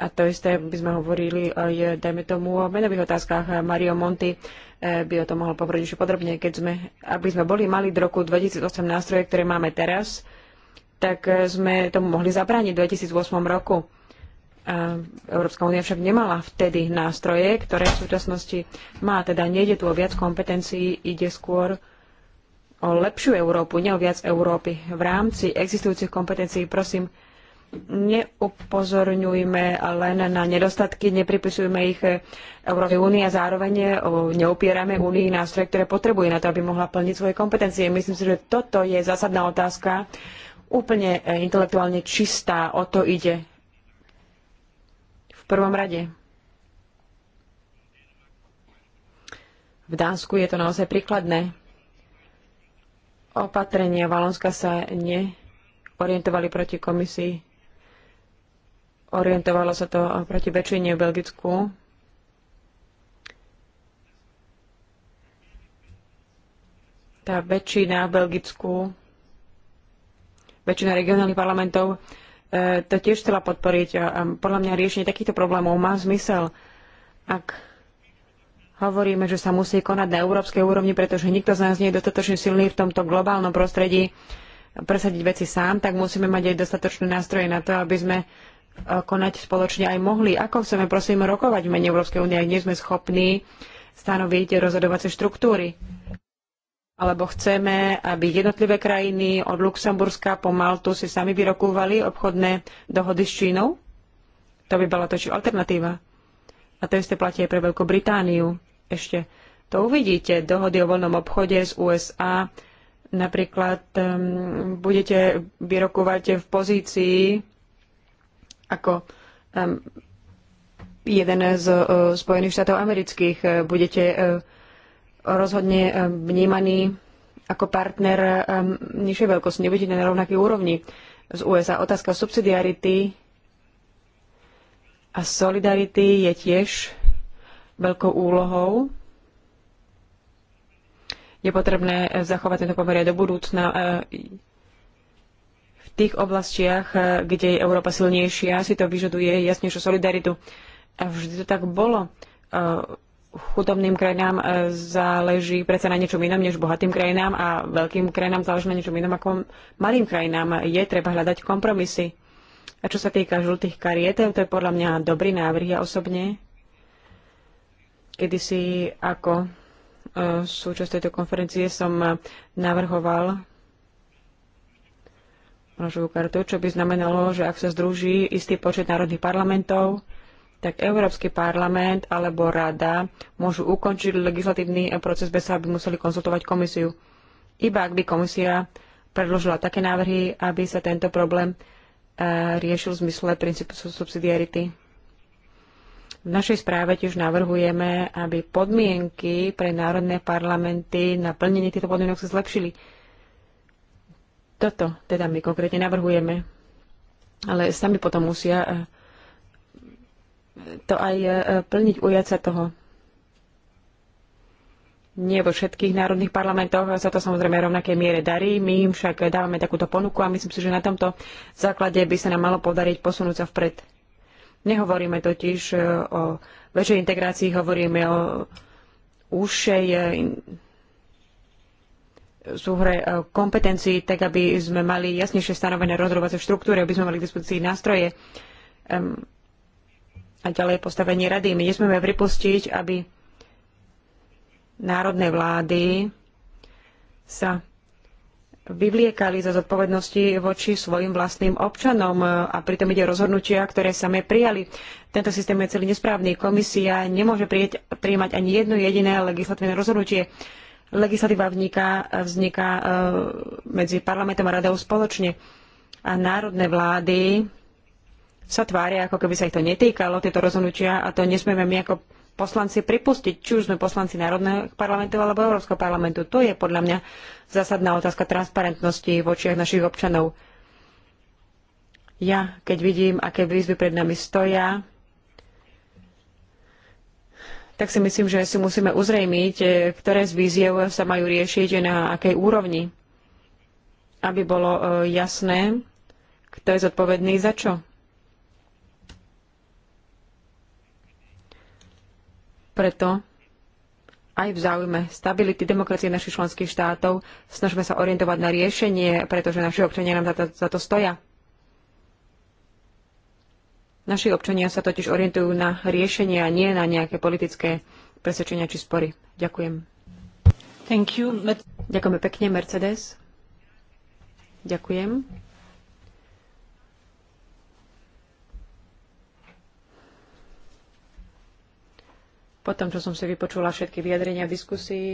A to isté by sme hovorili aj, dajme tomu, o menových otázkach. Mario Monti by o tom mohol povedať ešte podrobne, keď sme, aby sme boli mali do roku 2008 nástroje, ktoré máme teraz, tak eh, sme tomu mohli zabrániť v 2008 roku. A Európska únia však nemala vtedy nástroje, ktoré v súčasnosti má. Teda nejde tu o viac kompetencií, ide skôr o lepšiu Európu, nie o viac Európy. V rámci existujúcich kompetencií, prosím, neupozorňujme len na nedostatky, nepripisujme ich Európskej únii a zároveň neupierame únii nástroje, ktoré potrebuje na to, aby mohla plniť svoje kompetencie. Myslím si, že toto je zásadná otázka, úplne e, intelektuálne čistá, o to ide v prvom rade. V Dánsku je to naozaj príkladné. Opatrenia Valonska sa neorientovali proti komisii orientovalo sa to proti väčšine v Belgicku. Tá väčšina v Belgicku, väčšina regionálnych parlamentov e, to tiež chcela podporiť a podľa mňa riešenie takýchto problémov má zmysel, ak hovoríme, že sa musí konať na európskej úrovni, pretože nikto z nás nie je dostatočne silný v tomto globálnom prostredí presadiť veci sám, tak musíme mať aj dostatočné nástroje na to, aby sme konať spoločne aj mohli. Ako chceme prosím rokovať v mene Európskej únie, ak nie sme schopní stanoviť rozhodovacie štruktúry? Alebo chceme, aby jednotlivé krajiny od Luxemburska po Maltu si sami vyrokúvali obchodné dohody s Čínou? To by bola točí alternatíva. A to isté platí aj pre Veľkú Britániu. Ešte to uvidíte. Dohody o voľnom obchode z USA napríklad um, budete vyrokovať v pozícii, ako um, jeden z uh, Spojených štátov amerických. Uh, budete uh, rozhodne uh, vnímaní ako partner um, nižšej veľkosti. Nebudete na rovnakej úrovni z USA. Otázka subsidiarity a solidarity je tiež veľkou úlohou. Je potrebné zachovať tento pomer aj do budúcna. Uh, v tých oblastiach, e, kde je Európa silnejšia, si to vyžaduje jasnejšiu solidaritu. A vždy to tak bolo. E, chudobným krajinám e, záleží predsa na niečom inom než bohatým krajinám a veľkým krajinám záleží na niečom inom ako malým krajinám. Je treba hľadať kompromisy. A čo sa týka žltých kariet, to je podľa mňa dobrý návrh. Ja osobne si ako súčasť tejto konferencie som navrhoval Mlažovú kartu, čo by znamenalo, že ak sa združí istý počet národných parlamentov, tak Európsky parlament alebo Rada môžu ukončiť legislatívny proces bez toho, aby museli konzultovať komisiu. Iba ak by komisia predložila také návrhy, aby sa tento problém e, riešil v zmysle princípu subsidiarity. V našej správe tiež navrhujeme, aby podmienky pre národné parlamenty na plnenie týchto podmienok sa zlepšili toto teda my konkrétne navrhujeme. Ale sami potom musia e, to aj e, plniť, ujať sa toho. Nie vo všetkých národných parlamentoch sa to samozrejme rovnaké rovnakej miere darí. My im však dávame takúto ponuku a myslím si, že na tomto základe by sa nám malo podariť posunúť sa vpred. Nehovoríme totiž e, o väčšej integrácii, hovoríme o úšej súhre e, kompetencií, tak aby sme mali jasnejšie stanovené rozhodovacie štruktúry, aby sme mali k dispozícii nástroje a ďalej postavenie rady. My nesmieme pripustiť, aby národné vlády sa vyvliekali za zodpovednosti voči svojim vlastným občanom e, a pritom ide rozhodnutia, ktoré same prijali. Tento systém je celý nesprávny. Komisia nemôže prijať, prijímať ani jedno jediné legislatívne rozhodnutie legislatíva vzniká, vzniká e, medzi parlamentom a radou spoločne. A národné vlády sa tvária, ako keby sa ich to netýkalo, tieto rozhodnutia, a to nesmieme my ako poslanci pripustiť, či už sme poslanci Národného parlamentu alebo Európskeho parlamentu. To je podľa mňa zásadná otázka transparentnosti v očiach našich občanov. Ja, keď vidím, aké výzvy pred nami stoja, tak si myslím, že si musíme uzrejmiť, e, ktoré z víziev sa majú riešiť na akej úrovni, aby bolo e, jasné, kto je zodpovedný za čo. Preto aj v záujme stability demokracie našich členských štátov snažme sa orientovať na riešenie, pretože naši občania nám za to, za to stoja. Naši občania sa totiž orientujú na riešenie a nie na nejaké politické presvedčenia či spory. Ďakujem. Thank you. Ďakujeme pekne, Mercedes. Ďakujem. Potom, čo som si vypočula všetky vyjadrenia v diskusii,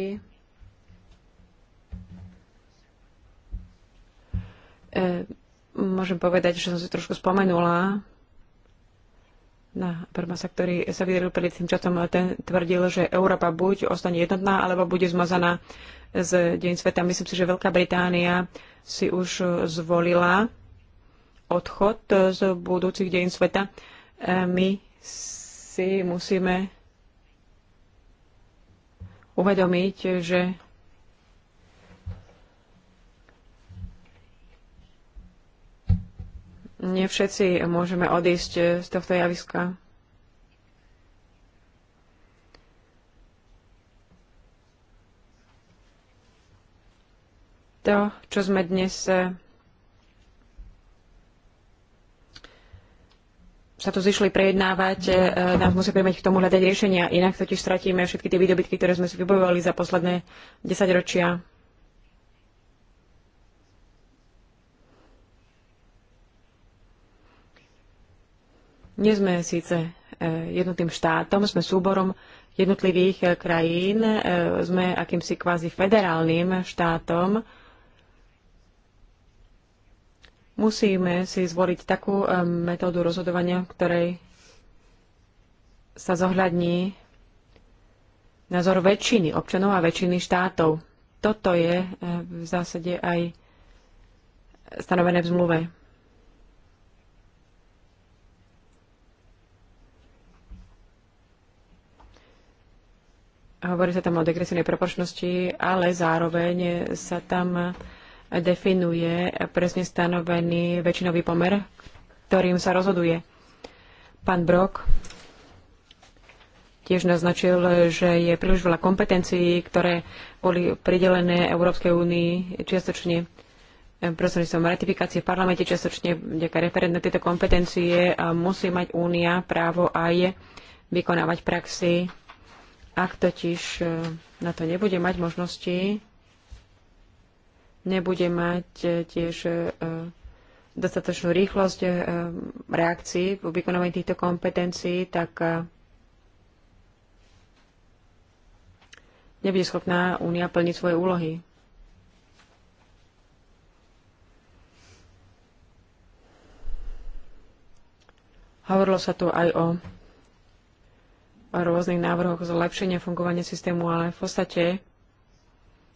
e, môžem povedať, že som si trošku spomenula na Permasa, ktorý sa vyjadril pred tým časom, ten tvrdil, že Európa buď ostane jednotná, alebo bude zmazaná z Deň sveta. Myslím si, že Veľká Británia si už zvolila odchod z budúcich deň sveta. E, my si musíme uvedomiť, že všetci môžeme odísť eh, z tohto javiska. To, čo sme dnes eh, sa tu zišli prejednávať, eh, nám musí príjmať k tomu hľadať riešenia, inak totiž stratíme všetky tie výdobytky, ktoré sme si vybojovali za posledné desaťročia. ročia. Nie sme síce e, jednotným štátom, sme súborom jednotlivých e, krajín, e, sme akýmsi kvázi federálnym štátom. Musíme si zvoliť takú metódu rozhodovania, v ktorej sa zohľadní názor väčšiny občanov a väčšiny štátov. Toto je v zásade aj stanovené v zmluve. Hovorí sa tam o degresívnej proporčnosti, ale zároveň sa tam definuje presne stanovený väčšinový pomer, ktorým sa rozhoduje. Pán Brok tiež naznačil, že je príliš veľa kompetencií, ktoré boli pridelené Európskej únii čiastočne prostredníctvom ratifikácie v parlamente, čiastočne vďaka referenda tieto kompetencie musí mať únia právo aj vykonávať praxi ak totiž e, na to nebude mať možnosti, nebude mať e, tiež e, dostatočnú rýchlosť reakcií v vykonovaní týchto kompetencií, tak nebude schopná Únia plniť svoje úlohy. Hovorilo sa tu aj o rôznych návrhoch zlepšenia fungovania systému, ale v podstate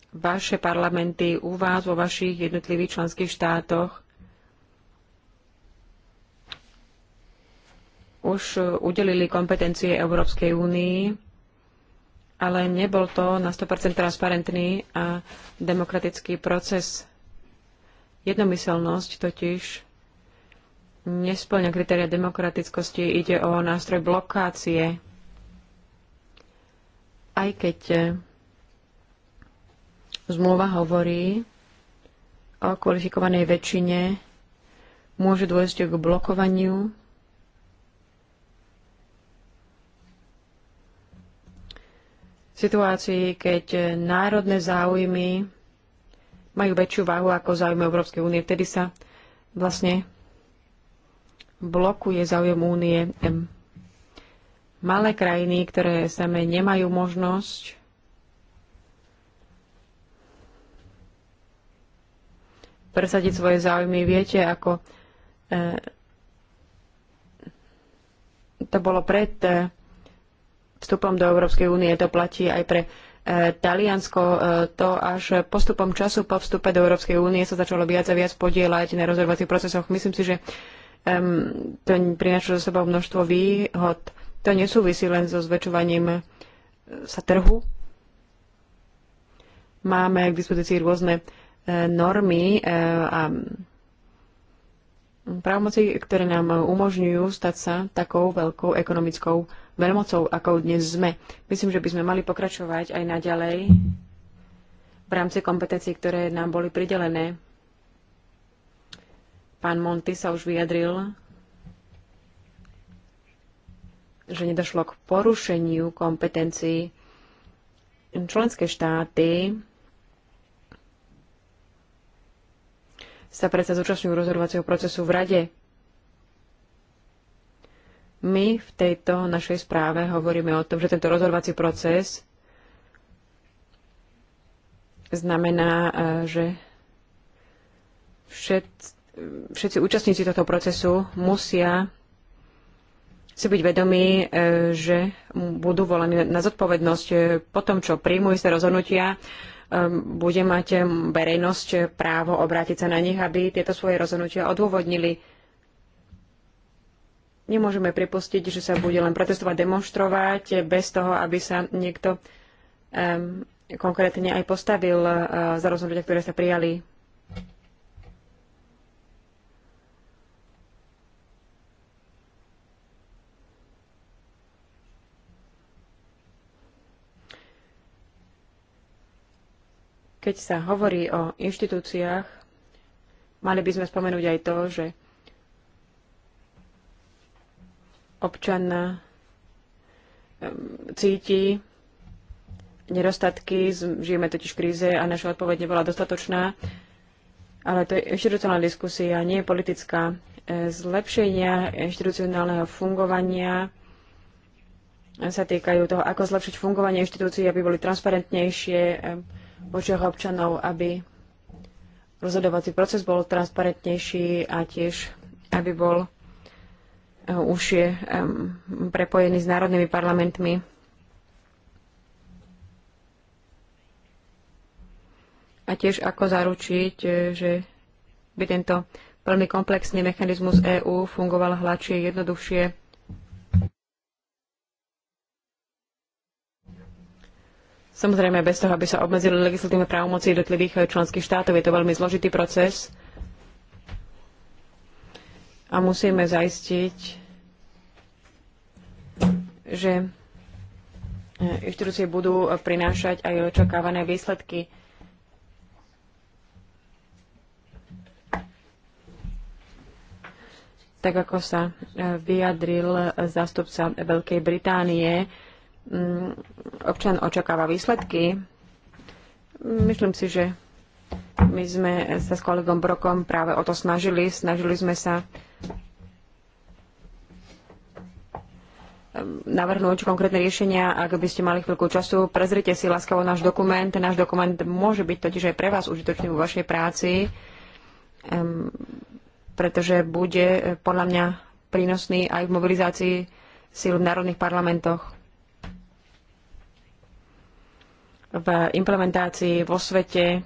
vaše parlamenty u vás, vo vašich jednotlivých členských štátoch už udelili kompetencie Európskej únii, ale nebol to na 100% transparentný a demokratický proces. Jednomyselnosť totiž nesplňa kritéria demokratickosti, ide o nástroj blokácie aj keď e, zmluva hovorí o kvalifikovanej väčšine, môže dôjsť k blokovaniu situácii, keď e, národné záujmy majú väčšiu váhu ako záujmy Európskej únie. Vtedy sa vlastne blokuje záujem únie malé krajiny, ktoré same nemajú možnosť presadiť svoje záujmy. Viete, ako e, to bolo pred e, vstupom do Európskej únie, to platí aj pre e, Taliansko to až postupom času po vstupe do Európskej únie sa začalo viac a viac podielať na rozhodovacích procesoch. Myslím si, že to prinašlo so sebou množstvo výhod to nesúvisí len so zväčšovaním e, sa trhu. Máme k dispozícii rôzne e, normy e, a mm, právomoci, ktoré nám umožňujú stať sa takou veľkou ekonomickou veľmocou, akou dnes sme. Myslím, že by sme mali pokračovať aj naďalej v rámci kompetencií, ktoré nám boli pridelené. Pán Monty sa už vyjadril že nedošlo k porušeniu kompetencií. Členské štáty sa predsa zúčastňujú rozhodovacieho procesu v Rade. My v tejto našej správe hovoríme o tom, že tento rozhodovací proces znamená, e, že všet, všetci účastníci tohto procesu musia si byť vedomí, e, že budú volení na zodpovednosť e, po tom, čo príjmu isté rozhodnutia, e, bude mať verejnosť právo obrátiť sa na nich, aby tieto svoje rozhodnutia odôvodnili. Nemôžeme pripustiť, že sa bude len protestovať, demonstrovať bez toho, aby sa niekto um, konkrétne aj postavil uh, za rozhodnutia, ktoré sa prijali. Keď sa hovorí o inštitúciách, mali by sme spomenúť aj to, že občan eh, cíti nedostatky, žijeme totiž v kríze a naša odpoveď nebola dostatočná, ale to je inštitucionálna diskusia, nie je politická. Eh, zlepšenia inštitucionálneho fungovania sa týkajú toho, ako zlepšiť fungovanie inštitúcií, aby boli transparentnejšie, eh, očiach občanov, aby rozhodovací proces bol transparentnejší a tiež, aby bol eh, už je prepojený s národnými parlamentmi. A tiež ako zaručiť, eh, že by tento plný komplexný mechanizmus EÚ fungoval hladšie, jednoduchšie Samozrejme, bez toho, aby sa obmedzili legislatívne právomoci jednotlivých eh, členských štátov, je to veľmi zložitý proces a musíme zaistiť, že eh, inštitúcie budú eh, prinášať aj očakávané výsledky. Tak ako sa vyjadril zástupca Veľkej Británie, Mm, občan očakáva výsledky. Myslím si, že my sme sa s kolegom Brokom práve o to snažili. Snažili sme sa ehm, navrhnúť konkrétne riešenia, ak by ste mali chvíľku času. Prezrite si láskavo náš dokument. Náš dokument môže byť totiž aj pre vás užitočný vo vašej práci, ehm, pretože bude eh, podľa mňa prínosný aj v mobilizácii síl v národných parlamentoch. v implementácii vo svete,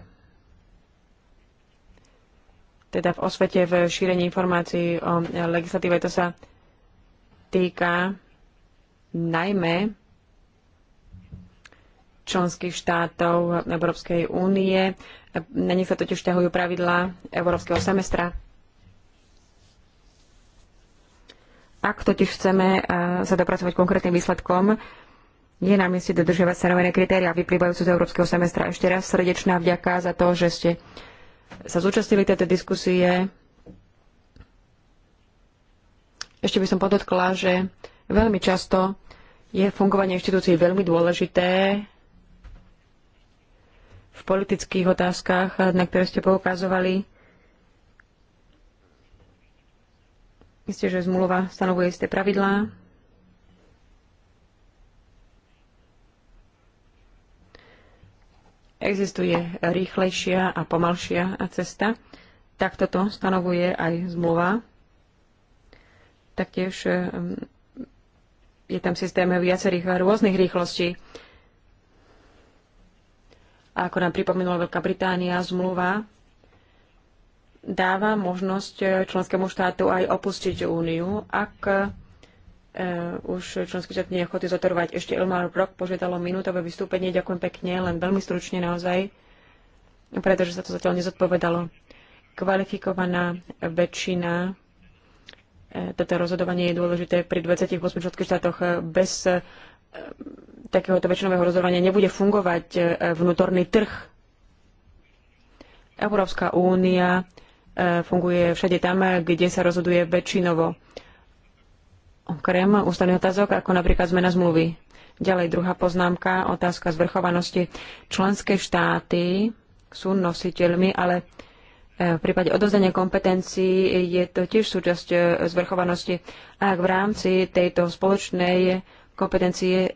teda v osvete, v šírení informácií o legislatíve. To sa týka najmä členských štátov Európskej únie. Na nich sa totiž ťahujú pravidlá Európskeho semestra. Ak totiž chceme eh, sa dopracovať konkrétnym výsledkom, je na mieste dodržiavať stanovené kritéria vyplývajúce z európskeho semestra. Ešte raz srdečná vďaka za to, že ste sa zúčastnili tejto diskusie. Ešte by som podotkla, že veľmi často je fungovanie inštitúcií veľmi dôležité v politických otázkach, na ktoré ste poukazovali. Isté, že zmluva stanovuje isté pravidlá, Existuje rýchlejšia a pomalšia cesta. Tak toto stanovuje aj zmluva. Taktiež ehm, je tam systém viacerých rôznych rýchlostí. A ako nám pripomenula Veľká Británia, zmluva dáva možnosť členskému štátu aj opustiť úniu, ak Eh, už členský štát neochoty zotorovať. Ešte Elmar Brock požiadalo minútové vystúpenie. Ďakujem pekne, len veľmi stručne naozaj, pretože sa to zatiaľ nezodpovedalo. Kvalifikovaná väčšina eh, toto rozhodovanie je dôležité pri 28 členských štátoch. Bez eh, takéhoto väčšinového rozhodovania nebude fungovať vnútorný trh. Európska únia funguje všade tam, kde sa rozhoduje väčšinovo okrem ústavných otázok, ako napríklad zmena zmluvy. Ďalej druhá poznámka, otázka zvrchovanosti. Členské štáty sú nositeľmi, ale e, v prípade odozdania kompetencií je to tiež súčasť e, zvrchovanosti. A ak v rámci tejto spoločnej kompetencie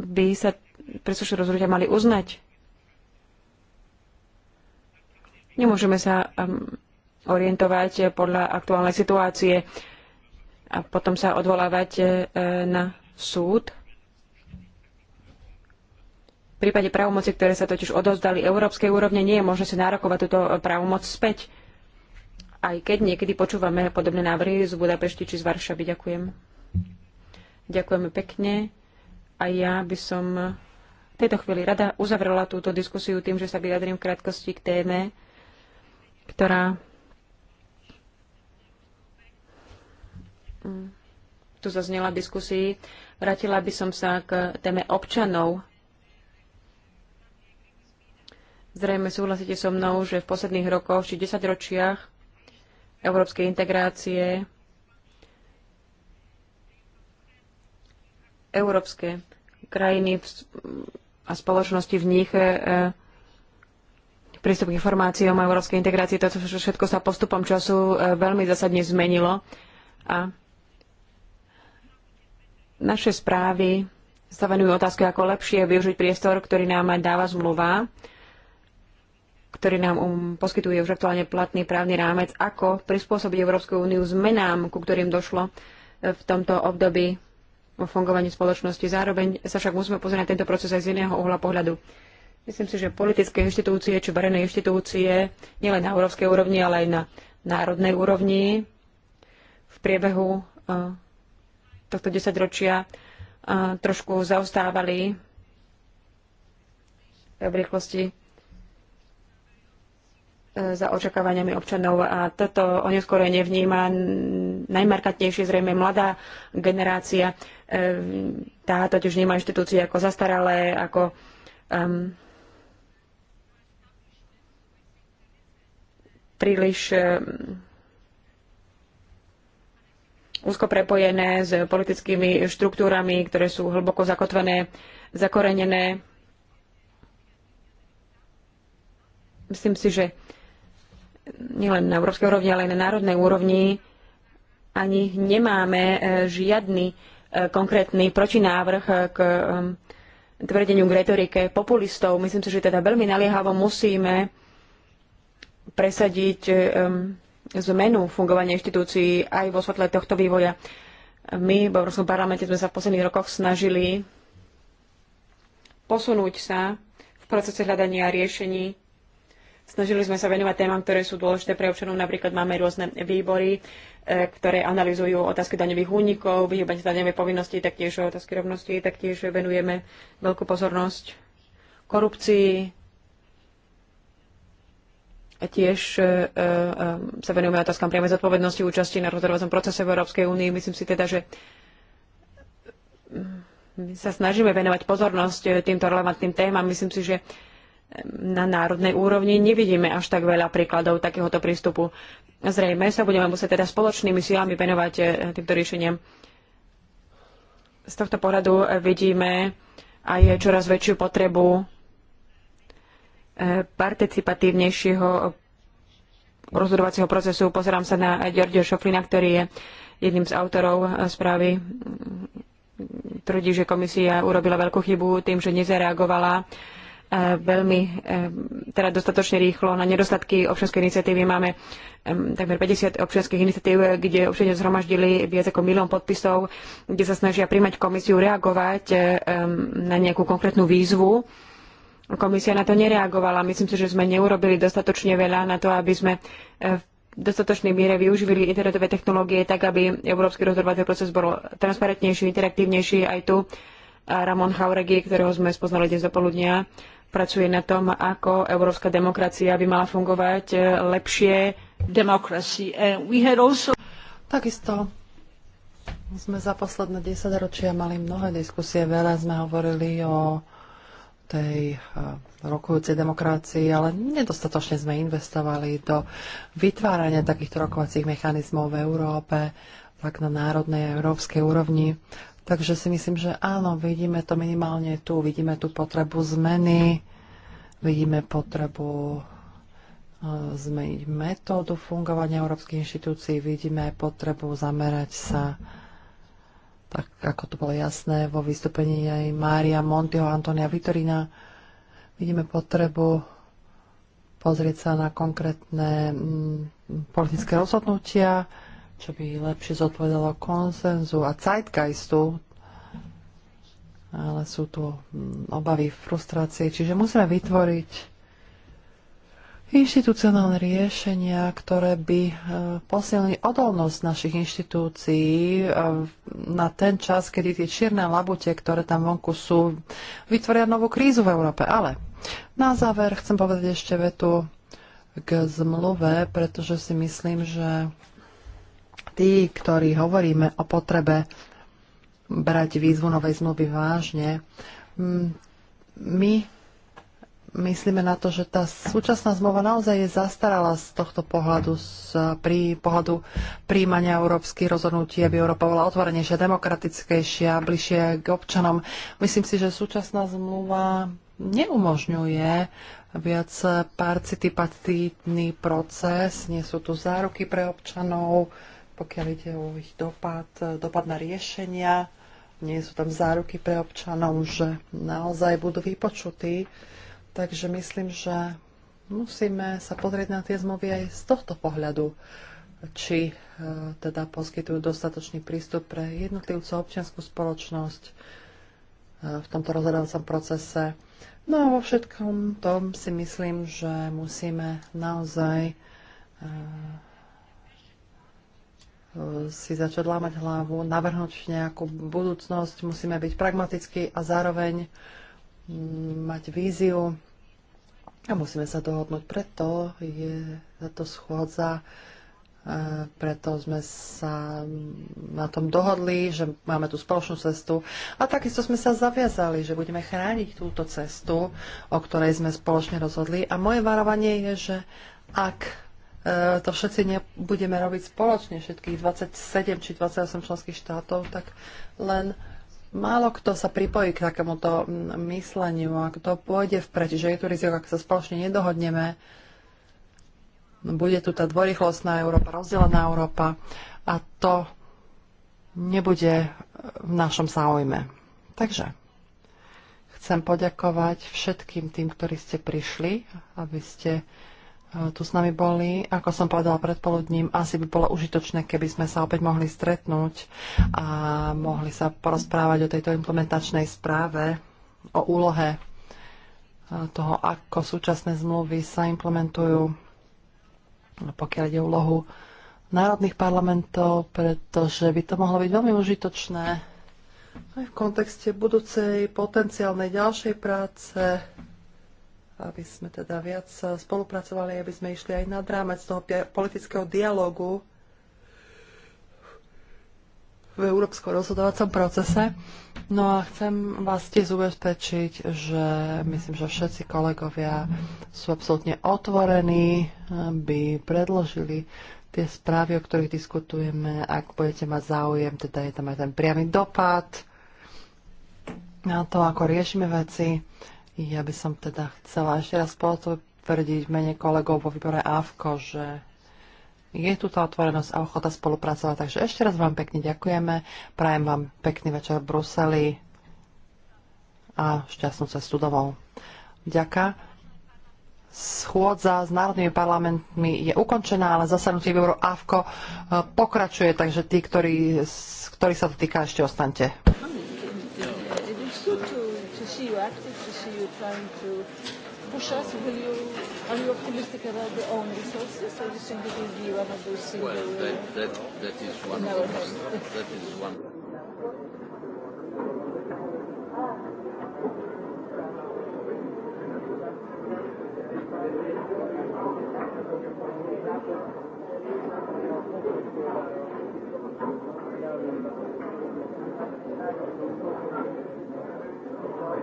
by sa príslušné rozhodnutia mali uznať, nemôžeme sa orientovať podľa aktuálnej situácie a potom sa odvolávať e, na súd. V prípade právomoci, ktoré sa totiž odozdali európskej úrovne, nie je možné si nárokovať túto právomoc späť. Aj keď niekedy počúvame podobné návrhy z Budapešti či z Varšavy. Ďakujem. Ďakujeme pekne. A ja by som v tejto chvíli rada uzavrela túto diskusiu tým, že sa vyjadrím v krátkosti k téme, ktorá tu zaznela v diskusii, vrátila by som sa k téme občanov. Zrejme súhlasíte so mnou, že v posledných rokoch či desaťročiach európskej integrácie európske krajiny a spoločnosti v nich e, e, prístup k informáciám o európskej integrácii, toto všetko sa postupom času e, veľmi zásadne zmenilo a naše správy sa venujú ako lepšie využiť priestor, ktorý nám aj dáva zmluva, ktorý nám um, poskytuje už aktuálne platný právny rámec, ako prispôsobiť Európsku úniu zmenám, ku ktorým došlo eh, v tomto období o fungovaní spoločnosti. Zároveň sa však musíme pozrieť na tento proces aj z iného uhla pohľadu. Myslím si, že politické inštitúcie či verejné inštitúcie, nielen na európskej úrovni, ale aj na národnej úrovni, v priebehu eh, tohto desaťročia trošku zaostávali v rýchlosti e, za očakávaniami občanov a toto oneskorenie vníma najmarkantnejšie zrejme mladá generácia. E, tá totiž vníma inštitúcie ako zastaralé, ako um, príliš um, úzko prepojené s politickými štruktúrami, ktoré sú hlboko zakotvené, zakorenené. Myslím si, že nielen na európskej úrovni, ale aj na národnej úrovni ani nemáme e, žiadny e, konkrétny protinávrh e, k tvrdeniu k retorike populistov. Myslím si, že teda veľmi naliehavo musíme presadiť zmenu fungovania inštitúcií aj vo svetle tohto vývoja. My v Európskom parlamente sme sa v posledných rokoch snažili posunúť sa v procese hľadania riešení. Snažili sme sa venovať témam, ktoré sú dôležité pre občanov. Napríklad máme rôzne výbory, e, ktoré analýzujú otázky daňových únikov, vyhýbanie daňovej povinnosti, taktiež otázky rovnosti, taktiež venujeme veľkú pozornosť korupcii, Tiež e, e, e, sa venujeme otázkam priamej zodpovednosti účasti na rozhodovacom procese v Európskej únii. Myslím si teda, že my sa snažíme venovať pozornosť týmto relevantným témam. Myslím si, že na národnej úrovni nevidíme až tak veľa príkladov takéhoto prístupu. Zrejme sa budeme musieť teda spoločnými silami venovať týmto riešeniam. Z tohto pohľadu vidíme aj čoraz väčšiu potrebu participatívnejšieho rozhodovacieho procesu. Pozerám sa na Ďordio Šoflina, ktorý je jedným z autorov správy. Tvrdí, že komisia urobila veľkú chybu tým, že nezareagovala eh, veľmi eh, teda dostatočne rýchlo na nedostatky občianskej iniciatívy. Máme takmer 50 občianských iniciatív, kde občania zhromaždili viac ako milión podpisov, kde sa snažia príjmať komisiu, reagovať eh, na nejakú konkrétnu výzvu Komisia na to nereagovala. Myslím si, že sme neurobili dostatočne veľa na to, aby sme eh, v dostatočnej miere využili internetové technológie tak, aby európsky rozhodovací proces bol transparentnejší, interaktívnejší. Aj tu eh, Ramon Hauregi, ktorého sme spoznali dnes do poludnia, pracuje na tom, ako európska demokracia by mala fungovať eh, lepšie. Also... Takisto sme za posledné desaťročia mali mnohé diskusie, veľa sme hovorili o tej rokujúcej demokracii, ale nedostatočne sme investovali do vytvárania takýchto rokovacích mechanizmov v Európe, tak na národnej a európskej úrovni. Takže si myslím, že áno, vidíme to minimálne tu, vidíme tú potrebu zmeny, vidíme potrebu zmeniť metódu fungovania európskych inštitúcií, vidíme potrebu zamerať sa tak ako to bolo jasné vo vystúpení aj Mária Montiho, Antonia Vitorina, vidíme potrebu pozrieť sa na konkrétne mm, politické rozhodnutia, čo by lepšie zodpovedalo konsenzu a zeitgeistu, ale sú tu mm, obavy, frustrácie. Čiže musíme vytvoriť inštitucionálne riešenia, ktoré by e, posilnili odolnosť našich inštitúcií e, na ten čas, kedy tie čierne labute, ktoré tam vonku sú, vytvoria novú krízu v Európe. Ale na záver chcem povedať ešte vetu k zmluve, pretože si myslím, že tí, ktorí hovoríme o potrebe brať výzvu novej zmluvy vážne, my myslíme na to, že tá súčasná zmluva naozaj je zastarala z tohto pohľadu, z, pri pohľadu príjmania európskych rozhodnutí, aby Európa bola otvorenejšia, demokratickejšia, bližšie k občanom. Myslím si, že súčasná zmluva neumožňuje viac participatívny proces, nie sú tu záruky pre občanov, pokiaľ ide o ich dopad, dopad na riešenia, nie sú tam záruky pre občanov, že naozaj budú vypočutí Takže myslím, že musíme sa pozrieť na tie zmluvy aj z tohto pohľadu, či e, teda poskytujú dostatočný prístup pre jednotlivcu občianskú spoločnosť e, v tomto rozhodovacom procese. No a vo všetkom tom si myslím, že musíme naozaj e, si začať lámať hlavu, navrhnúť nejakú budúcnosť, musíme byť pragmatickí a zároveň mať víziu. A musíme sa dohodnúť, preto je táto schôdza, e, preto sme sa na tom dohodli, že máme tú spoločnú cestu a takisto sme sa zaviazali, že budeme chrániť túto cestu, o ktorej sme spoločne rozhodli. A moje varovanie je, že ak e, to všetci nebudeme robiť spoločne, všetkých 27 či 28 členských štátov, tak len Málo kto sa pripojí k takémuto mm, mysleniu a kto pôjde vpred, že je tu riziko, ak sa spoločne nedohodneme, bude tu tá dvorýchlostná Európa, rozdelená Európa a to nebude v našom záujme. Takže chcem poďakovať všetkým tým, ktorí ste prišli, aby ste Eh, tu s nami boli. Ako som povedala predpoludním, asi by bolo užitočné, keby sme sa opäť mohli stretnúť a mohli sa porozprávať o tejto implementačnej správe, o úlohe eh, toho, ako súčasné zmluvy sa implementujú, pokiaľ ide úlohu národných parlamentov, pretože by to mohlo byť veľmi užitočné aj v kontexte budúcej potenciálnej ďalšej práce aby sme teda viac spolupracovali, aby sme išli aj nad rámec toho politického dialogu v Európsko rozhodovacom procese. No a chcem vás tiež ubezpečiť, že myslím, že všetci kolegovia sú absolútne otvorení, aby predložili tie správy, o ktorých diskutujeme. Ak budete mať záujem, teda je tam aj ten priamy dopad na to, ako riešime veci. Ja by som teda chcela ešte raz potvrdiť v mene kolegov vo výbore AVKO, že je tu tá otvorenosť a ochota spolupracovať. Takže ešte raz vám pekne ďakujeme. Prajem vám pekný večer v Bruseli a šťastnú cestu domov. Ďaká. Schôdza s národnými parlamentmi je ukončená, ale zasadnutie výboru AVKO eh, pokračuje, takže tí, ktorí, ktorí sa to týka, ešte ostante tactics to see you trying to push us. Will you, are you optimistic about the own resources, or do you think it will be one of those things? Well, that, that, that is one of the That is one. Thank you. Thank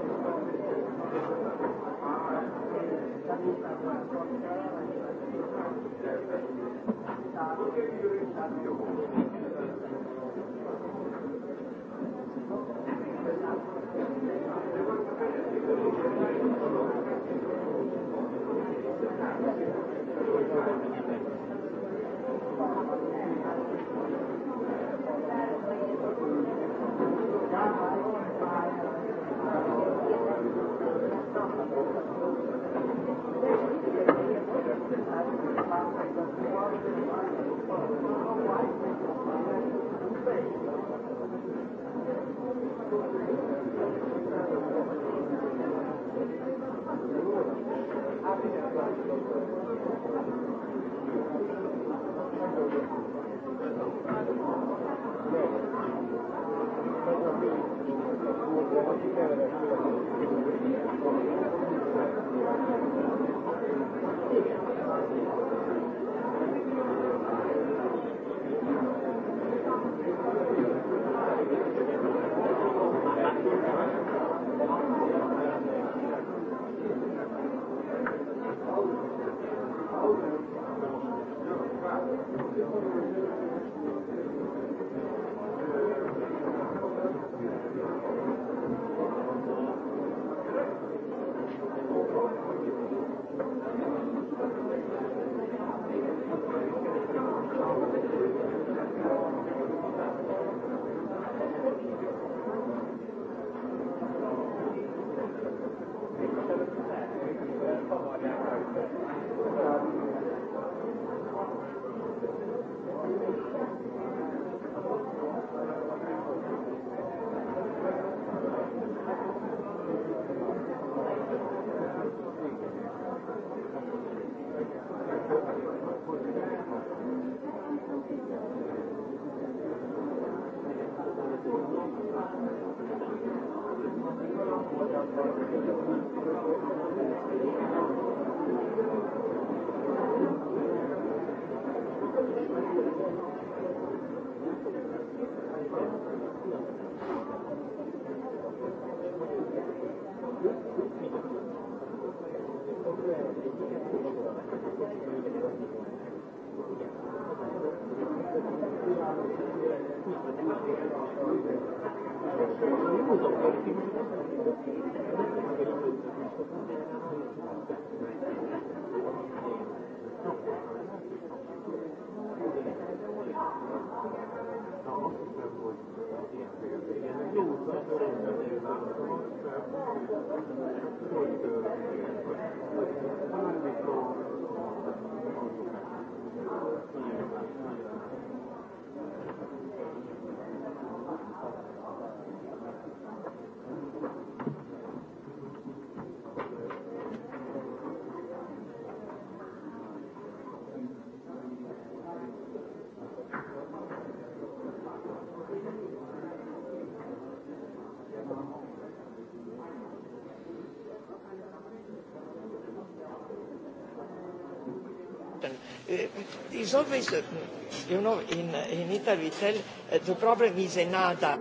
you. is always, you know, in, in Italy we tell uh, the problem is another.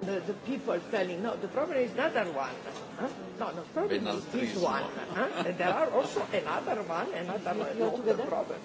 The, the people telling, no, the problem is another one. Huh? Eh? No, no, problem is this one. Huh? Eh? and there are also another one, another one. not the problem.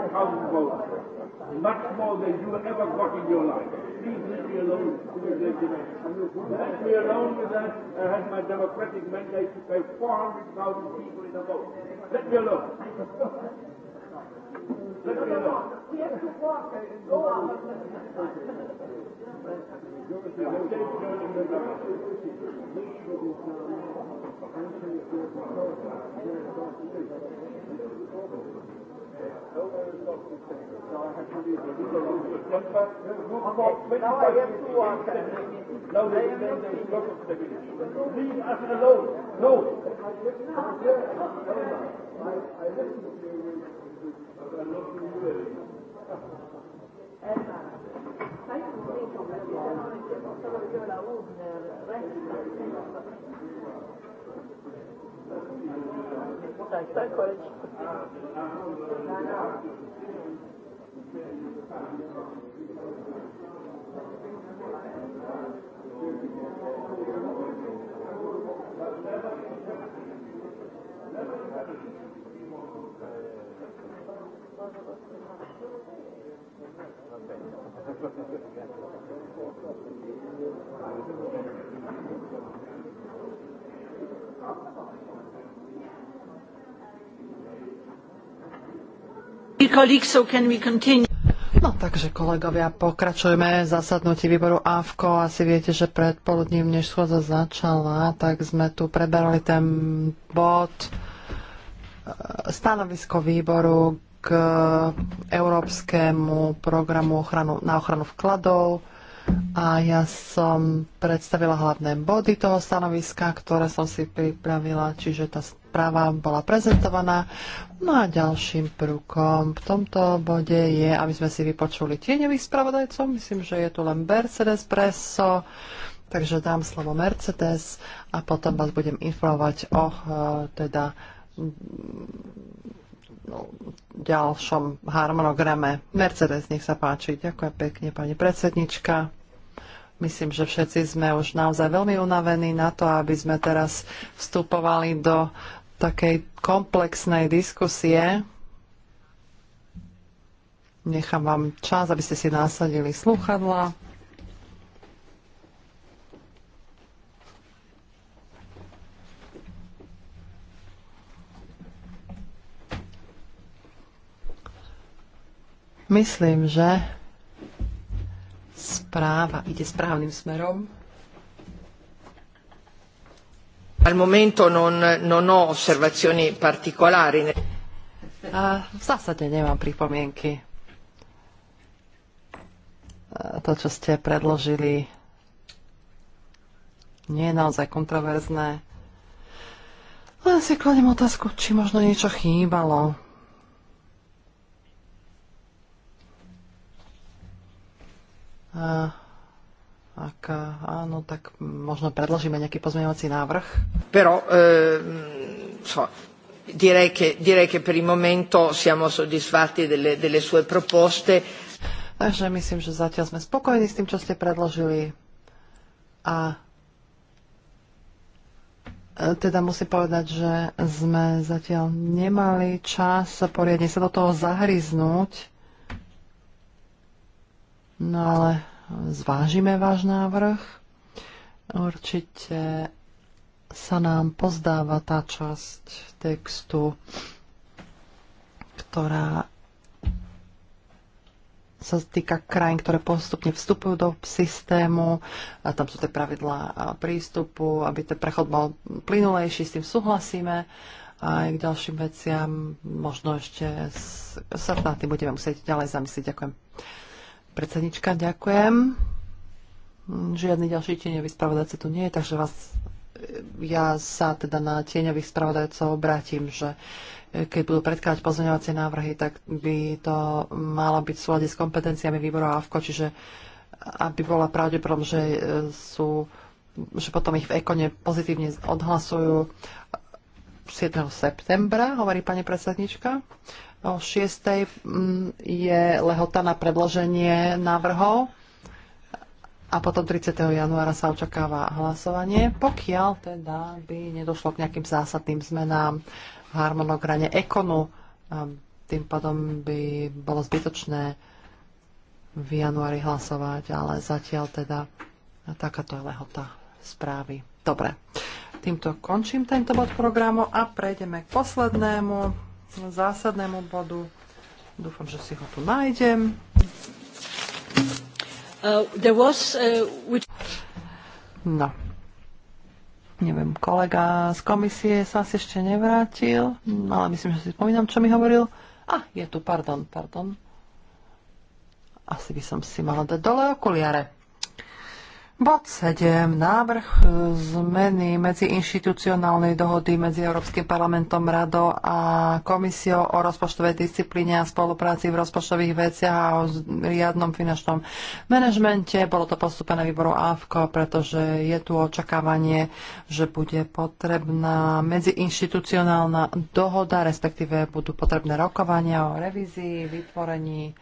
your house vote. Much more than you ever got in your life. Please leave me alone with that. Let me alone with that. I had my democratic mandate to pay 400,000 people in a vote. Let me alone. Let me alone. Thank you. Now I there is a lot of stability. Leave us alone. No. I listen to you with a lot of humility. Tak, tak, kolečko. Thank you. no takže kolegovia, pokračujeme zasadnutí výboru AVKO. Asi viete, že predpoludním, než schôdza začala, tak sme tu preberali ten bod e, stanovisko výboru k Európskemu programu ochranu, na ochranu vkladov a ja som predstavila hlavné body toho stanoviska, ktoré som si pripravila, čiže tá správa bola prezentovaná. No a ďalším prvkom v tomto bode je, aby sme si vypočuli tieňových spravodajcov. Myslím, že je tu len Mercedes Presso. takže dám slovo Mercedes a potom vás budem informovať o eh, teda no, ďalšom harmonograme. Mercedes, nech sa páči. Ďakujem pekne, pani predsednička. Myslím, že všetci sme už naozaj veľmi unavení na to, aby sme teraz vstupovali do takej komplexnej diskusie. Nechám vám čas, aby ste si nasadili sluchadla. Myslím, že správa ide správnym smerom. Al momento non, non ho osservazioni particolari. A v zásade nemám pripomienky. To, čo ste predložili, nie je naozaj kontroverzné. Len si kladem otázku, či možno niečo chýbalo. Uh, ak áno, tak možno predložíme nejaký pozmeňovací návrh. Però, eh, so, direi che, direi che per il momento siamo soddisfatti delle, delle sue proposte. Takže myslím, že zatiaľ sme spokojní s tým, čo ste predložili. A e, teda musím povedať, že sme zatiaľ nemali čas poriadne sa do toho zahryznúť. No ale zvážime váš návrh. Určite sa nám pozdáva tá časť textu, ktorá sa týka krajín, ktoré postupne vstupujú do systému. A tam sú tie pravidlá prístupu, aby ten prechod bol plynulejší, s tým súhlasíme. A aj k ďalším veciam možno ešte sa nad tým budeme musieť ďalej zamyslieť. Ďakujem. Predsednička, ďakujem. Žiadny ďalší tieňový spravodajca tu nie je, takže vás, ja sa teda na tieňových spravodajcov obrátim, že eh, keď budú predkladať pozmeňovacie návrhy, tak by to malo byť v súlade s kompetenciami výboru AFKO, čiže eh, aby bola pravdepodobne, že eh, sú že potom ich v ekone pozitívne odhlasujú. 7. septembra, hovorí pani predsednička. O 6. Mm, je lehota na predloženie návrhov a potom 30. januára sa očakáva hlasovanie, pokiaľ teda by nedošlo k nejakým zásadným zmenám v harmonograne ekonu. Tým pádom by bolo zbytočné v januári hlasovať, ale zatiaľ teda takáto je lehota správy. Dobre. Týmto končím tento bod programu a prejdeme k poslednému zásadnému bodu. Dúfam, že si ho tu nájdem. Uh, there was, uh, which... No. Neviem, kolega z komisie sa asi ešte nevrátil, ale myslím, že si spomínam, čo mi hovoril. A, ah, je tu, pardon, pardon. Asi by som si mala dať dole okuliare. Bod 7. Návrh zmeny medzi inštitucionálnej dohody medzi Európskym parlamentom, Rado a Komisiou o rozpočtovej disciplíne a spolupráci v rozpočtových veciach a o riadnom finančnom manažmente. Bolo to postupené výboru AFKO, pretože je tu očakávanie, že bude potrebná medziinštitucionálna dohoda, respektíve budú potrebné rokovania o revízii, vytvorení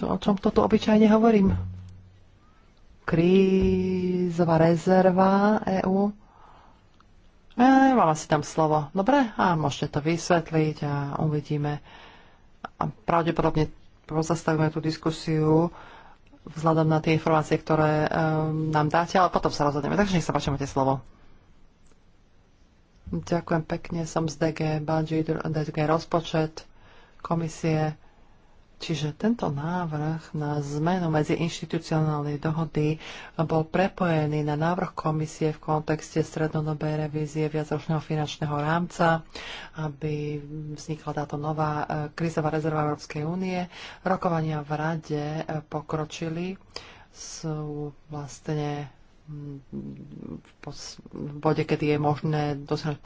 čo, o čom toto obyčajne hovorím. Krízová rezerva EU. E, e si tam slovo. Dobre, a môžete to vysvetliť a uvidíme. A pravdepodobne pozastavíme tú diskusiu vzhľadom na tie informácie, ktoré um, nám dáte, ale potom sa rozhodneme. Takže nech sa páči, máte slovo. Ďakujem pekne, som z DG Budget, DG Rozpočet, komisie. Čiže tento návrh na zmenu medzi inštitucionálnej dohody bol prepojený na návrh komisie v kontexte strednodobej revízie viacročného finančného rámca, aby vznikla táto nová e, krizová rezerva Európskej únie. Rokovania v rade e, pokročili sú vlastne mm, v bode, kedy je možné dosiahnuť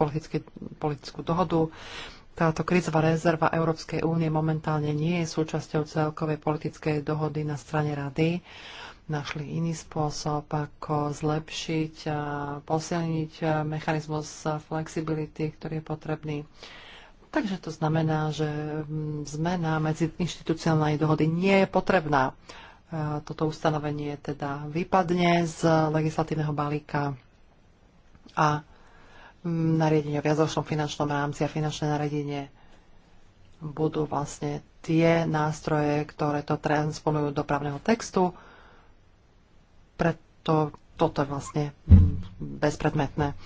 politickú dohodu. Táto krizová rezerva Európskej únie momentálne nie je súčasťou celkovej politickej dohody na strane rady. Našli iný spôsob, ako zlepšiť a posilniť mechanizmus flexibility, ktorý je potrebný. Takže to znamená, že zmena medzi inštitucionálnej dohody nie je potrebná. E, toto ustanovenie teda vypadne z legislatívneho balíka a nariadenie o viacročnom finančnom rámci a finančné nariadenie budú vlastne tie nástroje, ktoré to transponujú do právneho textu. Preto toto je vlastne bezpredmetné.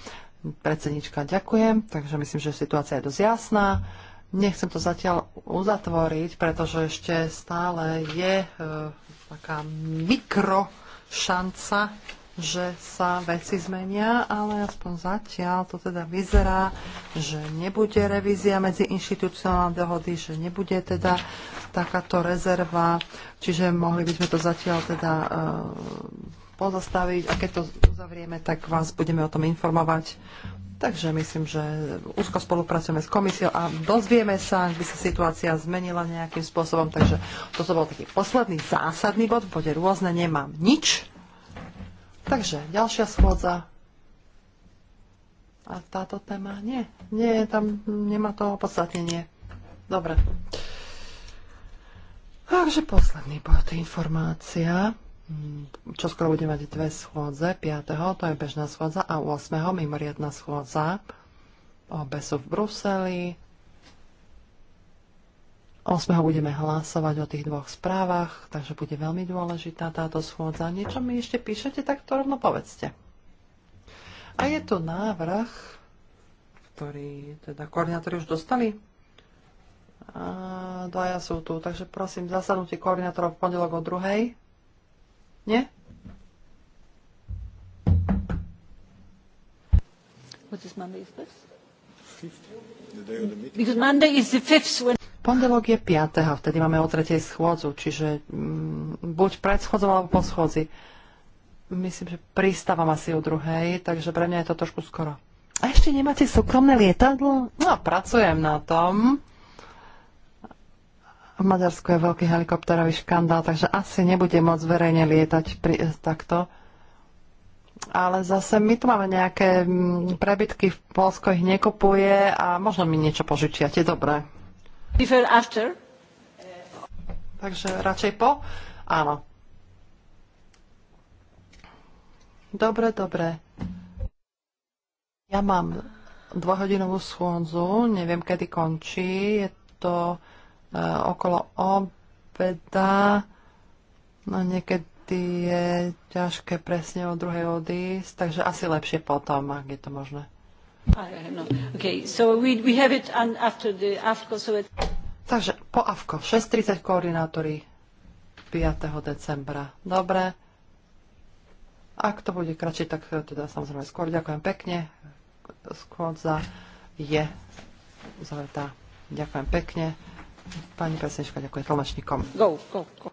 Predsednička, ďakujem. Takže myslím, že situácia je dosť jasná. Nechcem to zatiaľ uzatvoriť, pretože ešte stále je e, taká mikro šanca že sa veci zmenia, ale aspoň zatiaľ to teda vyzerá, že nebude revízia medzi inštitucionálne dohody, že nebude teda takáto rezerva, čiže mohli by sme to zatiaľ teda e, pozastaviť a keď to uzavrieme, tak vás budeme o tom informovať. Takže myslím, že úzko spolupracujeme s komisiou a dozvieme sa, ak by sa situácia zmenila nejakým spôsobom. Takže toto bol taký posledný zásadný bod. V bode rôzne nemám nič. Takže, ďalšia schôdza. A táto téma? Nie, nie, tam nemá to opodstatnenie. Dobre. Takže posledný bod, informácia. Čo skoro budeme mať dve schôdze. 5. to je bežná schôdza a 8. mimoriadná schôdza. Obe sú v Bruseli 8. budeme hlasovať o tých dvoch správach, takže bude veľmi dôležitá táto schôdza. Niečo mi ešte píšete, tak to rovno povedzte. A je tu návrh, ktorý teda koordinátori už dostali. A dvaja sú tu, takže prosím, zasadnutie koordinátorov v pondelok o druhej. Nie? Monday Because Monday is the fifth when pondelok je 5. a vtedy máme o 3. schôdzu, čiže mm, buď pred schôdzou alebo po schôdzi. Myslím, že pristávam asi o druhej, takže pre mňa je to trošku skoro. A ešte nemáte súkromné lietadlo? No, pracujem na tom. V Maďarsku je veľký helikopterový škandál, takže asi nebude môcť verejne lietať pri, eh, takto. Ale zase my tu máme nejaké mm, prebytky, v Polsko ich nekopuje a možno mi niečo požičiate, dobre. Takže radšej po? Áno. Dobre, dobre. Ja mám dvojhodinovú schôdzu, neviem, kedy končí. Je to e, okolo obeda. No niekedy je ťažké presne o druhej odísť, takže asi lepšie potom, ak je to možné. No. Takže po AFKO 6.30 koordinátory 5. decembra. Dobre. Ak to bude kratšie, tak teda samozrejme skôr. Ďakujem pekne. Skôdza je zavretá. Ďakujem pekne. Pani presnečka, ďakujem tlmačníkom. Go, go, go.